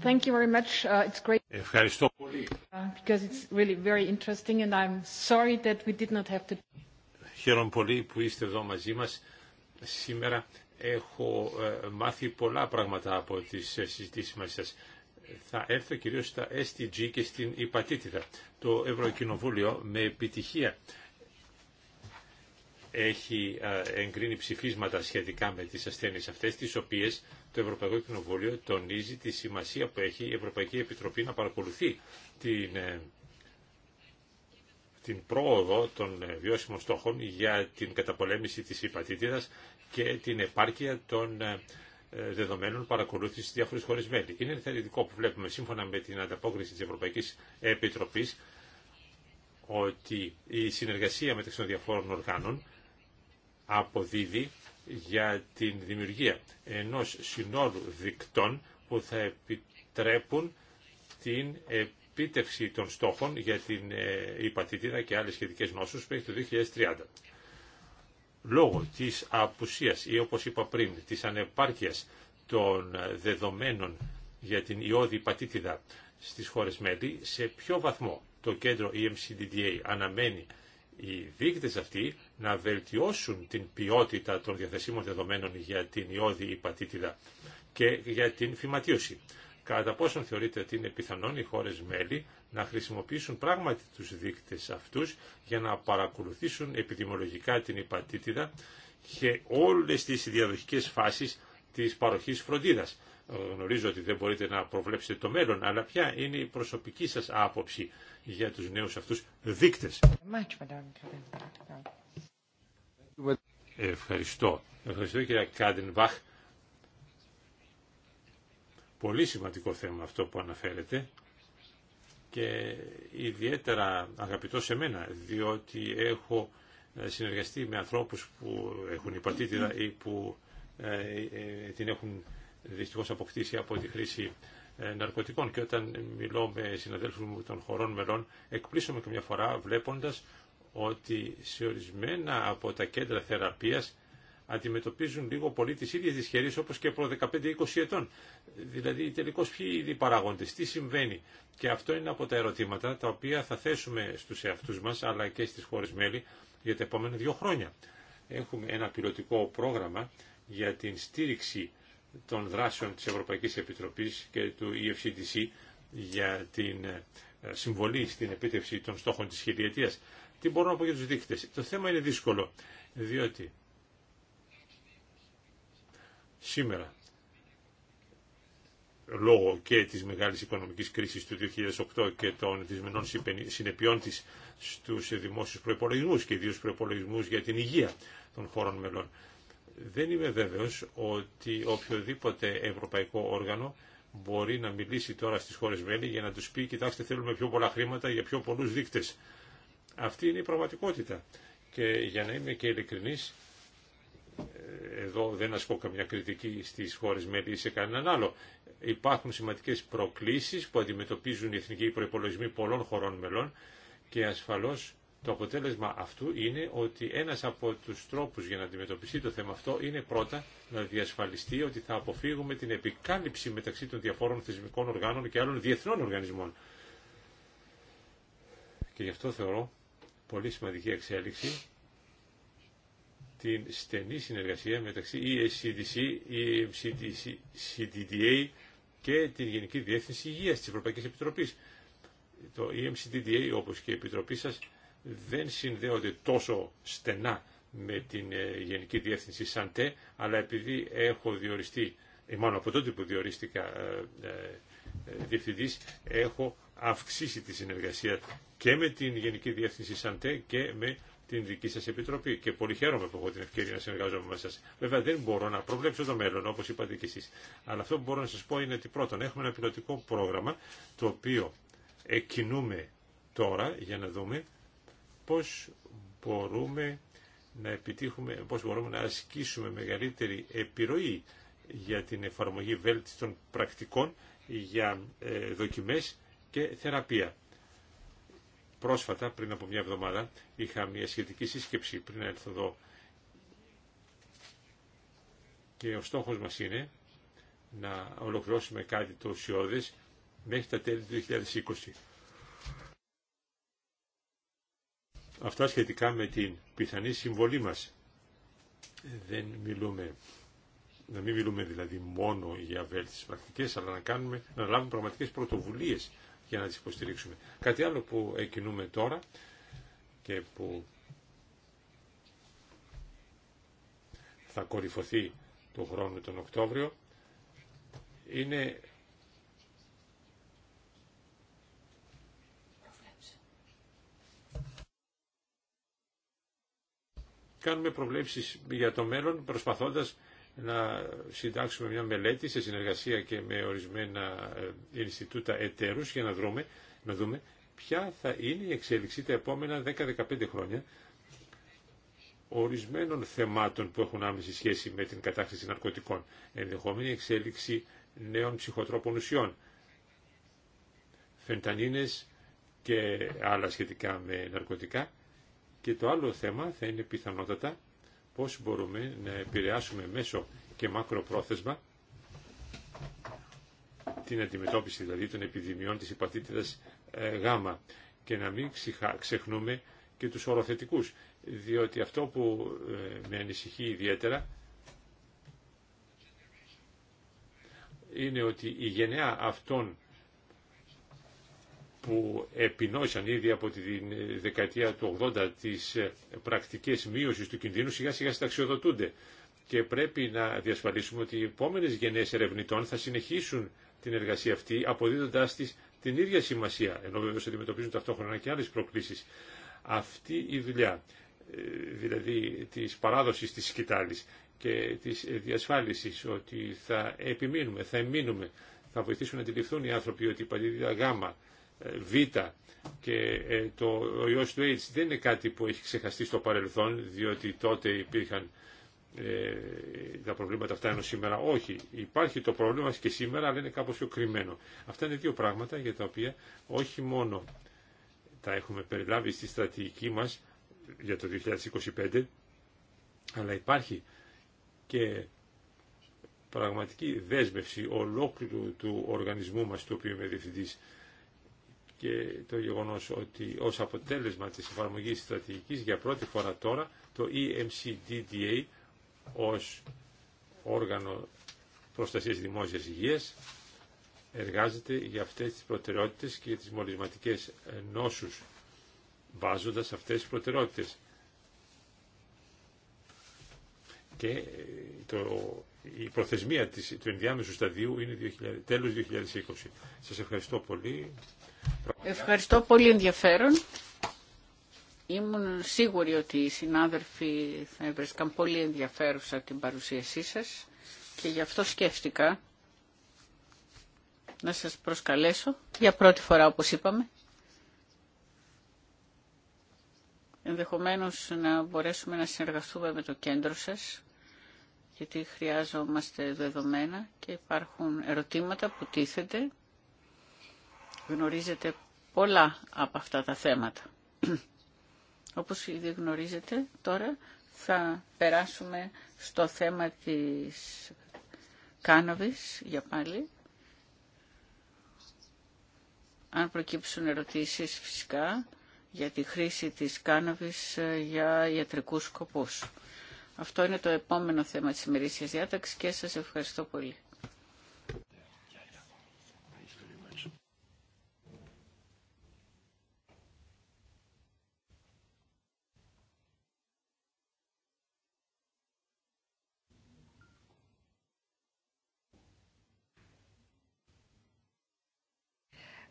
Thank you very much. Uh, it's great. Ευχαριστώ πολύ. Uh, because it's really very interesting and I'm sorry that we did not have to... Χαίρομαι πολύ που είστε εδώ μαζί μας. Σήμερα έχω ε, μάθει πολλά πράγματα από τις ε, συζητήσεις μας σας. Θα έρθω κυρίως στα SDG και στην υπατήτητα. Το Ευρωκοινοβούλιο με επιτυχία έχει εγκρίνει ψηφίσματα σχετικά με τις ασθένειες αυτές, τις οποίες το Ευρωπαϊκό Κοινοβούλιο τονίζει τη σημασία που έχει η Ευρωπαϊκή Επιτροπή να παρακολουθεί την, ε, την πρόοδο των ε, βιώσιμων στόχων για την καταπολέμηση της υπατήτητας και την επάρκεια των ε, δεδομένων παρακολούθησης στι διάφορε χώρε μέλη. Είναι ενθαρρυντικό που βλέπουμε σύμφωνα με την ανταπόκριση τη Ευρωπαϊκή Επιτροπή ότι η συνεργασία μεταξύ των διαφόρων οργάνων αποδίδει για την δημιουργία ενός συνόλου δικτών που θα επιτρέπουν την επίτευξη των στόχων για την ε, υπατητήδα και άλλες σχετικές νόσους μέχρι το 2030. Λόγω της απουσίας ή όπως είπα πριν της ανεπάρκειας των δεδομένων για την ιώδη υπατήτηδα στις χώρες μέλη, σε ποιο βαθμό το κέντρο EMCDDA αναμένει οι δείκτες αυτοί να βελτιώσουν την ποιότητα των διαθεσίμων δεδομένων για την ιώδη υπατήτηδα και για την φυματίωση. Κατά πόσον θεωρείτε ότι είναι πιθανόν οι χώρες μέλη να χρησιμοποιήσουν πράγματι τους δείκτες αυτούς για να παρακολουθήσουν επιδημολογικά την υπατήτηδα και όλες τις διαδοχικές φάσεις της παροχής φροντίδας. Ε, γνωρίζω ότι δεν μπορείτε να προβλέψετε το μέλλον, αλλά ποια είναι η προσωπική σας άποψη για τους νέους αυτούς δείκτες. Ευχαριστώ. Ευχαριστώ κυρία Βάχ. Πολύ σημαντικό θέμα αυτό που αναφέρετε και ιδιαίτερα αγαπητό σε μένα, διότι έχω ε, συνεργαστεί με ανθρώπους που έχουν υπατήτηδα ή που ε, ε, την έχουν δυστυχώς αποκτήσει από τη χρήση ναρκωτικών και όταν μιλώ με συναδέλφους μου των χωρών μελών εκπλήσωμαι και μια φορά βλέποντας ότι σε ορισμένα από τα κέντρα θεραπείας αντιμετωπίζουν λίγο πολύ τις ίδιες δυσχερίες όπως και προ 15-20 ετών. Δηλαδή τελικώς ποιοι είναι οι παράγοντες, τι συμβαίνει. Και αυτό είναι από τα ερωτήματα τα οποία θα θέσουμε στους εαυτούς μας αλλά και στις χώρες μέλη για τα επόμενα δύο χρόνια. Έχουμε ένα πιλωτικό πρόγραμμα για την στήριξη των δράσεων της Ευρωπαϊκής Επιτροπής και του EFCDC για την ε, συμβολή στην επίτευξη των στόχων της χιλιετίας. Τι μπορώ να πω για τους δείκτες. Το θέμα είναι δύσκολο, διότι σήμερα, λόγω και της μεγάλης οικονομικής κρίσης του 2008 και των δυσμενών συνεπειών της στους δημόσιους προϋπολογισμούς και ιδίως προϋπολογισμούς για την υγεία των χώρων μελών. Δεν είμαι βέβαιος ότι οποιοδήποτε ευρωπαϊκό όργανο μπορεί να μιλήσει τώρα στις χώρες μέλη για να τους πει «Κοιτάξτε, θέλουμε πιο πολλά χρήματα για πιο πολλούς δείκτες». Αυτή είναι η πραγματικότητα. Και για να είμαι και ειλικρινής, ε, εδώ δεν ασκώ καμιά κριτική στις χώρες μέλη ή σε κανέναν άλλο. Υπάρχουν σημαντικές προκλήσεις που αντιμετωπίζουν οι εθνικοί προπολογισμοί πολλών χωρών μελών και ασφαλώς το αποτέλεσμα αυτού είναι ότι ένας από τους τρόπους για να αντιμετωπιστεί το θέμα αυτό είναι πρώτα να διασφαλιστεί ότι θα αποφύγουμε την επικάλυψη μεταξύ των διαφόρων θεσμικών οργάνων και άλλων διεθνών οργανισμών. Και γι' αυτό θεωρώ πολύ σημαντική εξέλιξη την στενή συνεργασία μεταξύ ESCDC, EMCDDA CDDA και την Γενική Διεύθυνση Υγείας της Ευρωπαϊκής Επιτροπής. Το EMCDDA όπως και η Επιτροπή σας δεν συνδέονται τόσο στενά με την ε, Γενική Διεύθυνση ΣΑΝΤΕ, αλλά επειδή έχω διοριστεί, ε, μάλλον από τότε που διορίστηκα ε, ε, Διευθυντή έχω αυξήσει τη συνεργασία και με την Γενική Διεύθυνση ΣΑΝΤΕ και με την δική σα επιτροπή και πολύ χαίρομαι που έχω την ευκαιρία να συνεργάζομαι μαζί σας. Βέβαια δεν μπορώ να προβλέψω το μέλλον όπω είπατε και εσεί. Αλλά αυτό που μπορώ να σα πω είναι ότι πρώτον έχουμε ένα πιλωτικό πρόγραμμα το οποίο εκκινούμε τώρα για να δούμε πώ μπορούμε να επιτύχουμε, πώ μπορούμε να ασκήσουμε μεγαλύτερη επιρροή για την εφαρμογή βέλτιστων πρακτικών για ε, δοκιμές και θεραπεία. Πρόσφατα, πριν από μια εβδομάδα, είχα μια σχετική σύσκεψη πριν να έρθω εδώ και ο στόχος μας είναι να ολοκληρώσουμε κάτι το ουσιώδες μέχρι τα τέλη του 2020. Αυτά σχετικά με την πιθανή συμβολή μας. Δεν μιλούμε να μην μιλούμε δηλαδή μόνο για βέλτιστες πρακτικές, αλλά να, κάνουμε, να λάβουμε πραγματικές πρωτοβουλίες για να τις υποστηρίξουμε. Κάτι άλλο που εκκινούμε τώρα και που θα κορυφωθεί το χρόνο τον Οκτώβριο είναι κάνουμε προβλέψεις για το μέλλον προσπαθώντας να συντάξουμε μια μελέτη σε συνεργασία και με ορισμένα ε, Ινστιτούτα εταίρους για να, δρούμε, να δούμε ποια θα είναι η εξέλιξη τα επόμενα 10-15 χρόνια ορισμένων θεμάτων που έχουν άμεση σχέση με την κατάχρηση ναρκωτικών, ενδεχόμενη εξέλιξη νέων ψυχοτρόπων ουσιών, φεντανίνες και άλλα σχετικά με ναρκωτικά. Και το άλλο θέμα θα είναι πιθανότατα πώς μπορούμε να επηρεάσουμε μέσω και μακροπρόθεσμα την αντιμετώπιση δηλαδή των επιδημιών της υπαθήτητας ε, γάμα και να μην ξεχνούμε και τους οροθετικούς διότι αυτό που ε, με ανησυχεί ιδιαίτερα είναι ότι η γενεά αυτών που επινόησαν ήδη από τη δεκαετία του 80 τις ε, πρακτικές μείωσης του κινδύνου σιγά σιγά συνταξιοδοτούνται και πρέπει να διασφαλίσουμε ότι οι επόμενες γενναίες ερευνητών θα συνεχίσουν την εργασία αυτή αποδίδοντάς της την ίδια σημασία ενώ βέβαια αντιμετωπίζουν ταυτόχρονα και άλλες προκλήσεις. Αυτή η δουλειά ε, δηλαδή της παράδοσης της σκητάλης και της διασφάλισης ότι θα επιμείνουμε, θα εμείνουμε, θα βοηθήσουν να αντιληφθούν οι άνθρωποι ότι η γάμα Β και ε, το, ο ιός του AIDS δεν είναι κάτι που έχει ξεχαστεί στο παρελθόν διότι τότε υπήρχαν ε, τα προβλήματα αυτά ενώ σήμερα όχι. Υπάρχει το πρόβλημα και σήμερα αλλά είναι κάπως πιο κρυμμένο. Αυτά είναι δύο πράγματα για τα οποία όχι μόνο τα έχουμε περιλάβει στη στρατηγική μας για το 2025 αλλά υπάρχει και πραγματική δέσμευση ολόκληρου του οργανισμού μας του οποίου είμαι διευθυντής και το γεγονός ότι ως αποτέλεσμα της εφαρμογής στρατηγικής για πρώτη φορά τώρα το EMCDDA ως όργανο προστασίας δημόσιας υγείας εργάζεται για αυτές τις προτεραιότητες και για τις μολυσματικές νόσους βάζοντας αυτές τις προτεραιότητες. Και ε, το, η προθεσμία της, του ενδιάμεσου σταδίου είναι 2000, τέλος 2020. Σας ευχαριστώ πολύ. Ευχαριστώ πολύ ενδιαφέρον. Ήμουν σίγουρη ότι οι συνάδελφοι θα έβρισκαν πολύ ενδιαφέρουσα την παρουσίασή σας και γι' αυτό σκέφτηκα να σας προσκαλέσω για πρώτη φορά όπως είπαμε ενδεχομένως να μπορέσουμε να συνεργαστούμε με το κέντρο σας γιατί χρειάζομαστε δεδομένα και υπάρχουν ερωτήματα που τίθεται γνωρίζετε πολλά από αυτά τα θέματα. Όπως ήδη γνωρίζετε, τώρα θα περάσουμε στο θέμα της κάνοβης, για πάλι. Αν προκύψουν ερωτήσεις φυσικά για τη χρήση της κάνοβης ε, για ιατρικούς σκοπούς. Αυτό είναι το επόμενο θέμα της ημερήσιας διάταξης και σας ευχαριστώ πολύ.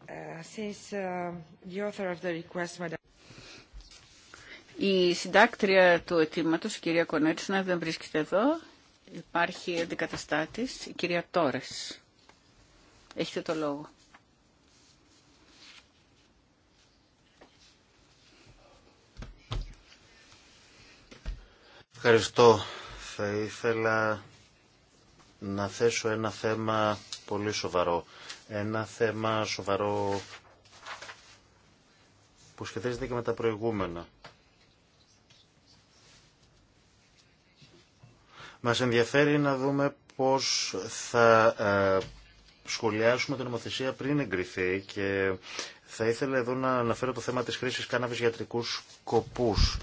Uh, η συντάκτρια του αιτήματο, η κυρία Κονέτσουνα, δεν βρίσκεται εδώ. Υπάρχει αντικαταστάτης, η κυρία Τόρες. Έχετε το λόγο. Ευχαριστώ. Θα ήθελα να θέσω ένα θέμα πολύ σοβαρό ένα θέμα σοβαρό που σχετίζεται και με τα προηγούμενα. Μας ενδιαφέρει να δούμε πώς θα ε, σχολιάσουμε την νομοθεσία πριν εγκριθεί και θα ήθελα εδώ να αναφέρω το θέμα της χρήσης κάναβης γιατρικούς σκοπούς.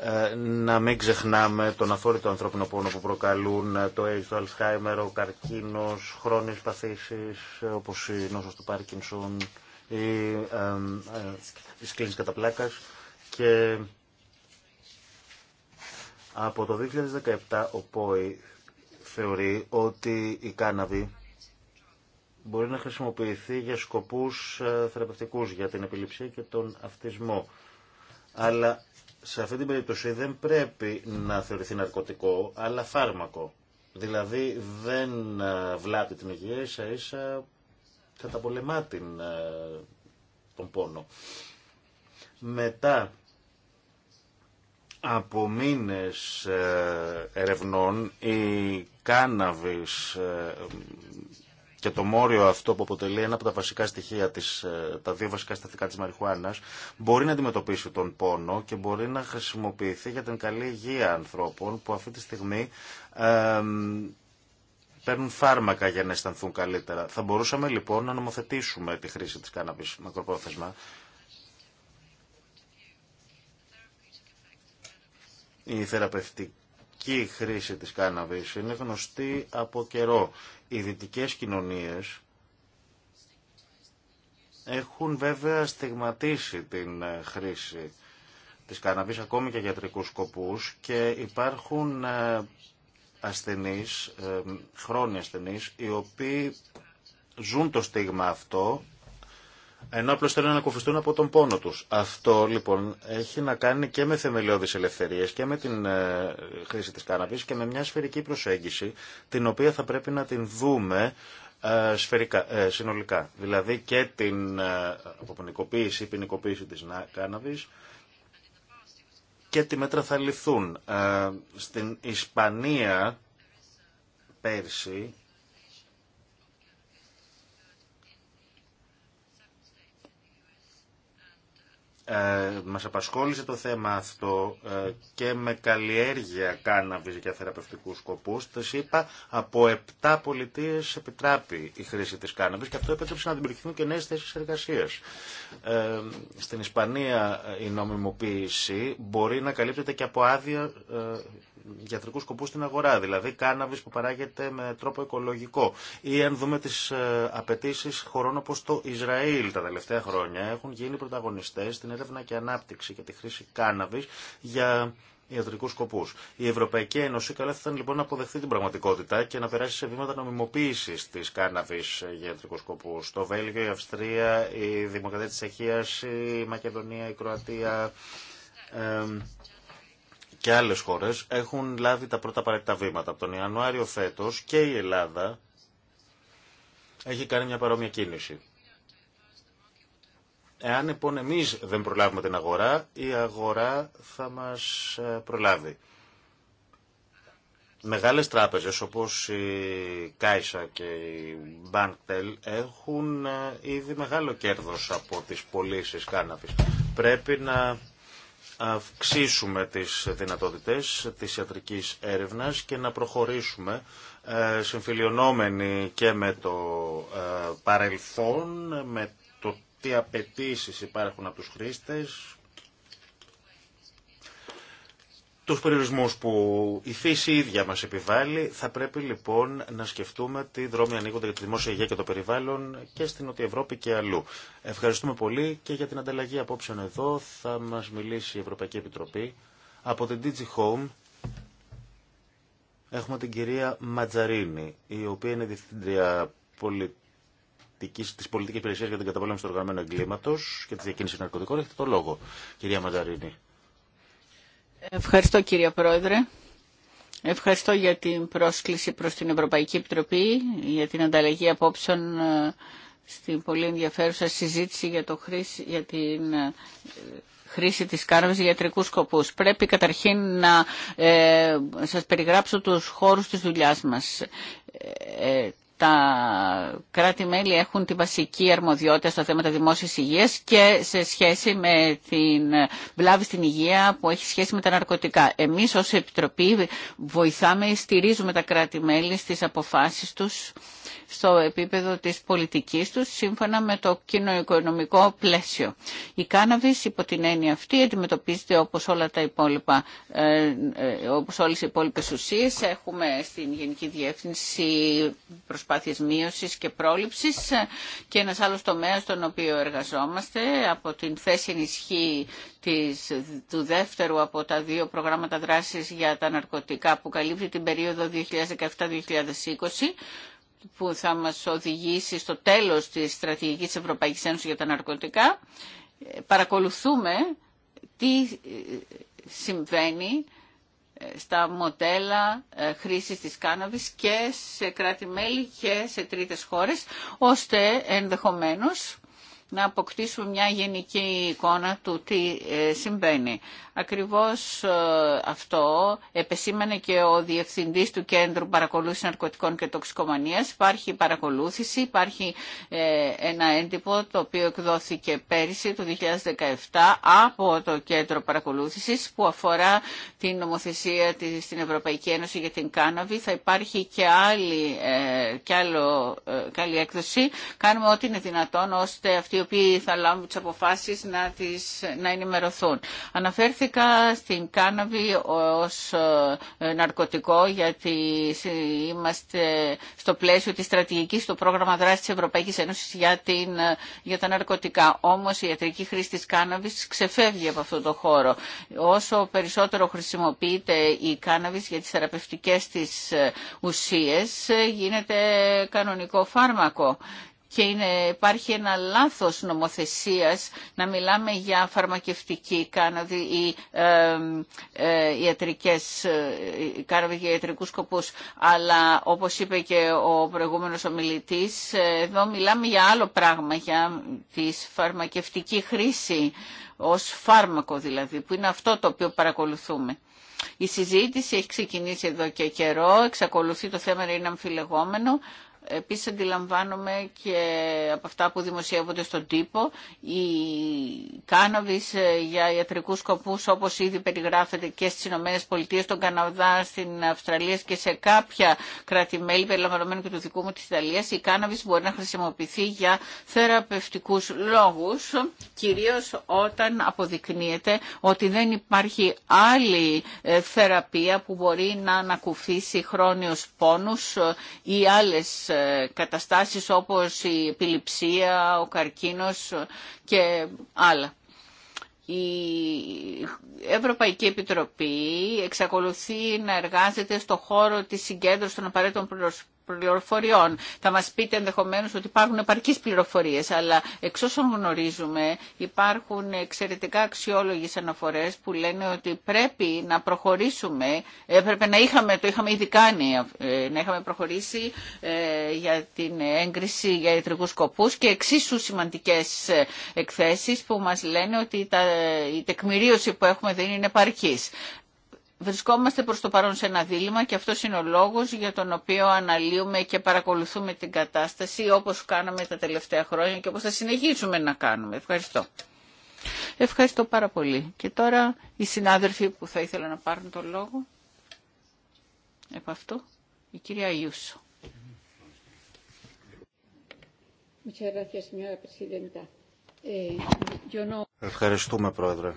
Ε, να μην ξεχνάμε τον αφόρητο ανθρώπινο πόνο που προκαλούν ε, το AIDS, το Alzheimer, ο καρκίνος, χρόνιες παθήσεις ε, όπως η νόσος του Πάρκινσον ή η κατά Και από το 2017 ο ΠΟΗ θεωρεί ότι η κάναβη μπορεί να χρησιμοποιηθεί για σκοπούς θεραπευτικούς για την επιληψία και τον αυτισμό. Αλλά σε αυτή την περίπτωση δεν πρέπει να θεωρηθεί ναρκωτικό, αλλά φάρμακο. Δηλαδή δεν ε, βλάπτει την υγεία, ίσα ίσα καταπολεμά την, ε, τον πόνο. Μετά από μήνες ε, ερευνών η κάναβης και το μόριο αυτό που αποτελεί ένα από τα βασικά στοιχεία, της, ε, τα δύο βασικά στατικά της μαριχουάνας, μπορεί να αντιμετωπίσει τον πόνο και μπορεί να χρησιμοποιηθεί για την καλή υγεία ανθρώπων που αυτή τη στιγμή παίρνουν φάρμακα για να αισθανθούν καλύτερα. Θα μπορούσαμε λοιπόν να νομοθετήσουμε τη χρήση της κάναβης μακροπρόθεσμα. Η θεραπευτική μαζική χρήση της κάναβης είναι γνωστή από καιρό. Οι δυτικέ κοινωνίες έχουν βέβαια στιγματίσει την ε, χρήση της κάναβης ακόμη και ιατρικούς σκοπούς και υπάρχουν ε, ασθενείς, ε, χρόνια ασθενείς, οι οποίοι ζουν το στίγμα αυτό ενώ απλώ θέλουν να κουφιστούν από τον πόνο του. Αυτό λοιπόν έχει να κάνει και με θεμελιώδει ελευθερίε και με την ε, χρήση τη κάναβη και με μια σφαιρική προσέγγιση, την οποία θα πρέπει να την δούμε ε, σφαιρικά, ε, συνολικά. Δηλαδή και την αποπονικοποίηση ή ποινικοποίηση τη κάναβη και τι μέτρα θα ληφθούν. Στην Ισπανία πέρσι Ε, μας απασχόλησε το θέμα αυτό ε, και με καλλιέργεια κάναβης για θεραπευτικούς σκοπούς. Τα είπα, από 7 πολιτείες επιτράπει η χρήση της κάναβης και αυτό επέτρεψε να δημιουργηθούν και νέες θέσεις εργασίας. Ε, στην Ισπανία ε, η νομιμοποίηση μπορεί να καλύπτεται και από άδεια Γιατρικού σκοπού στην αγορά, δηλαδή κάναβη που παράγεται με τρόπο οικολογικό. Ή αν δούμε τις ε, απαιτήσει χωρών όπω το Ισραήλ τα τελευταία χρόνια, έχουν γίνει πρωταγωνιστέ στην έρευνα και ανάπτυξη και τη χρήση κάναβη για ιατρικού σκοπού. Η Ευρωπαϊκή Ένωση καλά ήταν λοιπόν να αποδεχθεί την πραγματικότητα και να περάσει σε βήματα νομιμοποίηση τη κάναβη για ιατρικού σκοπού. Το Βέλγιο, η Αυστρία, η Δημοκρατία τη Τσεχία, η Μακεδονία, η Κροατία. Ε, και άλλες χώρες έχουν λάβει τα πρώτα απαραίτητα βήματα. Από τον Ιανουάριο φέτος και η Ελλάδα έχει κάνει μια παρόμοια κίνηση. Εάν λοιπόν εμεί δεν προλάβουμε την αγορά, η αγορά θα μας ε, προλάβει. Μεγάλες τράπεζες όπως η Κάισα και η Μπάνκτελ έχουν ε, ήδη μεγάλο κέρδος από τις πωλήσει κάναβης. Πρέπει να αυξήσουμε τις δυνατότητες της ιατρικής έρευνας και να προχωρήσουμε ε, συμφιλειωνόμενοι και με το ε, παρελθόν, με το τι απαιτήσει υπάρχουν από τους χρήστες, τους περιορισμούς που η φύση ίδια μας επιβάλλει, θα πρέπει λοιπόν να σκεφτούμε τι δρόμοι ανοίγονται για τη δημόσια υγεία και το περιβάλλον και στην Νότια Ευρώπη και αλλού. Ευχαριστούμε πολύ και για την ανταλλαγή απόψεων εδώ. Θα μας μιλήσει η Ευρωπαϊκή Επιτροπή. Από την DG Home έχουμε την κυρία Ματζαρίνη, η οποία είναι διευθύντρια τη της πολιτικής για την καταπολέμηση του οργανωμένου εγκλήματο και τη διακίνηση ναρκωτικών. Έχετε το λόγο, κυρία Ματζαρίνη. Ευχαριστώ κύριε Πρόεδρε. Ευχαριστώ για την πρόσκληση προς την Ευρωπαϊκή Επιτροπή, για την ανταλλαγή απόψεων ε, στην πολύ ενδιαφέρουσα συζήτηση για, το χρήση, για την ε, χρήση της κάρβης για ιατρικούς σκοπούς. Πρέπει καταρχήν να ε, σας περιγράψω τους χώρους της δουλειάς μας τα κράτη-μέλη έχουν τη βασική αρμοδιότητα στα θέματα δημόσιας υγείας και σε σχέση με την βλάβη στην υγεία που έχει σχέση με τα ναρκωτικά. Εμείς ως Επιτροπή βοηθάμε, στηρίζουμε τα κράτη-μέλη στις αποφάσεις τους στο επίπεδο της πολιτικής τους σύμφωνα με το κοινοοικονομικό πλαίσιο. Η κάναβης υπό την έννοια αυτή αντιμετωπίζεται όπως, όλα τα υπόλοιπα, ε, ε, όπως όλες οι υπόλοιπες ουσίες. Έχουμε στην Γενική Διεύθυνση προσπάθειες μείωσης και πρόληψης και ένας άλλος τομέας στον οποίο εργαζόμαστε από την θέση ενισχύ της, του δεύτερου από τα δύο προγράμματα δράσης για τα ναρκωτικά που καλύπτει την περίοδο 2017-2020 που θα μας οδηγήσει στο τέλος της στρατηγικής Ευρωπαϊκής Ένωσης για τα ναρκωτικά. Παρακολουθούμε τι ε, συμβαίνει ε, στα μοντέλα ε, χρήσης της κάναβης και σε κράτη-μέλη και σε τρίτες χώρες, ώστε ενδεχομένως να αποκτήσουμε μια γενική εικόνα του τι ε, συμβαίνει. Ακριβώς ε, αυτό επεσήμανε και ο Διευθυντής του Κέντρου Παρακολούθησης Ναρκωτικών και Τοξικομανίας. Υπάρχει παρακολούθηση, υπάρχει ε, ένα έντυπο το οποίο εκδόθηκε πέρυσι το 2017 από το Κέντρο Παρακολούθησης που αφορά την νομοθεσία της, στην Ευρωπαϊκή Ένωση για την Κάναβη. Θα υπάρχει και άλλη, και άλλο, και έκδοση. Κάνουμε ό,τι είναι δυνατόν ώστε αυτή οι οποίοι θα λάβουν τι αποφάσει να, να ενημερωθούν. Αναφέρθηκα στην κάναβη ως ε, ναρκωτικό γιατί είμαστε στο πλαίσιο της στρατηγικής του πρόγραμμα δράση της Ευρωπαϊκής Ένωσης για, ε, για τα ναρκωτικά. Όμως η ιατρική χρήση της κάναβη ξεφεύγει από αυτό το χώρο. Όσο περισσότερο χρησιμοποιείται η κάναβη για τι θεραπευτικέ της ε, ουσίε, γίνεται κανονικό φάρμακο και υπάρχει ένα λάθος νομοθεσίας να μιλάμε για φαρμακευτική κάναβη ή ε, ιατρικές, ε, κάναβη για ιατρικούς σκοπούς. Αλλά όπως είπε και ο προηγούμενος ομιλητής, εδώ μιλάμε για άλλο πράγμα, για τη φαρμακευτική χρήση ως φάρμακο δηλαδή, που είναι αυτό το οποίο παρακολουθούμε. Η συζήτηση έχει ξεκινήσει εδώ και καιρό, εξακολουθεί το θέμα να είναι αμφιλεγόμενο, Επίση αντιλαμβάνομαι και από αυτά που δημοσιεύονται στον τύπο, η κάναβης ε, για ιατρικούς σκοπούς όπως ήδη περιγράφεται και στις Ηνωμένες Πολιτείες, στον Καναδά, στην Αυστραλία και σε κάποια κράτη-μέλη περιλαμβανομένου και του δικού μου της Ιταλίας, η κάναβης μπορεί να χρησιμοποιηθεί για θεραπευτικούς λόγους, κυρίως όταν αποδεικνύεται ότι δεν υπάρχει άλλη ε, θεραπεία που μπορεί να ανακουφίσει χρόνιους πόνους ε, ή άλλες καταστάσεις όπως η επιληψία, ο καρκίνος και άλλα. Η Ευρωπαϊκή Επιτροπή εξακολουθεί να εργάζεται στο χώρο της συγκέντρωσης των απαραίτητων πληροφοριών. Θα μας πείτε ενδεχομένως ότι υπάρχουν επαρκείς πληροφορίες, αλλά εξ όσων γνωρίζουμε υπάρχουν εξαιρετικά αξιόλογες αναφορές που λένε ότι πρέπει να προχωρήσουμε, ε, έπρεπε να είχαμε, το είχαμε ήδη κάνει, ε, να είχαμε προχωρήσει ε, για την έγκριση για ιατρικούς σκοπούς και εξίσου σημαντικές εκθέσεις που μας λένε ότι η τεκμηρίωση που έχουμε δεν είναι επαρκής. Βρισκόμαστε προς το παρόν σε ένα δίλημα και αυτό είναι ο λόγος για τον οποίο αναλύουμε και παρακολουθούμε την κατάσταση όπως κάναμε τα τελευταία χρόνια και όπως θα συνεχίσουμε να κάνουμε. Ευχαριστώ. Ευχαριστώ πάρα πολύ. Και τώρα οι συνάδελφοι που θα ήθελα να πάρουν τον λόγο. Επ' αυτό, η κυρία Ιούσο. Eh, Ευχαριστούμε, Πρόεδρε.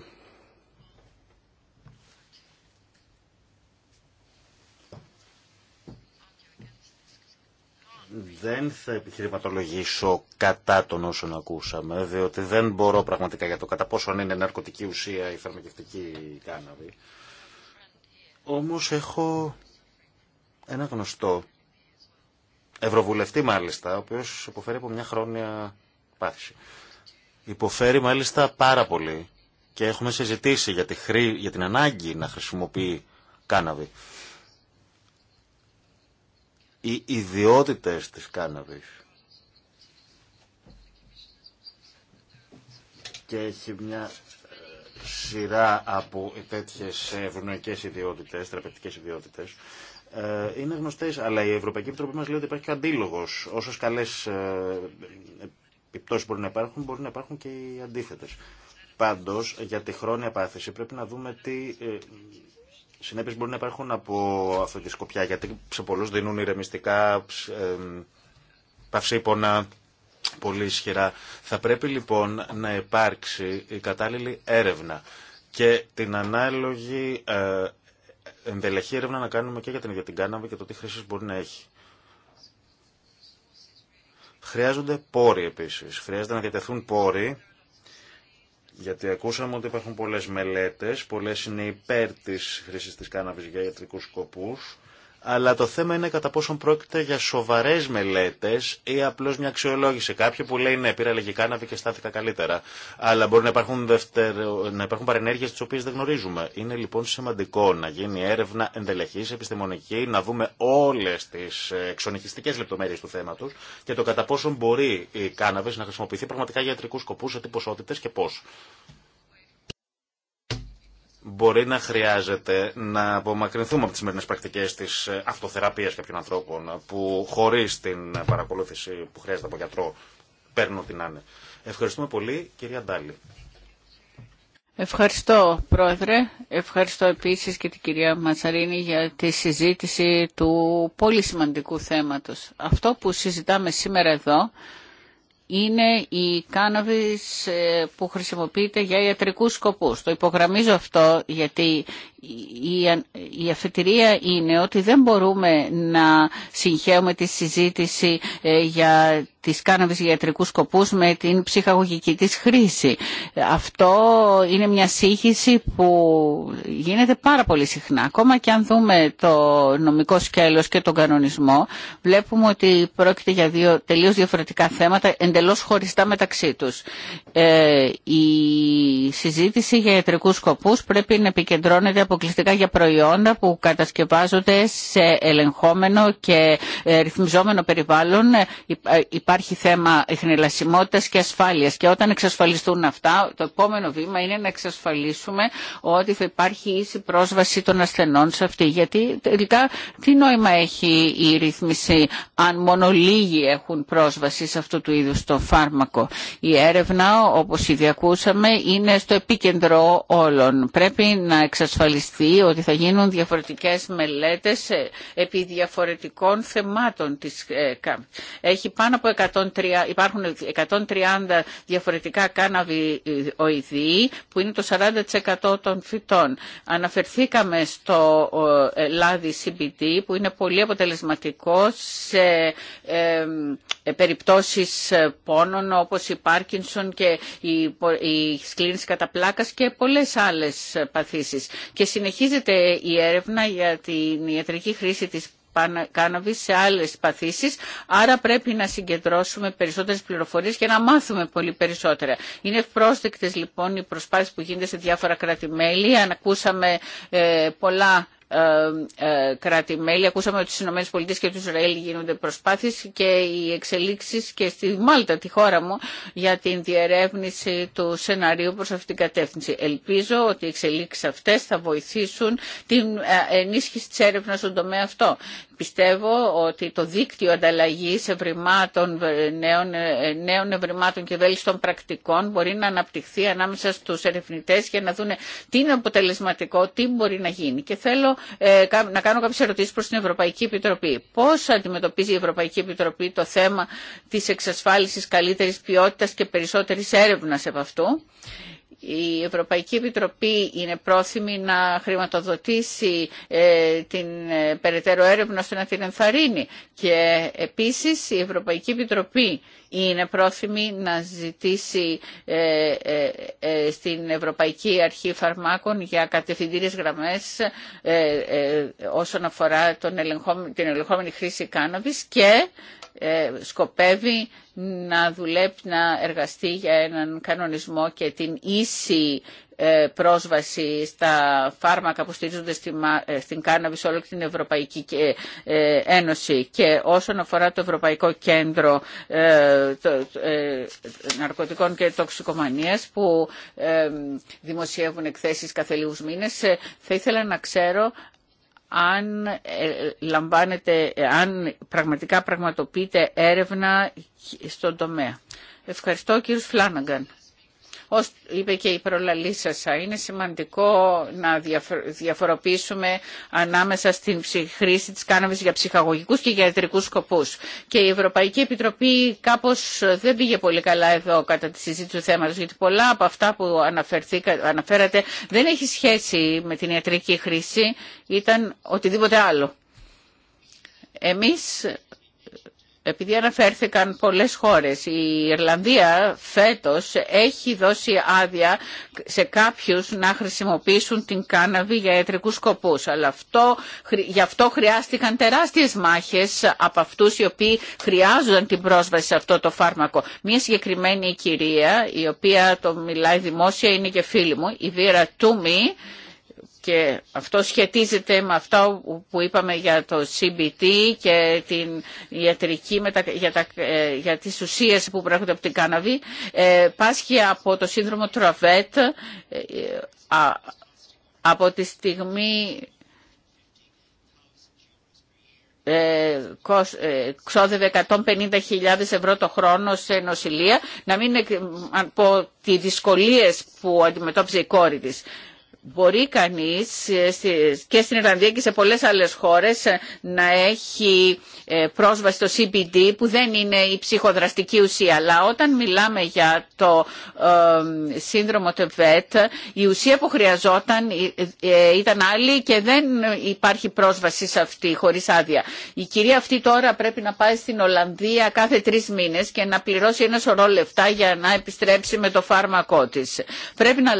δεν θα επιχειρηματολογήσω κατά των όσων ακούσαμε, διότι δεν μπορώ πραγματικά για το κατά πόσο είναι ναρκωτική ουσία η φαρμακευτική κάναβη. Όμως έχω ένα γνωστό, ευρωβουλευτή μάλιστα, ο οποίος υποφέρει από μια χρόνια πάθηση. Υποφέρει μάλιστα πάρα πολύ και έχουμε συζητήσει για, τη χρή... για την ανάγκη να χρησιμοποιεί κάναβη οι ιδιότητες της κάναβης. Και έχει μια ε, σειρά από τέτοιες ευνοϊκές ιδιότητες, θεραπευτικές ιδιότητες, ε, είναι γνωστές, αλλά η Ευρωπαϊκή Επιτροπή μας λέει ότι υπάρχει και αντίλογος. Όσες καλές ε, επιπτώσεις μπορεί να υπάρχουν, μπορεί να υπάρχουν και οι αντίθετες. Πάντως, για τη χρόνια πάθηση πρέπει να δούμε τι Συνέπειε μπορεί να υπάρχουν από αυτό και σκοπιά, γιατί σε πολλού δίνουν ηρεμιστικά, παυσίπονα, πολύ ισχυρά. Θα πρέπει λοιπόν να υπάρξει η κατάλληλη έρευνα και την ανάλογη ε, ενδελεχή έρευνα να κάνουμε και για την ίδια την κάναβη και το τι χρήση μπορεί να έχει. Χρειάζονται πόροι επίσης. Χρειάζεται να διατεθούν πόροι γιατί ακούσαμε ότι υπάρχουν πολλές μελέτες, πολλές είναι υπέρ της χρήσης της κάναβης για ιατρικούς σκοπούς αλλά το θέμα είναι κατά πόσον πρόκειται για σοβαρέ μελέτε ή απλώ μια αξιολόγηση. Κάποιοι που λέει ναι, πήρα λεγικά κάναβη και στάθηκα καλύτερα. Αλλά μπορεί να υπάρχουν, δευτερο... να υπάρχουν παρενέργειε τι οποίε δεν γνωρίζουμε. Είναι λοιπόν σημαντικό να γίνει έρευνα ενδελεχή, επιστημονική, να δούμε όλε τι ε, εξονυχιστικέ λεπτομέρειε του θέματο και το κατά πόσον μπορεί η κάναβη να χρησιμοποιηθεί πραγματικά για ιατρικού σκοπού, σε τι ποσότητε και πώ μπορεί να χρειάζεται να απομακρυνθούμε από τις σημερινές πρακτικές της ε, αυτοθεραπείας κάποιων ανθρώπων ε, που χωρίς την παρακολούθηση που χρειάζεται από γιατρό παίρνουν ό,τι να Ευχαριστούμε πολύ κυρία Ντάλη. Ευχαριστώ Πρόεδρε, ευχαριστώ επίσης και την κυρία Ματσαρίνη για τη συζήτηση του πολύ σημαντικού θέματος. Αυτό που συζητάμε σήμερα εδώ είναι η κάναβης ε, που χρησιμοποιείται για ιατρικούς σκοπούς. Το υπογραμμίζω αυτό γιατί η αφετηρία είναι ότι δεν μπορούμε να συγχαίουμε τη συζήτηση ε, για τις κάναβες για ιατρικούς σκοπούς με την ψυχαγωγική της χρήση. Αυτό είναι μια σύγχυση που γίνεται πάρα πολύ συχνά. Ακόμα και αν δούμε το νομικό σκέλος και τον κανονισμό, βλέπουμε ότι πρόκειται για δύο τελείως διαφορετικά θέματα, εντελώς χωριστά μεταξύ τους. Ε, η συζήτηση για ιατρικούς σκοπούς πρέπει να επικεντρώνεται αποκλειστικά για προϊόντα που κατασκευάζονται σε ελεγχόμενο και ε, ρυθμιζόμενο περιβάλλον. Ε, ε, υπάρχει θέμα ειχνηλασιμότητας και ασφάλειας και όταν εξασφαλιστούν αυτά το επόμενο βήμα είναι να εξασφαλίσουμε ότι θα υπάρχει ίση πρόσβαση των ασθενών σε αυτή. Γιατί τελικά τι νόημα έχει η ρύθμιση αν μόνο λίγοι έχουν πρόσβαση σε αυτού του είδου το φάρμακο. Η έρευνα όπως ήδη ακούσαμε είναι στο επίκεντρο όλων. Πρέπει να εξασφαλίσουμε ότι θα γίνουν διαφορετικές μελέτες ε, επί διαφορετικών θεμάτων της ε, ΚΑΜ. Έχει πάνω από 130, υπάρχουν 130 διαφορετικά καναβιοειδή ε, που είναι το 40% των φυτών. Αναφερθήκαμε στο λάδι CBD που είναι πολύ αποτελεσματικό σε περιπτώσεις πόνων όπως η Πάρκινσον και η σκλήρινση κατά πλάκας και πολλές άλλες παθήσεις. Και συνεχίζεται η έρευνα για την ιατρική χρήση της κάναβης σε άλλες παθήσεις, άρα πρέπει να συγκεντρώσουμε περισσότερες πληροφορίες και να μάθουμε πολύ περισσότερα. Είναι ευπρόσδεκτες λοιπόν οι προσπάθειες που γίνονται σε διάφορα κράτη-μέλη. Ανακούσαμε ε, πολλά ε, ε, κράτη-μέλη. Ακούσαμε ότι στι ΗΠΑ και του Ισραήλ γίνονται προσπάθειες και οι εξελίξεις και στη Μάλτα, τη χώρα μου, για την διερεύνηση του σενάριου προς αυτήν την κατεύθυνση. Ελπίζω ότι οι εξελίξεις αυτές θα βοηθήσουν την ε, ενίσχυση της έρευνας στον τομέα αυτό Πιστεύω ότι το δίκτυο ανταλλαγή ευρημάτων, νέων, νέων ευρημάτων και βέλτιστων πρακτικών μπορεί να αναπτυχθεί ανάμεσα στου ερευνητέ για να δουν τι είναι αποτελεσματικό, τι μπορεί να γίνει. Και θέλω ε, να κάνω κάποιε ερωτήσεις προς την Ευρωπαϊκή Επιτροπή. Πώς αντιμετωπίζει η Ευρωπαϊκή Επιτροπή το θέμα τη εξασφάλιση καλύτερη ποιότητα και περισσότερη έρευνα από αυτού. Η Ευρωπαϊκή Επιτροπή είναι πρόθυμη να χρηματοδοτήσει ε, την ε, περαιτέρω έρευνα ώστε να την Και επίσης η Ευρωπαϊκή Επιτροπή είναι πρόθυμη να ζητήσει ε, ε, ε, στην Ευρωπαϊκή Αρχή Φαρμάκων για κατευθυντήριες γραμμές όσον αφορά τον την ελεγχόμενη χρήση κάναβης και σκοπεύει να δουλέψει, να εργαστεί για έναν κανονισμό και την ίση ε, πρόσβαση στα φάρμακα που στηρίζονται ε, στην κάναβη σε όλη την Ευρωπαϊκή ε, Ένωση και όσον αφορά το Ευρωπαϊκό Κέντρο Ναρκωτικών και Τοξικομανίας που δημοσιεύουν εκθέσεις κάθε λίγους μήνες, θα ήθελα να ξέρω αν, λαμβάνετε, αν πραγματικά πραγματοποιείται έρευνα στον τομέα. Ευχαριστώ κύριος Φλάναγκαν. Ως είπε και η προλαλήσασα, είναι σημαντικό να διαφοροποιήσουμε ανάμεσα στην χρήση της κάναβης για ψυχαγωγικούς και για ιατρικούς σκοπούς. Και η Ευρωπαϊκή Επιτροπή κάπως δεν πήγε πολύ καλά εδώ κατά τη συζήτηση του θέματος, γιατί πολλά από αυτά που αναφέρατε δεν έχει σχέση με την ιατρική χρήση, ήταν οτιδήποτε άλλο. Εμείς επειδή αναφέρθηκαν πολλές χώρες, η Ιρλανδία φέτος έχει δώσει άδεια σε κάποιους να χρησιμοποιήσουν την κάναβη για ιατρικούς σκοπούς. Αλλά αυτό, γι' αυτό χρειάστηκαν τεράστιες μάχες από αυτούς οι οποίοι χρειάζονταν την πρόσβαση σε αυτό το φάρμακο. Μία συγκεκριμένη κυρία, η οποία το μιλάει δημόσια, είναι και φίλη μου, η Βίρα Τούμι, και αυτό σχετίζεται με αυτό που είπαμε για το CBT και την ιατρική για, τα, ε, για τις ουσίες που προέρχονται από την κάναβη, ε, πάσχει από το σύνδρομο Τραβέτ ε, από τη στιγμή ε, ξόδευε 150.000 ευρώ το χρόνο σε νοσηλεία, να μην από τις δυσκολίες που αντιμετώπιζε η κόρη της μπορεί κανείς ε, και στην Ιρλανδία και σε πολλές άλλες χώρες ε, να έχει ε, πρόσβαση στο CBD που δεν είναι η ψυχοδραστική ουσία. Αλλά όταν μιλάμε για το σύνδρομο ΤΕΒΕΤ η ουσία που χρειαζόταν ήταν άλλη και δεν υπάρχει πρόσβαση σε αυτή χωρίς άδεια. Η κυρία αυτή τώρα πρέπει να πάει στην Ολλανδία κάθε τρει μήνες και να πληρώσει ένα σωρό λεφτά για να επιστρέψει με το φάρμακό της. Πρέπει να,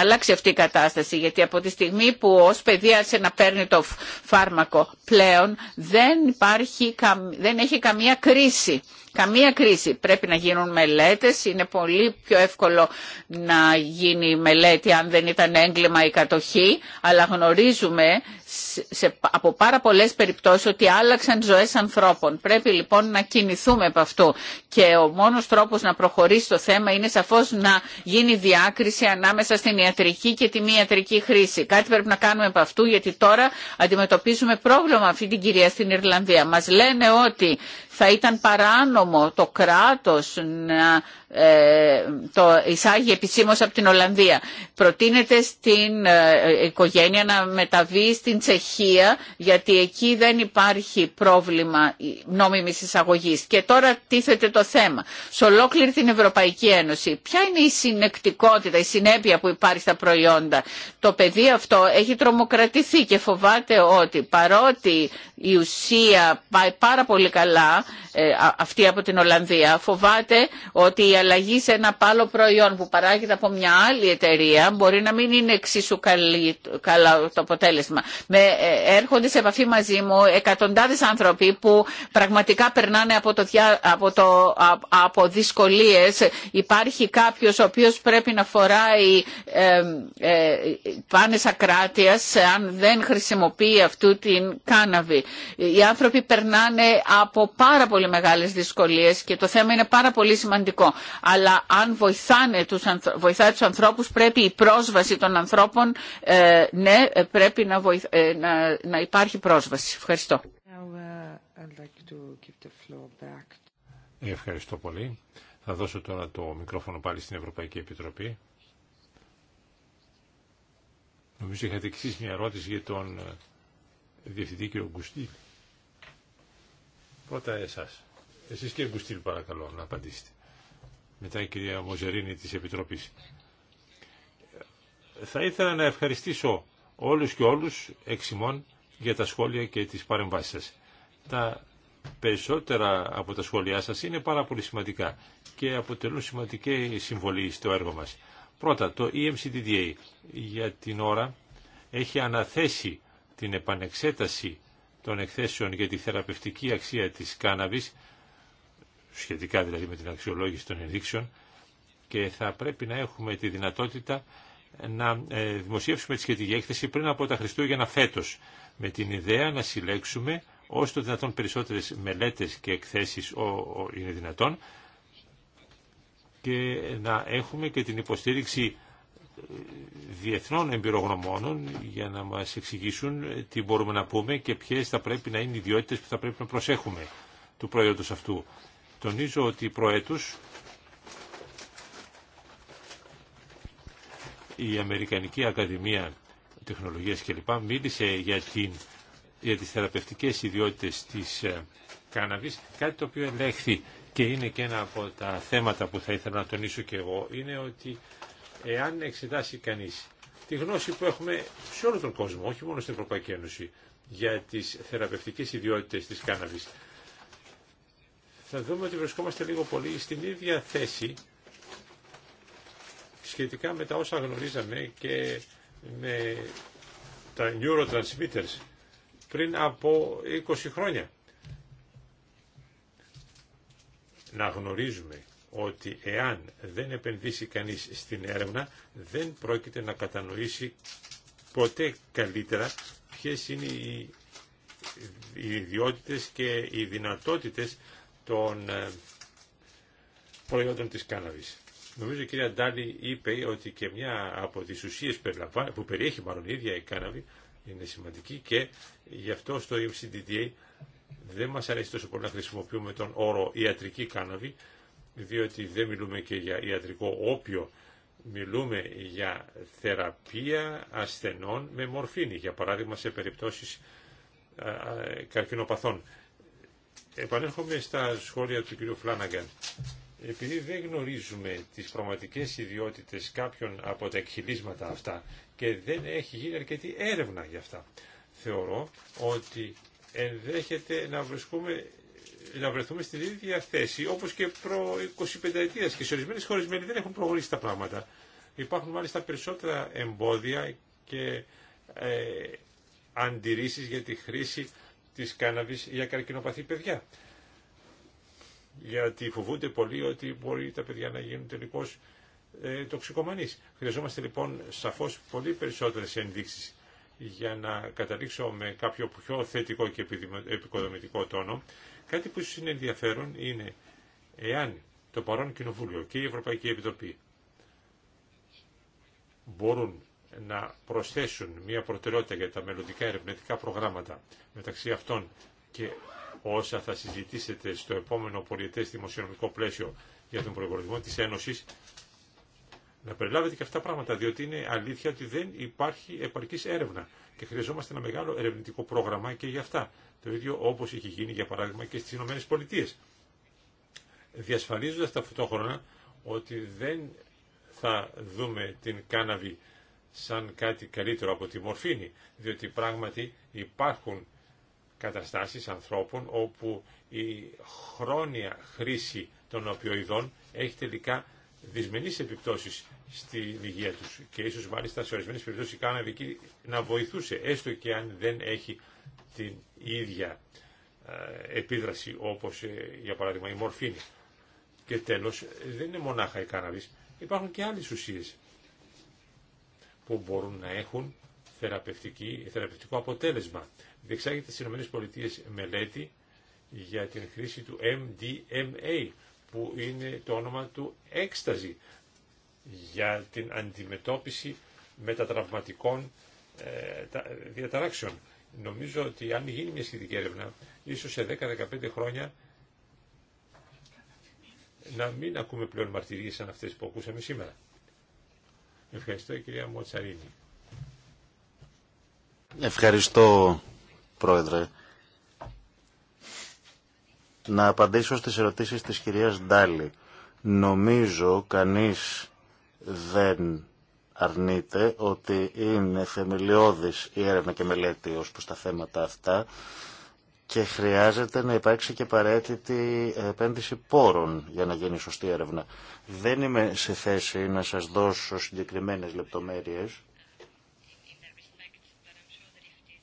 αλλάξει αυτή η κατάσταση γιατί από τη στιγμή που ω παιδεία να παίρνει το φάρμακο πλέον δεν, υπάρχει, δεν έχει καμία κρίση. Καμία κρίση. Πρέπει να γίνουν μελέτες. Είναι πολύ πιο εύκολο να γίνει μελέτη αν δεν ήταν έγκλημα η κατοχή. Αλλά γνωρίζουμε σε, από πάρα πολλές περιπτώσεις ότι άλλαξαν ζωές ανθρώπων. Πρέπει λοιπόν να κινηθούμε από αυτού και ο μόνος τρόπος να προχωρήσει το θέμα είναι σαφώς να γίνει διάκριση ανάμεσα στην ιατρική και τη μη ιατρική χρήση. Κάτι πρέπει να κάνουμε από αυτού γιατί τώρα αντιμετωπίζουμε πρόβλημα αυτή την κυρία στην Ιρλανδία. Μας λένε ότι θα ήταν παράνομο το κράτος να ε, το εισάγει επισήμως από την Ολλανδία. Προτείνεται στην ε, οικογένεια να μεταβεί στην Τσεχία γιατί εκεί δεν υπάρχει πρόβλημα νόμιμης εισαγωγής. Και τώρα τίθεται το θέμα. Σε ολόκληρη την Ευρωπαϊκή Ένωση ποια είναι η συνεκτικότητα, η συνέπεια που υπάρχει στα προϊόντα. Το παιδί αυτό έχει τρομοκρατηθεί και φοβάται ότι παρότι η ουσία πάει πάρα πολύ καλά ε, αυτή από την Ολλανδία φοβάται ότι η αλλαγή σε ένα πάλο προϊόν που παράγεται από μια άλλη εταιρεία μπορεί να μην είναι εξίσου καλή, καλά το αποτέλεσμα. Με, ε, έρχονται σε επαφή μαζί μου εκατοντάδες άνθρωποι που πραγματικά περνάνε από, το, από, το, δυσκολίες. Υπάρχει κάποιος ο οποίος πρέπει να φοράει ε, ε, πάνες ακράτειας αν δεν χρησιμοποιεί αυτού την κάναβη. Οι άνθρωποι περνάνε από πάρα πολύ μεγάλες δυσκολίες και το θέμα είναι πάρα πολύ σημαντικό. Αλλά αν βοηθάνε τους, βοηθάει τους ανθρώπους πρέπει η πρόσβαση των ανθρώπων, ε, ναι, ε, πρέπει ε, να, να, υπάρχει πρόσβαση. Ευχαριστώ. Ευχαριστώ πολύ. Θα δώσω τώρα το μικρόφωνο πάλι στην Ευρωπαϊκή Επιτροπή. Νομίζω είχατε εξής μια ερώτηση για τον Διευθυντή κ. Γκουστίλη. Πρώτα εσάς. Εσείς και Γκουστίλ παρακαλώ να απαντήσετε. Μετά η κυρία Μοζερίνη της Επιτροπής. Θα ήθελα να ευχαριστήσω όλους και όλους ημών για τα σχόλια και τις παρεμβάσεις σας. Τα περισσότερα από τα σχόλιά σας είναι πάρα πολύ σημαντικά και αποτελούν σημαντική συμβολή στο έργο μας. Πρώτα, το EMCDDA για την ώρα έχει αναθέσει την επανεξέταση των εκθέσεων για τη θεραπευτική αξία της κάναβης, σχετικά δηλαδή με την αξιολόγηση των ενδείξεων, και θα πρέπει να έχουμε τη δυνατότητα να ε, δημοσιεύσουμε τη σχετική έκθεση πριν από τα Χριστούγεννα φέτος, με την ιδέα να συλλέξουμε όσο το δυνατόν περισσότερες μελέτες και εκθέσεις είναι δυνατόν και να έχουμε και την υποστήριξη διεθνών εμπειρογνωμόνων για να μας εξηγήσουν τι μπορούμε να πούμε και ποιες θα πρέπει να είναι οι ιδιότητες που θα πρέπει να προσέχουμε του προϊόντος αυτού. Τονίζω ότι προέτους η Αμερικανική Ακαδημία Τεχνολογίας κλπ. μίλησε για, την, για τις θεραπευτικές ιδιότητες της κάναβης, ε, κάτι το οποίο ελέγχθη και είναι και ένα από τα θέματα που θα ήθελα να τονίσω και εγώ, είναι ότι Εάν εξετάσει κανείς τη γνώση που έχουμε σε όλο τον κόσμο, όχι μόνο στην Ευρωπαϊκή Ένωση, για τις θεραπευτικές ιδιότητες της κάναβης, θα δούμε ότι βρισκόμαστε λίγο πολύ στην ίδια θέση σχετικά με τα όσα γνωρίζαμε και με τα neurotransmitters πριν από 20 χρόνια. Να γνωρίζουμε ότι εάν δεν επενδύσει κανείς στην έρευνα δεν πρόκειται να κατανοήσει ποτέ καλύτερα ποιες είναι οι ιδιότητες και οι δυνατότητες των ε, προϊόντων της κάναβης. Νομίζω η κυρία Ντάλη είπε ότι και μια από τις ουσίες που περιέχει μάλλον η ίδια η κάναβη είναι σημαντική και γι' αυτό στο MCDDA δεν μας αρέσει τόσο πολύ να χρησιμοποιούμε τον όρο ιατρική κάναβη διότι δεν μιλούμε και για ιατρικό όπιο, μιλούμε για θεραπεία ασθενών με μορφήνη, για παράδειγμα σε περιπτώσεις καρκινοπαθών. Επανέρχομαι στα σχόλια του κ. Φλάναγκαν. Επειδή δεν γνωρίζουμε τις πραγματικές ιδιότητες κάποιων από τα εκχυλίσματα αυτά και δεν έχει γίνει αρκετή έρευνα για αυτά, θεωρώ ότι ενδέχεται να βρισκούμε να βρεθούμε στην ίδια θέση όπως και προ 25 ετία. και σε ορισμένε χώρες δεν έχουν προχωρήσει τα πράγματα. Υπάρχουν μάλιστα περισσότερα εμπόδια και ε, για τη χρήση της κάναβης για καρκινοπαθή παιδιά. Γιατί φοβούνται πολύ ότι μπορεί τα παιδιά να γίνουν τελικώς ε, τοξικομανείς. Χρειαζόμαστε λοιπόν σαφώς πολύ περισσότερες ενδείξεις για να καταλήξω με κάποιο πιο θετικό και επικοδομητικό τόνο, Κάτι που είναι ενδιαφέρον είναι εάν το παρόν Κοινοβούλιο και η Ευρωπαϊκή Επιτροπή μπορούν να προσθέσουν μια προτεραιότητα για τα μελλοντικά ερευνητικά προγράμματα μεταξύ αυτών και όσα θα συζητήσετε στο επόμενο πολιετές δημοσιονομικό πλαίσιο για τον προπολογισμό της Ένωσης, να περιλάβετε και αυτά τα πράγματα, διότι είναι αλήθεια ότι δεν υπάρχει επαρκής έρευνα και χρειαζόμαστε ένα μεγάλο ερευνητικό πρόγραμμα και για αυτά. Το ίδιο όπως έχει γίνει για παράδειγμα και στις Ηνωμένες Πολιτείες. Διασφαλίζοντας ταυτόχρονα ότι δεν θα δούμε την κάναβη σαν κάτι καλύτερο από τη μορφήνη, διότι πράγματι υπάρχουν καταστάσεις ανθρώπων όπου η χρόνια χρήση των οπιοειδών έχει τελικά δυσμενείς επιπτώσεις στη υγεία τους και ίσως μάλιστα σε ορισμένες περιπτώσεις η κάναβική να βοηθούσε έστω και αν δεν έχει την ίδια ε, επίδραση όπως ε, για παράδειγμα η μορφίνη. Και τέλος δεν είναι μονάχα η κάναβης, υπάρχουν και άλλες ουσίες που μπορούν να έχουν θεραπευτικό αποτέλεσμα. Διεξάγεται στις ΗΠΑ μελέτη για την χρήση του MDMA που είναι το όνομα του έκσταση για την αντιμετώπιση μετατραυματικών ε, διαταράξεων. Νομίζω ότι αν γίνει μια σχετική έρευνα, ίσως σε 10-15 χρόνια να μην ακούμε πλέον μαρτυρίες σαν αυτές που ακούσαμε σήμερα. Ευχαριστώ κυρία Μοτσαρίνη. Ευχαριστώ πρόεδρε. Να απαντήσω στις ερωτήσεις της κυρίας Ντάλη. Νομίζω κανείς δεν αρνείται ότι είναι θεμελιώδης η έρευνα και μελέτη ως προς τα θέματα αυτά και χρειάζεται να υπάρξει και απαραίτητη επένδυση πόρων για να γίνει σωστή έρευνα. Δεν είμαι σε θέση να σας δώσω συγκεκριμένες λεπτομέρειες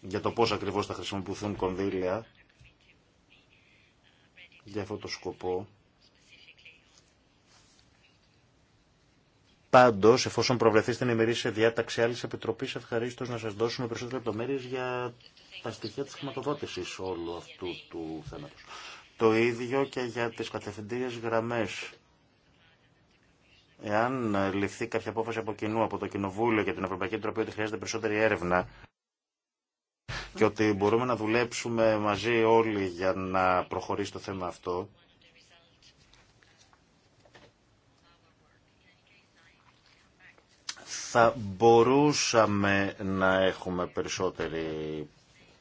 για το πώς ακριβώς θα χρησιμοποιηθούν κονδύλια για αυτό το σκοπό. Πάντω, εφόσον προβλεφθεί στην ημερήσια διάταξη άλλη επιτροπή, ευχαρίστω να σα δώσουμε περισσότερε λεπτομέρειε για τα στοιχεία τη χρηματοδότηση όλου αυτού του θέματο. Το ίδιο και για τι κατευθυντήριε γραμμέ. Εάν ληφθεί κάποια απόφαση από κοινού, από το Κοινοβούλιο και την Ευρωπαϊκή Επιτροπή ότι χρειάζεται περισσότερη έρευνα και ότι μπορούμε να δουλέψουμε μαζί όλοι για να προχωρήσει το θέμα αυτό, θα μπορούσαμε να έχουμε περισσότερη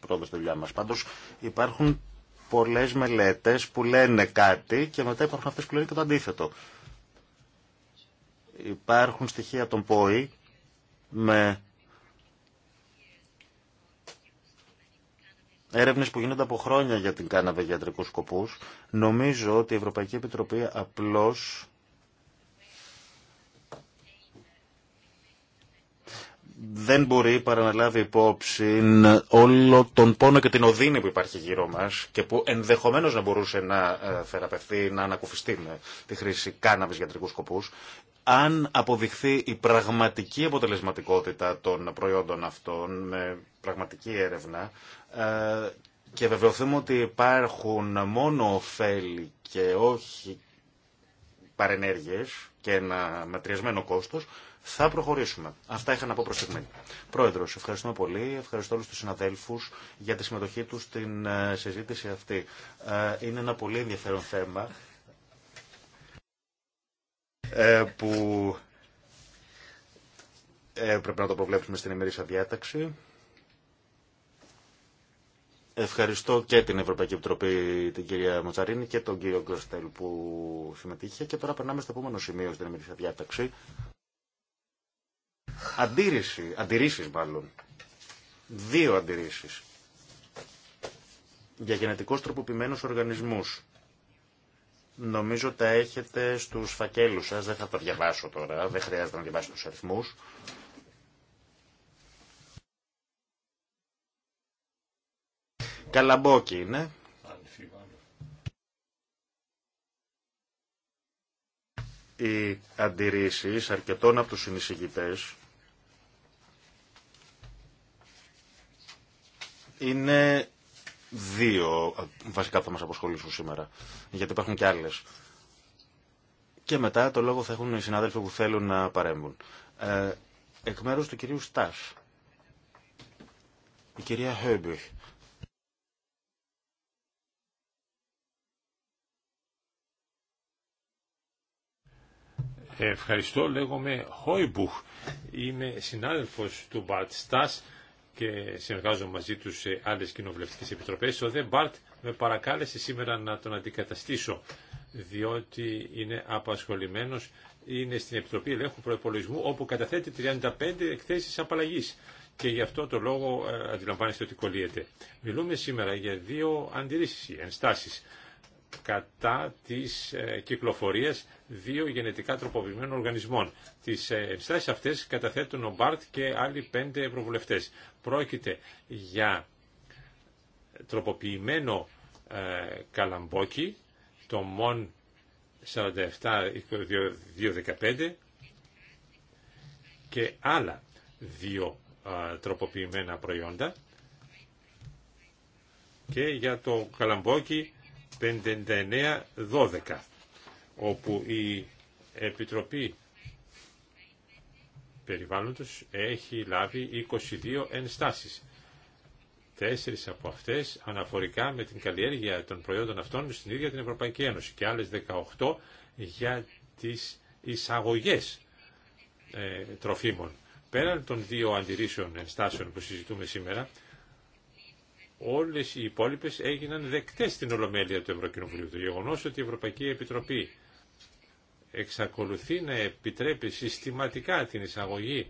πρόοδο στη δουλειά μας. Πάντως υπάρχουν πολλές μελέτες που λένε κάτι και μετά υπάρχουν αυτές που λένε και το αντίθετο. Υπάρχουν στοιχεία των ΠΟΗ με έρευνες που γίνονται από χρόνια για την κάναβε ιατρικούς σκοπούς. Νομίζω ότι η Ευρωπαϊκή Επιτροπή απλώς δεν μπορεί παρά να λάβει υπόψη όλο τον πόνο και την οδύνη που υπάρχει γύρω μας και που ενδεχομένως να μπορούσε να ε, θεραπευθεί, να ανακουφιστεί με τη χρήση κάναβης γιατρικού σκοπούς, αν αποδειχθεί η πραγματική αποτελεσματικότητα των προϊόντων αυτών με πραγματική έρευνα ε, και βεβαιωθούμε ότι υπάρχουν μόνο ωφέλη και όχι παρενέργειες και ένα μετριασμένο κόστος, θα προχωρήσουμε. Αυτά είχα να πω προ στιγμή. Πρόεδρο, ευχαριστούμε πολύ. Ευχαριστώ όλου του συναδέλφου για τη συμμετοχή του στην ε, συζήτηση αυτή. Ε, είναι ένα πολύ ενδιαφέρον θέμα ε, που πρέπει να το προβλέψουμε στην ημερήσια διάταξη. Ευχαριστώ και την Ευρωπαϊκή Επιτροπή, την κυρία Μοτσαρίνη και τον κύριο Γκροστέλ που συμμετείχε. Και τώρα περνάμε στο επόμενο σημείο στην ημερήσια διάταξη. Αντίρρηση, αντιρρήσεις μάλλον. Δύο αντιρρήσεις. Για γενετικώς τροποποιημένους οργανισμούς. Νομίζω τα έχετε στους φακέλους σας, δεν θα το διαβάσω τώρα, δεν χρειάζεται να διαβάσω τους αριθμούς. Καλαμπόκι είναι. Οι αντιρρήσεις αρκετών από τους συνεισηγητές είναι δύο ε, βασικά που θα μας αποσχολήσουν σήμερα, γιατί υπάρχουν και άλλες. Και μετά το λόγο θα έχουν οι συνάδελφοι που θέλουν να παρέμβουν. Ε, εκ μέρους του κυρίου Στάς, η κυρία Χέμπιχ. Ευχαριστώ, λέγομαι Χόιμπουχ. Είμαι συνάδελφος του Μπατστάς και συνεργάζομαι μαζί του σε άλλε κοινοβουλευτικέ επιτροπέ. Ο Δε Μπάρτ με παρακάλεσε σήμερα να τον αντικαταστήσω, διότι είναι απασχολημένο, είναι στην Επιτροπή Ελέγχου Προπολογισμού, όπου καταθέτει 35 εκθέσει απαλλαγή. Και γι' αυτό το λόγο ε, αντιλαμβάνεστε ότι κολλείεται. Μιλούμε σήμερα για δύο αντιρρήσει, ενστάσει κατά της ε, κυκλοφορίας δύο γενετικά τροποποιημένων οργανισμών. Τις ε, ενστάσεις αυτές καταθέτουν ο Μπάρτ και άλλοι πέντε ευρωβουλευτές. Πρόκειται για τροποποιημένο ε, καλαμπόκι, το ΜΟΝ 47 και άλλα δύο τροποποιημένα προϊόντα και για το καλαμπόκι 59-12 όπου η Επιτροπή Περιβάλλοντος έχει λάβει 22 ενστάσεις. Τέσσερις από αυτές αναφορικά με την καλλιέργεια των προϊόντων αυτών στην ίδια την Ευρωπαϊκή Ένωση και άλλες 18 για τις εισαγωγές ε, τροφίμων. Πέραν των δύο αντιρρήσεων ενστάσεων που συζητούμε σήμερα, όλες οι υπόλοιπες έγιναν δεκτές στην Ολομέλεια του Ευρωκοινοβουλίου. Το γεγονός ότι η Ευρωπαϊκή Επιτροπή εξακολουθεί να επιτρέπει συστηματικά την εισαγωγή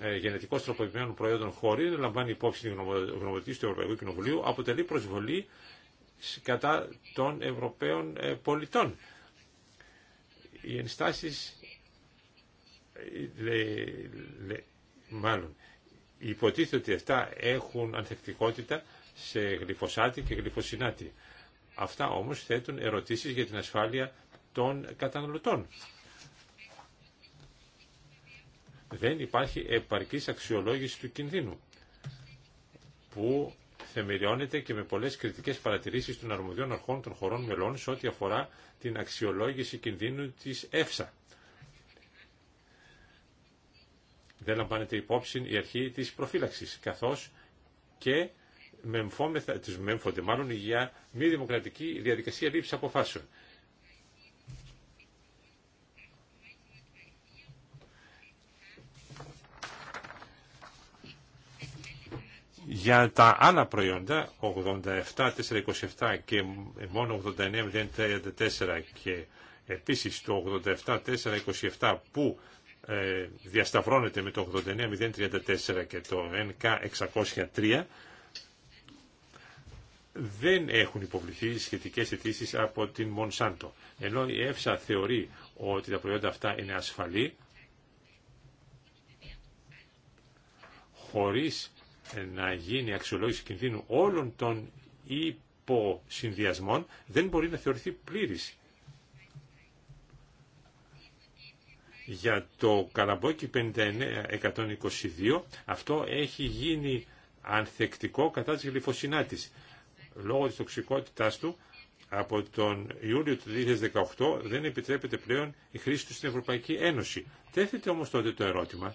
ε, γενετικώς τροποποιημένων προϊόντων χωρίς να λαμβάνει υπόψη την γνωμοτήση του Ευρωπαϊκού Κοινοβουλίου αποτελεί προσβολή κατά των Ευρωπαίων ε, πολιτών. Οι ενστάσεις ε, μάλλον υποτίθεται ότι αυτά έχουν ανθεκτικότητα σε γλυφοσάτη και γλυφοσινάτη. Αυτά όμως θέτουν ερωτήσεις για την ασφάλεια των καταναλωτών. Δεν υπάρχει επαρκής αξιολόγηση του κινδύνου που θεμελιώνεται και με πολλές κριτικές παρατηρήσεις των αρμοδιών αρχών των χωρών μελών σε ό,τι αφορά την αξιολόγηση κινδύνου της ΕΦΣΑ. Δεν λαμβάνεται υπόψη η αρχή της προφύλαξης, καθώς και μεμφόμεθα, μάλλον για μη δημοκρατική διαδικασία λήψη αποφάσεων. Για τα άλλα προϊόντα, 87, 427 και μόνο 89, 89-34 και επίσης το 87, 427 που ε, διασταυρώνεται με το 89, 034 και το NK603, δεν έχουν υποβληθεί σχετικές αιτήσει από την Μονσάντο. Ενώ η ΕΦΣΑ θεωρεί ότι τα προϊόντα αυτά είναι ασφαλή, χωρίς να γίνει αξιολόγηση κινδύνου όλων των υποσυνδυασμών, δεν μπορεί να θεωρηθεί πλήρης. Για το καλαμπόκι αυτό έχει γίνει ανθεκτικό κατά της γλυφοσυνάτης λόγω της τοξικότητάς του από τον Ιούλιο του 2018 δεν επιτρέπεται πλέον η χρήση του στην Ευρωπαϊκή Ένωση. Τέθεται όμως τότε το ερώτημα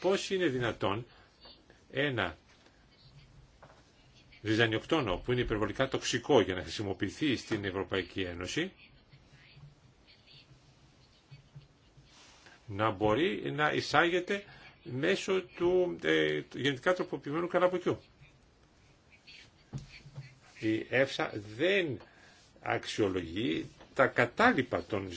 πώς είναι δυνατόν ένα ριζανιοκτόνο που είναι υπερβολικά τοξικό για να χρησιμοποιηθεί στην Ευρωπαϊκή Ένωση να μπορεί να εισάγεται μέσω του ε, γενικά τροποποιημένου καλαμποκιού η ΕΦΣΑ δεν αξιολογεί τα κατάλοιπα των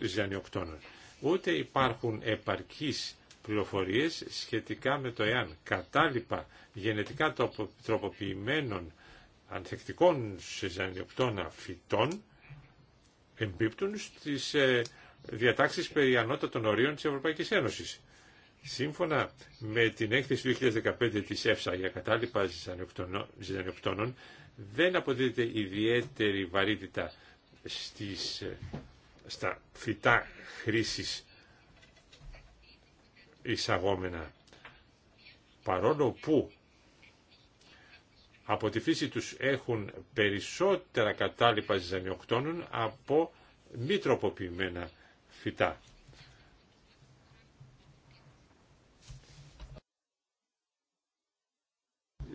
ζυζανιοκτώνων. Ούτε υπάρχουν επαρκείς πληροφορίες σχετικά με το εάν κατάλοιπα γενετικά τροποποιημένων ανθεκτικών ζυζανιοκτώνα φυτών εμπίπτουν στις ε, διατάξεις περί ανώτατων ορίων της Ευρωπαϊκής Ένωσης. Σύμφωνα με την έκθεση του 2015 της ΕΦΣΑ για κατάλοιπα ζυζανιοκτώνων, δεν αποδίδεται ιδιαίτερη βαρύτητα στις, στα φυτά χρήσης εισαγόμενα. Παρόλο που από τη φύση τους έχουν περισσότερα κατάλοιπα ζυζανιοκτώνων από μη τροποποιημένα φυτά.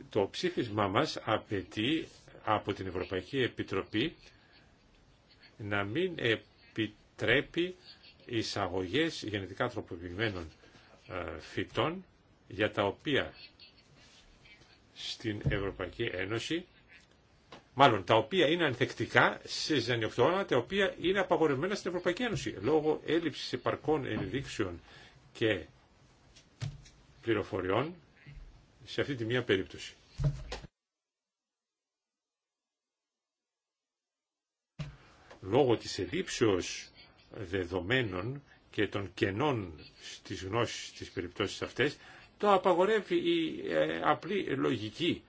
Το ψήφισμά μας απαιτεί από την Ευρωπαϊκή Επιτροπή να μην επιτρέπει εισαγωγές γενετικά τροποποιημένων ε, φυτών για τα οποία στην Ευρωπαϊκή Ένωση μάλλον τα οποία είναι ανθεκτικά σε ζανιοκτώνα τα οποία είναι απαγορευμένα στην Ευρωπαϊκή Ένωση λόγω έλλειψης επαρκών ενδείξεων και πληροφοριών σε αυτή τη μία περίπτωση. Λόγω της ελλείψεως δεδομένων και των κενών στις γνώσεις της περιπτώσεις αυτές, το απαγορεύει η ε, απλή λογική.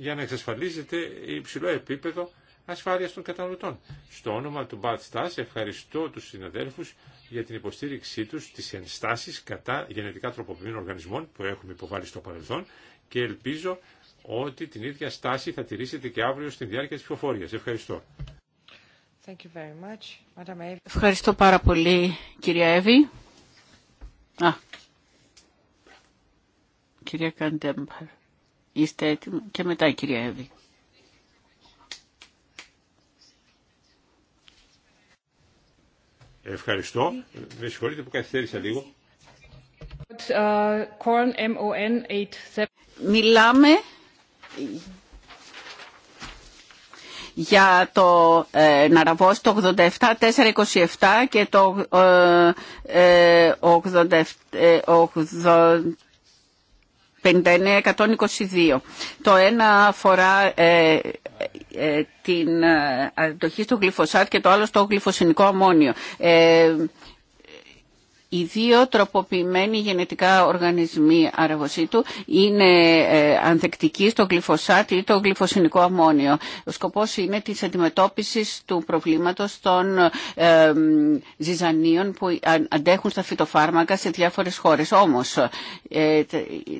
για να εξασφαλίζεται υψηλό επίπεδο ασφάλειας των κατανοητών. Στο όνομα του Μπατ ευχαριστώ τους συναδέλφους για την υποστήριξή τους της ενστάσεις κατά γενετικά τροποποιημένων οργανισμών που έχουμε υποβάλει στο παρελθόν και ελπίζω ότι την ίδια στάση θα τηρήσετε και αύριο στην διάρκεια της ψηφοφόρειας. Ευχαριστώ. Thank you very much. Ευχαριστώ πάρα πολύ κυρία Εύη. κυρία Καντέμπαρ. Είστε έτοιμοι και μετά κυρία Εύη. Ευχαριστώ. Με συγχωρείτε που καθυστέρησα λίγο. Μιλάμε για το ε, Ναραβός το 87, 427 και το ε, 87, ε, 59-122. Το ένα αφορά ε, ε, την ε, αντοχή στο γλυφοσάτ και το άλλο στο γλυφοσυνικό αμμόνιο. Ε, οι δύο τροποποιημένοι γενετικά οργανισμοί αραβοσίτου είναι ε, ανθεκτικοί στο γλυφοσάτι ή το γλυφοσινικό αμμόνιο. Ο σκοπός είναι της αντιμετώπισης του προβλήματος των ε, ζυζανίων που αντέχουν στα φυτοφάρμακα σε διάφορες χώρες. Όμως ε,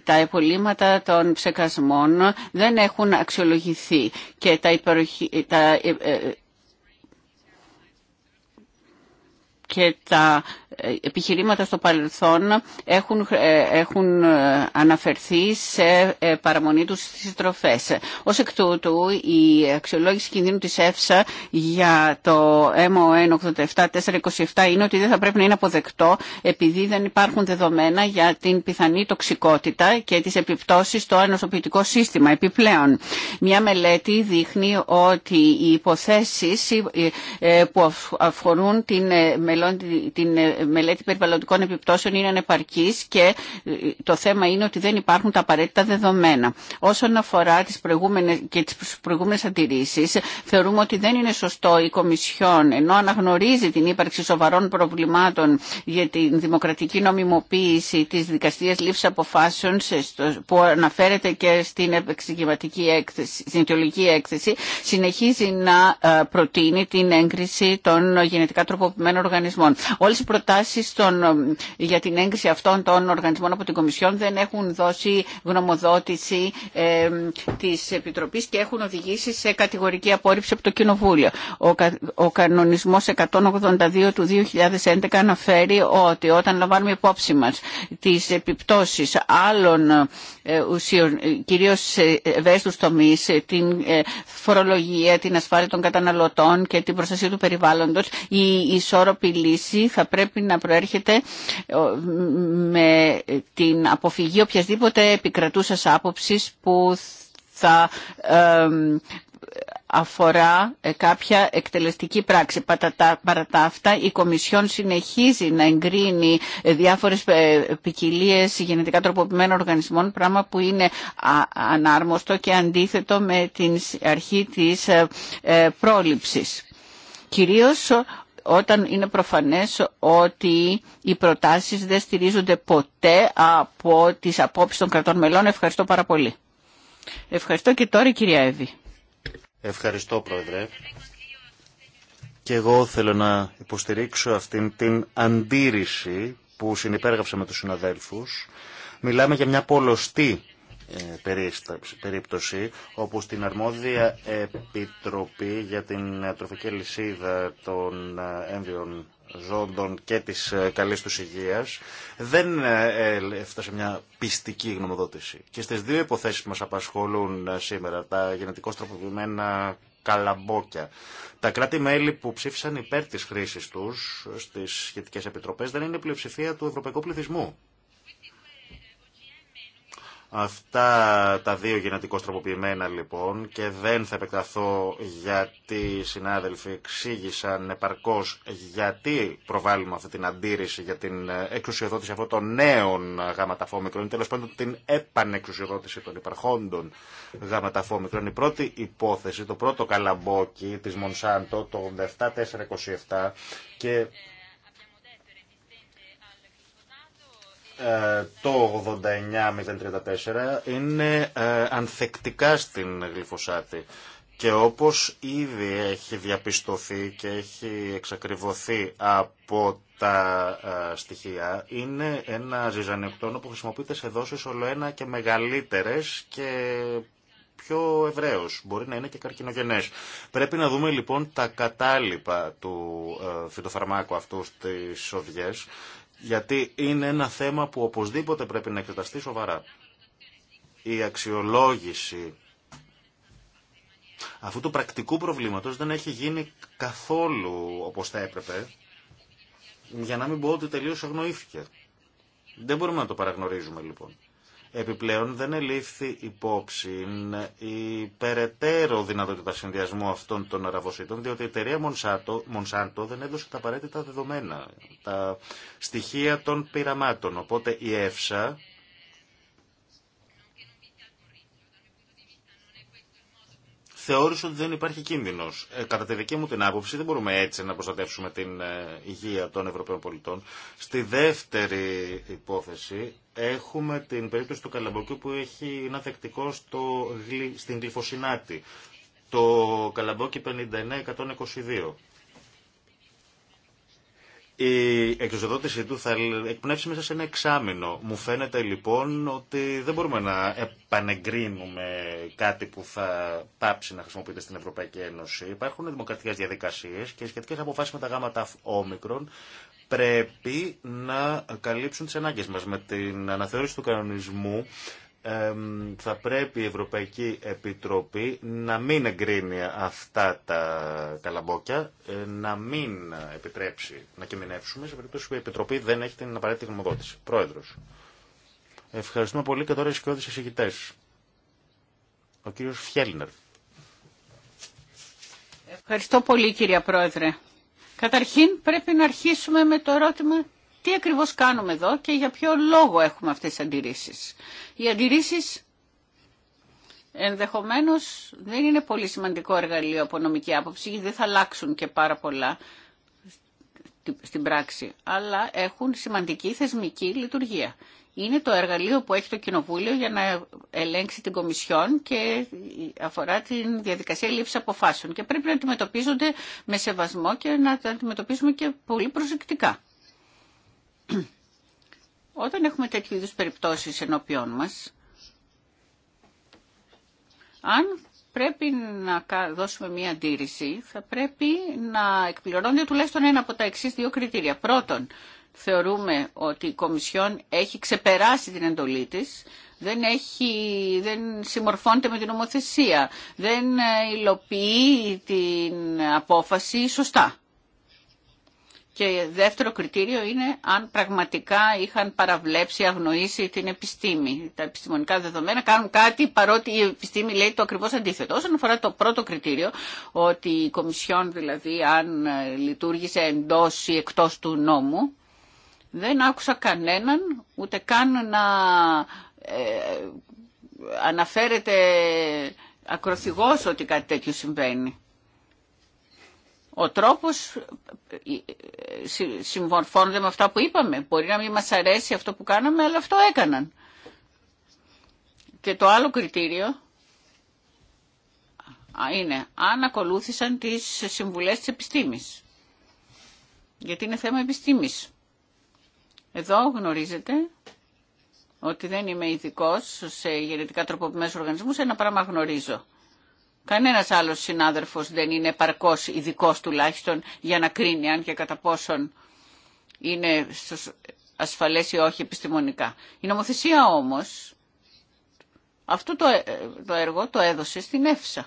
τα επολύματα των ψεκασμών δεν έχουν αξιολογηθεί και τα, υπεροχή, ε, και τα ε, επιχειρήματα στο παρελθόν έχουν, ε, έχουν ε, αναφερθεί σε παραμονή τους στις τροφές. Ως εκ τούτου, η αξιολόγηση κινδύνου της ΕΦΣΑ για το mon 427 είναι ότι δεν θα πρέπει να είναι αποδεκτό επειδή δεν υπάρχουν δεδομένα για την πιθανή τοξικότητα και τις επιπτώσεις στο ανοσοποιητικό σύστημα. Επιπλέον, μια μελέτη δείχνει ότι οι υποθέσεις που αφορούν την μελέτη μελών, την ε, μελέτη περιβαλλοντικών επιπτώσεων είναι ανεπαρκής και ε, το θέμα είναι ότι δεν υπάρχουν τα απαραίτητα δεδομένα. Όσον αφορά τι προηγούμενε και αντιρρήσεις, θεωρούμε ότι δεν είναι σωστό η Κομισιόν, ενώ αναγνωρίζει την ύπαρξη σοβαρών προβλημάτων για την δημοκρατική νομιμοποίηση τη δικαστήρια λήψη αποφάσεων που αναφέρεται και στην επεξηγηματική έκθεση, στην αιτιολογική έκθεση, συνεχίζει να ε, προτείνει την έγκριση των γενετικά τροποποιημένων οργανισμών οργανισμών. Όλες οι προτάσεις ε, για την έγκριση αυτών των οργανισμών από την Κομισιόν δεν έχουν δώσει γνωμοδότηση ε, της Επιτροπής και έχουν οδηγήσει σε κατηγορική απόρριψη από το Κοινοβούλιο. Ο, ο κανονισμός 182 του 2011 αναφέρει ότι όταν λαμβάνουμε υπόψη μα τι επιπτώσει άλλων ε, ουσίων, κυρίως σε τομεί, την ε, φορολογία, την ασφάλεια των καταναλωτών και την προστασία του περιβάλλοντο, η ισόρροπη λύση θα πρέπει να προέρχεται με την αποφυγή οποιασδήποτε επικρατούσας άποψης που θα αφορά κάποια εκτελεστική πράξη. Παρά τα αυτά, η Κομισιόν συνεχίζει να εγκρίνει διάφορες ε, ποικιλίε γενετικά τροποποιημένων οργανισμών, πράγμα που είναι ανάρμοστο και αντίθετο με την αρχή της ε, ε, πρόληψης. Κυρίως όταν είναι προφανές ότι οι προτάσεις δεν στηρίζονται ποτέ από τις απόψεις των κρατών μελών. Ευχαριστώ πάρα πολύ. Ευχαριστώ και τώρα η κυρία Εύη. Ευχαριστώ Πρόεδρε. Και εγώ θέλω να υποστηρίξω αυτήν την αντίρρηση που συνυπέργαψα με τους συναδέλφους. Μιλάμε για μια πολλωστή περίπτωση όπου στην αρμόδια επιτροπή για την τροφική λυσίδα των ε, έμβιων ζώντων και της ε, καλής τους υγείας δεν ε, έφτασε μια πιστική γνωμοδότηση. Και στις δύο υποθέσεις που μας απασχολούν σήμερα, τα γενετικώς τροποποιημένα καλαμπόκια. Τα κράτη-μέλη που ψήφισαν υπέρ της χρήσης τους στις σχετικές επιτροπές δεν είναι πλειοψηφία του ευρωπαϊκού πληθυσμού. Αυτά τα δύο γενετικώ τροποποιημένα λοιπόν και δεν θα επεκταθώ γιατί οι συνάδελφοι εξήγησαν επαρκώς γιατί προβάλλουμε αυτή την αντίρρηση για την εξουσιοδότηση αυτών των νέων γαματαφόμικρων ή τέλος πάντων την επανεξουσιοδότηση των υπαρχόντων γαματαφόμικρων. Η πρώτη υπόθεση, το πρώτο καλαμπόκι της Μονσάντο το 87427 και Ε, το 89-034 είναι ε, ανθεκτικά στην γλυφοσάτη. Και όπως ήδη έχει διαπιστωθεί και έχει εξακριβωθεί από τα ε, στοιχεία, είναι ένα ζυζανιοκτόνο που χρησιμοποιείται σε δόσεις ένα και μεγαλύτερες και πιο ευρέως. Μπορεί να είναι και καρκινογενές. Πρέπει να δούμε λοιπόν τα κατάλοιπα του φυτοφαρμάκου αυτού στις οδιές γιατί είναι ένα θέμα που οπωσδήποτε πρέπει να εξεταστεί σοβαρά. Η αξιολόγηση αυτού του πρακτικού προβλήματος δεν έχει γίνει καθόλου όπως θα έπρεπε, για να μην πω ότι τελείως αγνοήθηκε. Δεν μπορούμε να το παραγνωρίζουμε λοιπόν. Επιπλέον δεν ελήφθη υπόψη η περαιτέρω δυνατότητα συνδυασμού αυτών των αραβοσίτων, διότι η εταιρεία Μονσάντο, Μονσάντο δεν έδωσε τα απαραίτητα δεδομένα, τα στοιχεία των πειραμάτων. Οπότε η ΕΦΣΑ θεώρησε ότι δεν υπάρχει κίνδυνο. Ε, κατά τη δική μου την άποψη, δεν μπορούμε έτσι να προστατεύσουμε την ε, υγεία των Ευρωπαίων πολιτών. Στη δεύτερη υπόθεση έχουμε την περίπτωση του Καλαμποκιού που έχει ένα θεκτικό στο, στην Γλυφοσυνάτη, Το Καλαμπόκι 59-122. Η εξοδότηση του θα εκπνεύσει μέσα σε ένα εξάμεινο. Μου φαίνεται λοιπόν ότι δεν μπορούμε να επανεγκρίνουμε κάτι που θα πάψει να χρησιμοποιείται στην Ευρωπαϊκή Ένωση. Υπάρχουν δημοκρατικέ διαδικασίε και σχετικέ αποφάσει με τα γάματα όμικρον πρέπει να καλύψουν τις ανάγκες μας. Με την αναθεώρηση του κανονισμού θα πρέπει η Ευρωπαϊκή Επιτροπή να μην εγκρίνει αυτά τα καλαμπόκια, ε, να μην επιτρέψει να κινδυνεύσουμε σε περίπτωση που η Επιτροπή δεν έχει την απαραίτητη γνωμοδότηση. Πρόεδρος. Ευχαριστούμε πολύ και τώρα οι σκιώδεις Ο κύριος Φιέλνερ. Ευχαριστώ πολύ κύριε Πρόεδρε. Καταρχήν πρέπει να αρχίσουμε με το ερώτημα τι ακριβώς κάνουμε εδώ και για ποιο λόγο έχουμε αυτές τις αντιρρήσεις. Οι αντιρρήσεις ενδεχομένως δεν είναι πολύ σημαντικό εργαλείο από νομική άποψη, γιατί δεν θα αλλάξουν και πάρα πολλά στην πράξη, αλλά έχουν σημαντική θεσμική λειτουργία. Είναι το εργαλείο που έχει το Κοινοβούλιο για να ελέγξει την Κομισιόν και αφορά τη διαδικασία λήψη αποφάσεων. Και πρέπει να αντιμετωπίζονται με σεβασμό και να τα αντιμετωπίζουμε και πολύ προσεκτικά. Όταν έχουμε τέτοιου είδους περιπτώσεις ενώπιόν μας, αν πρέπει να δώσουμε μία αντίρρηση, θα πρέπει να εκπληρώνει τουλάχιστον ένα από τα εξής δύο κριτήρια. Πρώτον, θεωρούμε ότι η Κομισιόν έχει ξεπεράσει την εντολή της, δεν, έχει, δεν συμμορφώνεται με την ομοθεσία, δεν υλοποιεί την απόφαση σωστά. Και δεύτερο κριτήριο είναι αν πραγματικά είχαν παραβλέψει, αγνοήσει την επιστήμη. Τα επιστημονικά δεδομένα κάνουν κάτι παρότι η επιστήμη λέει το ακριβώς αντίθετο. Όσον αφορά το πρώτο κριτήριο, ότι η Κομισιόν δηλαδή αν ε, λειτουργήσε εντός ή εκτός του νόμου, δεν άκουσα κανέναν ούτε καν να ε, αναφέρεται ακροθυγός ότι κάτι τέτοιο συμβαίνει. Ο τρόπος ε, συμμορφώνονται με αυτά που είπαμε. Μπορεί να μην μας αρέσει αυτό που κάναμε, αλλά αυτό έκαναν. Και το άλλο κριτήριο είναι αν ακολούθησαν τις συμβουλές της επιστήμης. Γιατί είναι θέμα επιστήμης. Εδώ γνωρίζετε ότι δεν είμαι ειδικό σε γενετικά τροποποιημένους οργανισμούς, ένα πράγμα γνωρίζω. Κανένας άλλος συνάδελφος δεν είναι παρκός ειδικό τουλάχιστον για να κρίνει αν και κατά πόσον είναι ασφαλές ή όχι επιστημονικά. Η νομοθεσία όμως αυτό το ε, έργο το έδωσε στην ΕΦΣΑ.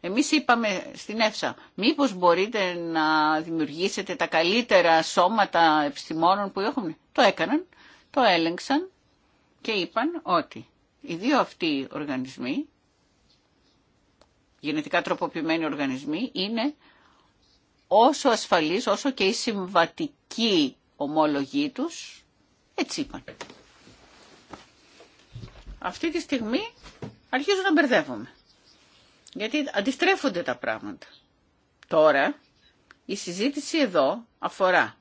Εμείς είπαμε στην ΕΦΣΑ, μήπως μπορείτε να δημιουργήσετε τα καλύτερα σώματα επιστημόνων που έχουμε. Το έκαναν, το έλεγξαν και είπαν ότι οι δύο αυτοί οργανισμοί γενετικά τροποποιημένοι οργανισμοί είναι όσο ασφαλείς, όσο και η συμβατική ομόλογή τους, έτσι είπαν. Αυτή τη στιγμή αρχίζω να μπερδεύομαι. Γιατί αντιστρέφονται τα πράγματα. Τώρα η συζήτηση εδώ αφορά.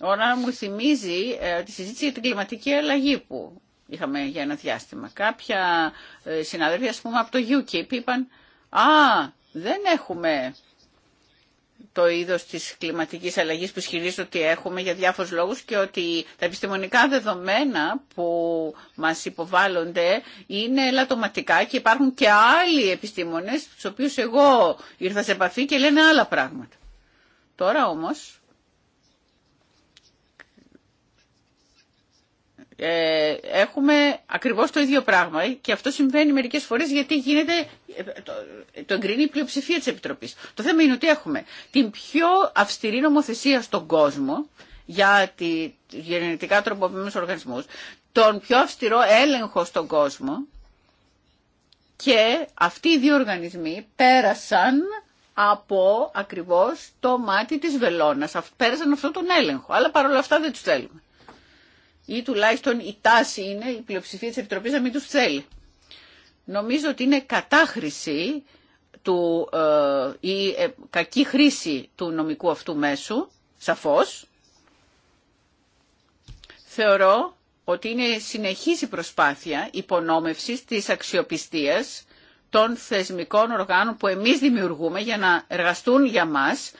Ωραία μου θυμίζει ε, τη συζήτηση για την κλιματική αλλαγή που είχαμε για ένα διάστημα. Κάποια ε, συναδελφοί, ας πούμε, από το UKIP είπαν «Α, δεν έχουμε το είδος της κλιματικής αλλαγής που ισχυρίζεται ότι έχουμε για διάφορους λόγους και ότι τα επιστημονικά δεδομένα που μας υποβάλλονται είναι ελαττωματικά και υπάρχουν και άλλοι επιστήμονες, στους οποίους εγώ ήρθα σε επαφή και λένε άλλα πράγματα. Τώρα όμως ε, έχουμε ακριβώς το ίδιο πράγμα ε, και αυτό συμβαίνει μερικές φορές γιατί γίνεται, ε, το, το εγκρίνει η πλειοψηφία της Επιτροπής. Το θέμα είναι ότι έχουμε την πιο αυστηρή νομοθεσία στον κόσμο για γενετικά τροποποιημένους οργανισμούς, τον πιο αυστηρό έλεγχο στον κόσμο και αυτοί οι δύο οργανισμοί πέρασαν από ακριβώς το μάτι της βελόνας. Πέρασαν αυτόν τον έλεγχο, αλλά παρόλα αυτά δεν τους θέλουμε ή τουλάχιστον η τάση είναι η πλειοψηφία της Επιτροπής να μην τους θέλει. Νομίζω ότι είναι κατάχρηση του, ε, η ε, κακη χρηση του νομικου αυτου μεσου σαφως υπονόμευσης της αξιοπιστίας των θεσμικών οργάνων που εμείς δημιουργούμε για να εργαστούν για μας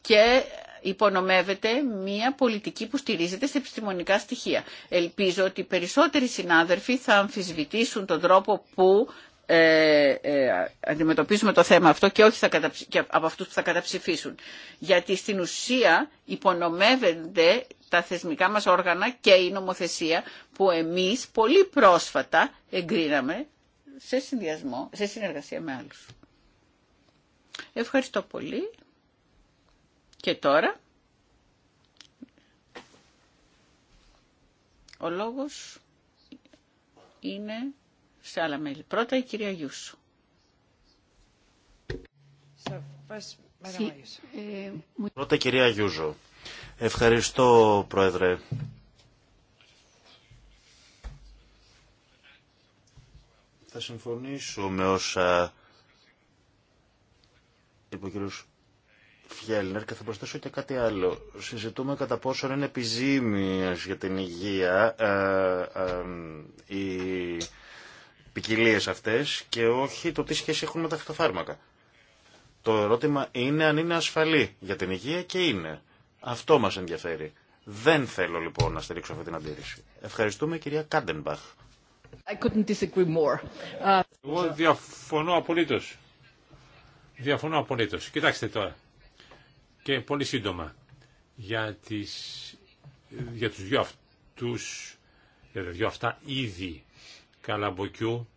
και υπονομεύεται μια πολιτική που στηρίζεται σε επιστημονικά στοιχεία. Ελπίζω ότι περισσότεροι συνάδελφοι θα αμφισβητήσουν τον τρόπο που ε, ε, αντιμετωπίζουμε το θέμα αυτό και όχι από αυτούς που θα καταψηφίσουν. Γιατί στην ουσία υπονομεύεται τα θεσμικά μας όργανα και η νομοθεσία που εμείς πολύ πρόσφατα εγκρίναμε σε, συνδυασμό, σε συνεργασία με άλλους. Ευχαριστώ πολύ. Και τώρα ο λόγος είναι σε άλλα μέλη. Πρώτα η κυρία Γιούσου. Eh, Πρώτα κυρία Γιούζο. Ευχαριστώ Πρόεδρε. Θα συμφωνήσω με όσα είπε ο κύριος Φιέλνερ και θα προσθέσω και κάτι άλλο. Συζητούμε κατά πόσο είναι επιζήμιες για την υγεία ε, ε οι ποικιλίε αυτές και όχι το τι σχέση έχουν με τα φυτοφάρμακα. Το ερώτημα είναι αν είναι ασφαλή για την υγεία και είναι. Αυτό μας ενδιαφέρει. Δεν θέλω λοιπόν να στηρίξω αυτή την αντίρρηση. Ευχαριστούμε κυρία Κάντεμπαχ. I couldn't disagree more. Εγώ διαφωνώ απολύτως. Διαφωνώ απολύτως. Κοιτάξτε τώρα. Και πολύ σύντομα για, τις, για τους δυο αυτούς, για τα δυο αυτά είδη καλαμποκιού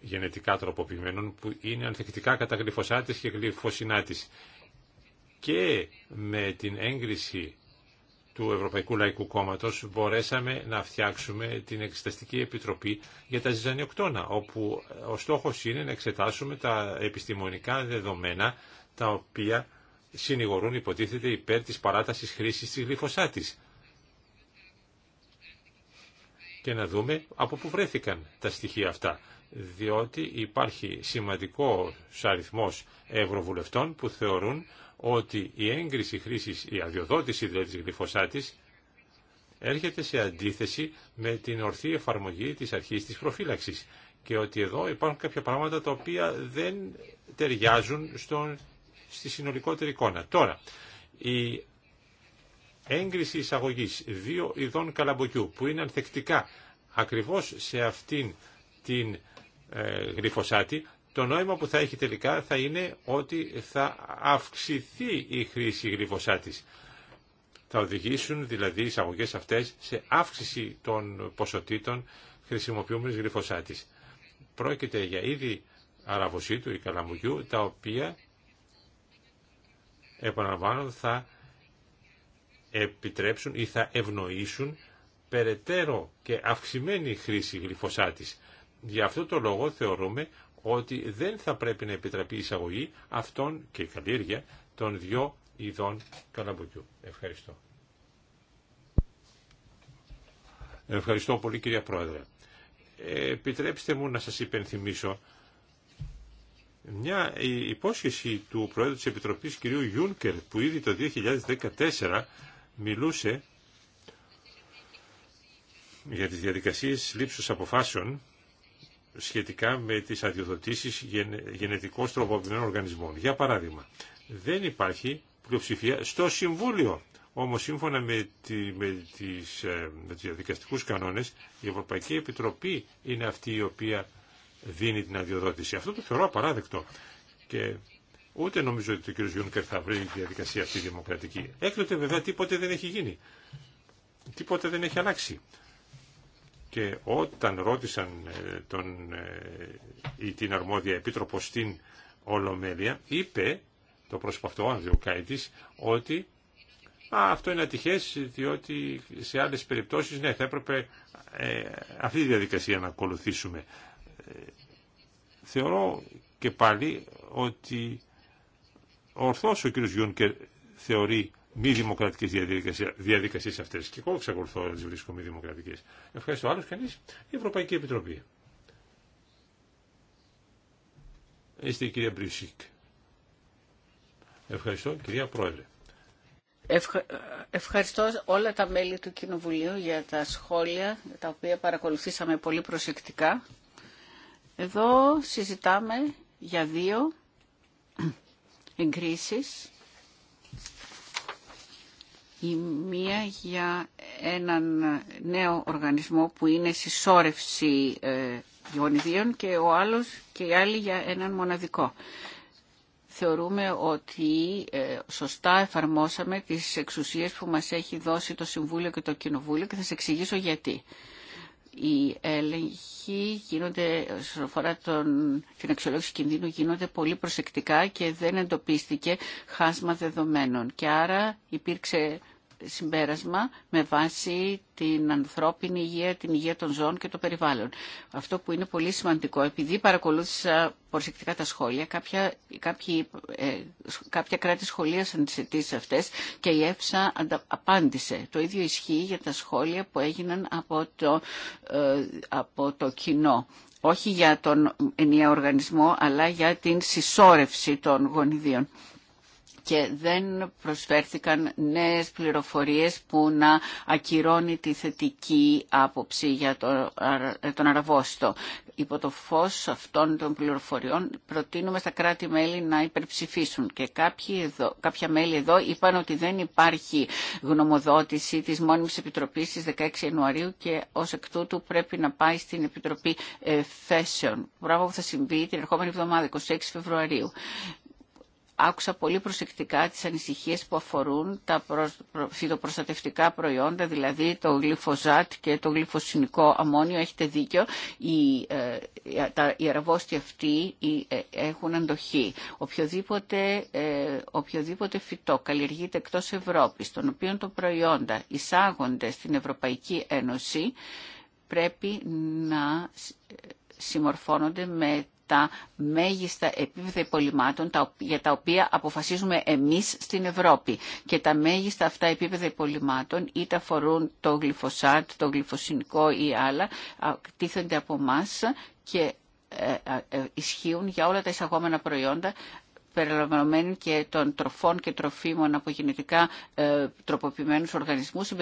γενετικά τροποποιημένων που είναι ανθεκτικά κατά γλυφοσάτης και γλυφοσινάτης. Και με την έγκριση του Ευρωπαϊκού Λαϊκού Κόμματος μπορέσαμε να φτιάξουμε την Εξεταστική Επιτροπή για τα ζυζανιοκτώνα, όπου ε, ο στόχος είναι να εξετάσουμε τα επιστημονικά δεδομένα τα οποία συνηγορούν υποτίθεται υπέρ της παράτασης χρήσης της γλυφοσάτης. Και να δούμε από πού βρέθηκαν τα στοιχεία αυτά. Διότι υπάρχει σημαντικό αριθμός ευρωβουλευτών που θεωρούν σημαντικο αριθμό ευρωβουλευτων που θεωρουν οτι η έγκριση χρήσης, η αδειοδότηση δηλαδή της έρχεται σε αντίθεση με την ορθή εφαρμογή της αρχής της προφύλαξης και ότι εδώ υπάρχουν κάποια πράγματα τα οποία δεν ταιριάζουν στον στη συνολικότερη εικόνα. Τώρα, η έγκριση εισαγωγή δύο ειδών καλαμποκιού που είναι ανθεκτικά ακριβώς σε αυτήν την ε, γλυφοσάτη, το νόημα που θα έχει τελικά θα είναι ότι θα αυξηθεί η χρήση γλυφοσάτης. Θα οδηγήσουν δηλαδή οι εισαγωγέ αυτές σε αύξηση των ποσοτήτων χρησιμοποιούμενης γλυφοσάτης. Πρόκειται για είδη αραβοσίτου ή καλαμουγιού, τα οποία επαναλαμβάνω, θα επιτρέψουν ή θα ευνοήσουν περαιτέρω και αυξημένη χρήση γλυφοσάτης. Γι' αυτό το λόγο θεωρούμε ότι δεν θα πρέπει να επιτραπεί η εισαγωγή αυτών και η καλλιέργεια των δυο ειδών καλαμποκιού. Ευχαριστώ. Ευχαριστώ πολύ κυρία Πρόεδρε. Ε, επιτρέψτε μου να σας υπενθυμίσω μια ε, υπόσχεση του Προέδρου της Επιτροπής κ. Γιούνκερ που ήδη το 2014 μιλούσε για τις διαδικασίες λήψης αποφάσεων σχετικά με τις αδειοδοτήσεις γενετικών τροποποιημένων οργανισμών. Για παράδειγμα, δεν υπάρχει πλειοψηφία στο Συμβούλιο. Όμως σύμφωνα με, τη, με, τις, ε, με διαδικαστικούς κανόνες η Ευρωπαϊκή Επιτροπή είναι αυτή η οποία δίνει την αδειοδότηση. Αυτό το θεωρώ απαράδεκτο. Και ούτε νομίζω ότι ο κ. Γιούνκερ θα βρει τη διαδικασία αυτή δημοκρατική. Έκτοτε βέβαια τίποτε δεν έχει γίνει. Τίποτε δεν έχει αλλάξει. Και όταν ρώτησαν ε, τον, ή ε, την αρμόδια επίτροπο στην Ολομέλεια, είπε το πρόσωπο αυτό, ο Κάιτη, ότι Α, αυτό είναι ατυχές, διότι σε άλλες περιπτώσεις, ναι, θα έπρεπε ε, αυτή τη διαδικασία να ακολουθήσουμε θεωρώ και πάλι ότι ορθώς ο κ. Γιούνκερ θεωρεί μη δημοκρατικέ διαδικασίε αυτέ. Και εγώ εξακολουθώ να τι βρίσκω μη δημοκρατικέ. Ευχαριστώ. Άλλο κανεί, η Ευρωπαϊκή Επιτροπή. Είστε η κυρία Μπρισίκ. Ευχαριστώ, κυρία Πρόεδρε. Ευχαριστώ όλα τα μέλη του Κοινοβουλίου για τα σχόλια τα οποία παρακολουθήσαμε πολύ προσεκτικά εδώ συζητάμε για δύο εγκρίσεις. Η μία για έναν νέο οργανισμό που είναι συσσόρευση ε, γονιδίων και ο άλλος και η άλλη για έναν μοναδικό. Θεωρούμε ότι ε, σωστά εφαρμόσαμε τις εξουσίες που μας έχει δώσει το Συμβούλιο και το Κοινοβούλιο και θα σας εξηγήσω γιατί οι έλεγχοι γίνονται, όσον αφορά τον, την αξιολόγηση κινδύνου, γίνονται πολύ προσεκτικά και δεν εντοπίστηκε χάσμα δεδομένων. Και άρα υπήρξε συμπέρασμα με βάση την ανθρώπινη υγεία, την υγεία των ζώων και το περιβάλλον. Αυτό που είναι πολύ σημαντικό, επειδή παρακολούθησα προσεκτικά τα σχόλια, κάποια, κάποιοι, ε, κάποια κράτη σχολίασαν τις αιτήσεις αυτές και η ΕΦΣΑ απάντησε. Το ίδιο ισχύει για τα σχόλια που έγιναν από το, ε, από το κοινό όχι για τον ενιαίο οργανισμό, αλλά για την συσσόρευση των γονιδίων και δεν προσφέρθηκαν νέες πληροφορίες που να ακυρώνει τη θετική άποψη για τον Αραβόστο. Υπό το φως αυτών των πληροφοριών προτείνουμε στα κράτη-μέλη να υπερψηφίσουν και εδώ, κάποια μέλη εδώ είπαν ότι δεν υπάρχει γνωμοδότηση της μόνιμης επιτροπής στις 16 Ιανουαρίου και ως εκ τούτου πρέπει να πάει στην Επιτροπή Θέσεων. Πράγμα που θα συμβεί την ερχόμενη εβδομάδα, 26 Φεβρουαρίου άκουσα πολύ προσεκτικά τις ανησυχίες που αφορούν τα φυτοπροστατευτικά προϊόντα, δηλαδή το γλυφοζάτ και το γλυφοσυνικό αμμόνιο. Έχετε δίκιο, ε, οι, ε, αραβόστοι αυτοί έχουν αντοχή. Οποιοδήποτε, ε, οποιοδήποτε φυτό καλλιεργείται εκτός Ευρώπης, των οποίων το προϊόντα εισάγονται στην Ευρωπαϊκή Ένωση, πρέπει να ε, συμμορφώνονται με τα μέγιστα επίπεδα υπολοιμάτων για τα οποία αποφασίζουμε εμείς στην Ευρώπη. Και τα μέγιστα αυτά επίπεδα υπολοιμάτων είτε αφορούν το γλυφοσάτ, το γλυφοσυνικό ή άλλα, τίθενται από εμά και ε, ε, ισχύουν για όλα τα εισαγόμενα προϊόντα περιλαμβανομένων και των τροφών και τροφίμων από γενετικά ε, τροποποιημένους οργανισμούς,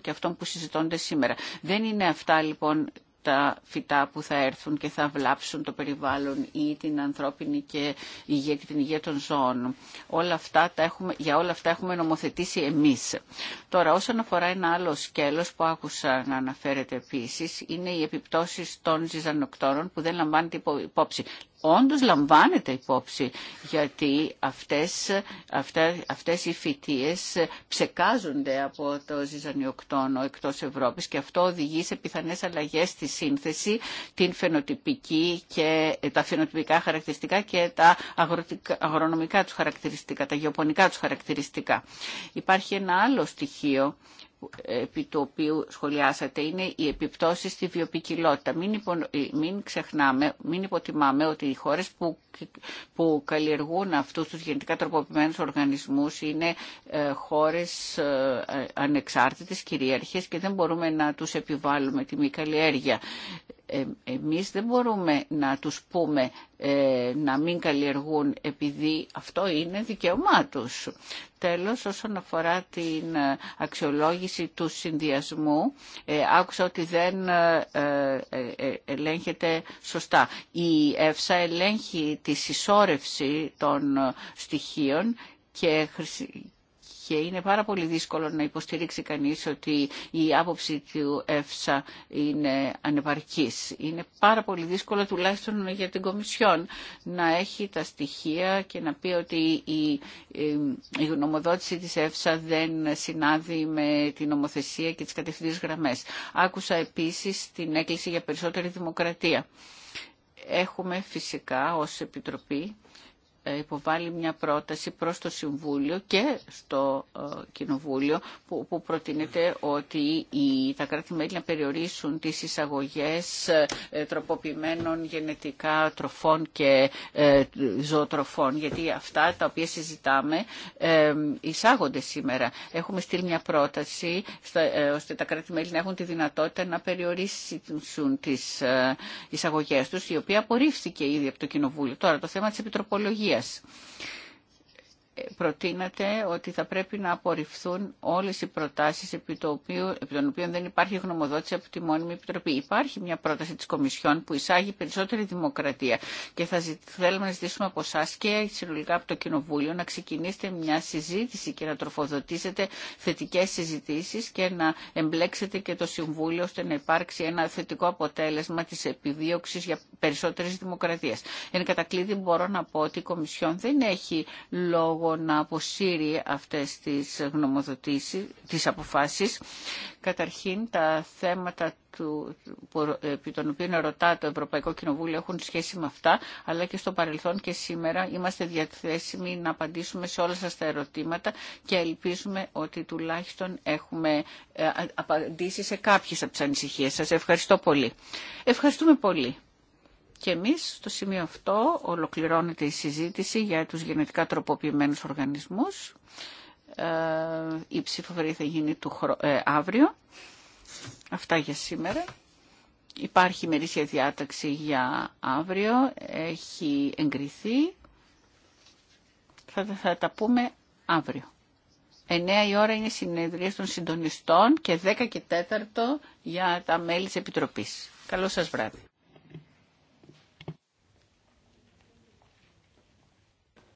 και αυτών που συζητώνται σήμερα. Δεν είναι αυτά λοιπόν τα φυτά που θα έρθουν και θα βλάψουν το περιβάλλον ή την ανθρώπινη και υγεία και την υγεία των ζώων. Όλα αυτά τα έχουμε, για όλα αυτά έχουμε νομοθετήσει εμείς. Τώρα όσον αφορά ένα άλλο σκέλος που άκουσα να αναφέρεται επίσης είναι οι επιπτώσεις των ζυζανοκτώρων που δεν λαμβάνεται υπόψη όντως λαμβάνεται υπόψη γιατί αυτές, οι φυτίες ψεκάζονται από το ζυζανιοκτόνο εκτός Ευρώπης και αυτό οδηγεί σε πιθανές αλλαγές στη σύνθεση την φαινοτυπική και ε, τα φαινοτυπικά χαρακτηριστικά και τα αγρονομικά τους χαρακτηριστικά, τα γεωπονικά τους χαρακτηριστικά. Υπάρχει ένα άλλο στοιχείο επί του οποίου σχολιάσατε είναι οι επιπτώσει στη βιοπικιλότητα. Μην, ε, μην ξεχνάμε, μην υποτιμάμε ότι οι χώρες που, που καλλιεργούν αυτούς τους γενετικά τροποποιημένους οργανισμούς είναι ε, χώρες ε, ε ανεξάρτητες, και δεν μπορούμε να τους επιβάλλουμε τη μη καλλιέργεια. Ε, εμείς δεν μπορούμε να τους πούμε ε, να μην καλλιεργούν επειδή αυτό είναι δικαίωμά τους. Τέλος, όσον αφορά την ε, αξιολόγηση του συνδυασμού, ε, άκουσα ότι δεν ελέγχεται σωστά. Η ΕΦΣΑ ελέγχει τη συσσόρευση των στοιχείων και και είναι πάρα πολύ δύσκολο να υποστηρίξει κανείς ότι η άποψη του ΕΦΣΑ είναι ανεπαρκής. Είναι πάρα πολύ δύσκολο τουλάχιστον για την Κομισιόν να έχει τα στοιχεία και να πει ότι η, η γνωμοδότηση της ΕΦΣΑ δεν συνάδει με την νομοθεσία και τις κατευθυντήριες γραμμές. Άκουσα επίσης την έκκληση για περισσότερη δημοκρατία. Έχουμε φυσικά ως Επιτροπή υποβάλει μια πρόταση προς το Συμβούλιο και στο ε, Κοινοβούλιο που, προτείνεται ότι οι, τα κράτη-μέλη να περιορίσουν τις εισαγωγές ε, τροποποιημένων γενετικά τροφών και ε, ζωοτροφών γιατί αυτά τα οποία συζητάμε εισάγονται σήμερα. Έχουμε στείλει μια πρόταση ώστε τα κράτη-μέλη να έχουν τη δυνατότητα να περιορίσουν τις εισαγωγές τους η οποία απορρίφθηκε ήδη από το Κοινοβούλιο. Τώρα το θέμα της επιτροπολογίας Τουρκίας προτείνατε ότι θα πρέπει να απορριφθούν όλες οι προτάσεις επί, το οποίο, επί των οποίων δεν υπάρχει γνωμοδότηση από τη Μόνιμη Επιτροπή. Υπάρχει μια πρόταση της Κομισιόν που εισάγει περισσότερη δημοκρατία και θα θέλουμε να ζητήσουμε από εσά και συνολικά από το Κοινοβούλιο να ξεκινήσετε μια συζήτηση και να τροφοδοτήσετε θετικές συζητήσεις και να εμπλέξετε και το Συμβούλιο ώστε να υπάρξει ένα θετικό αποτέλεσμα της επιδίωξης για περισσότερες δημοκρατίες. Εν κατακλείδη μπορώ να πω ότι η Κομισιόν δεν έχει λόγο λόγο να αποσύρει αυτές τις γνωμοδοτήσεις, τις αποφάσεις. Καταρχήν τα θέματα του, επί των οποίων ρωτά το Ευρωπαϊκό Κοινοβούλιο έχουν σχέση με αυτά, αλλά και στο παρελθόν και σήμερα είμαστε διαθέσιμοι να απαντήσουμε σε όλα σας τα ερωτήματα και ελπίζουμε ότι τουλάχιστον έχουμε ε, απαντήσει σε κάποιες από τις ανησυχίες σας. Ευχαριστώ πολύ. Ευχαριστούμε πολύ. Και εμείς στο σημείο αυτό ολοκληρώνεται η συζήτηση για τους γενετικά τροποποιημένους οργανισμούς. Ε, η ψηφοφορία θα γίνει του ε, αύριο. Αυτά για σήμερα. Υπάρχει μερίσια διάταξη για αύριο. Έχει εγκριθεί. Θα, θα τα πούμε αύριο. 9 η ώρα είναι συνεδρία των συντονιστών και 10 και 4 για τα μέλη της Επιτροπής. Καλό σας βράδυ.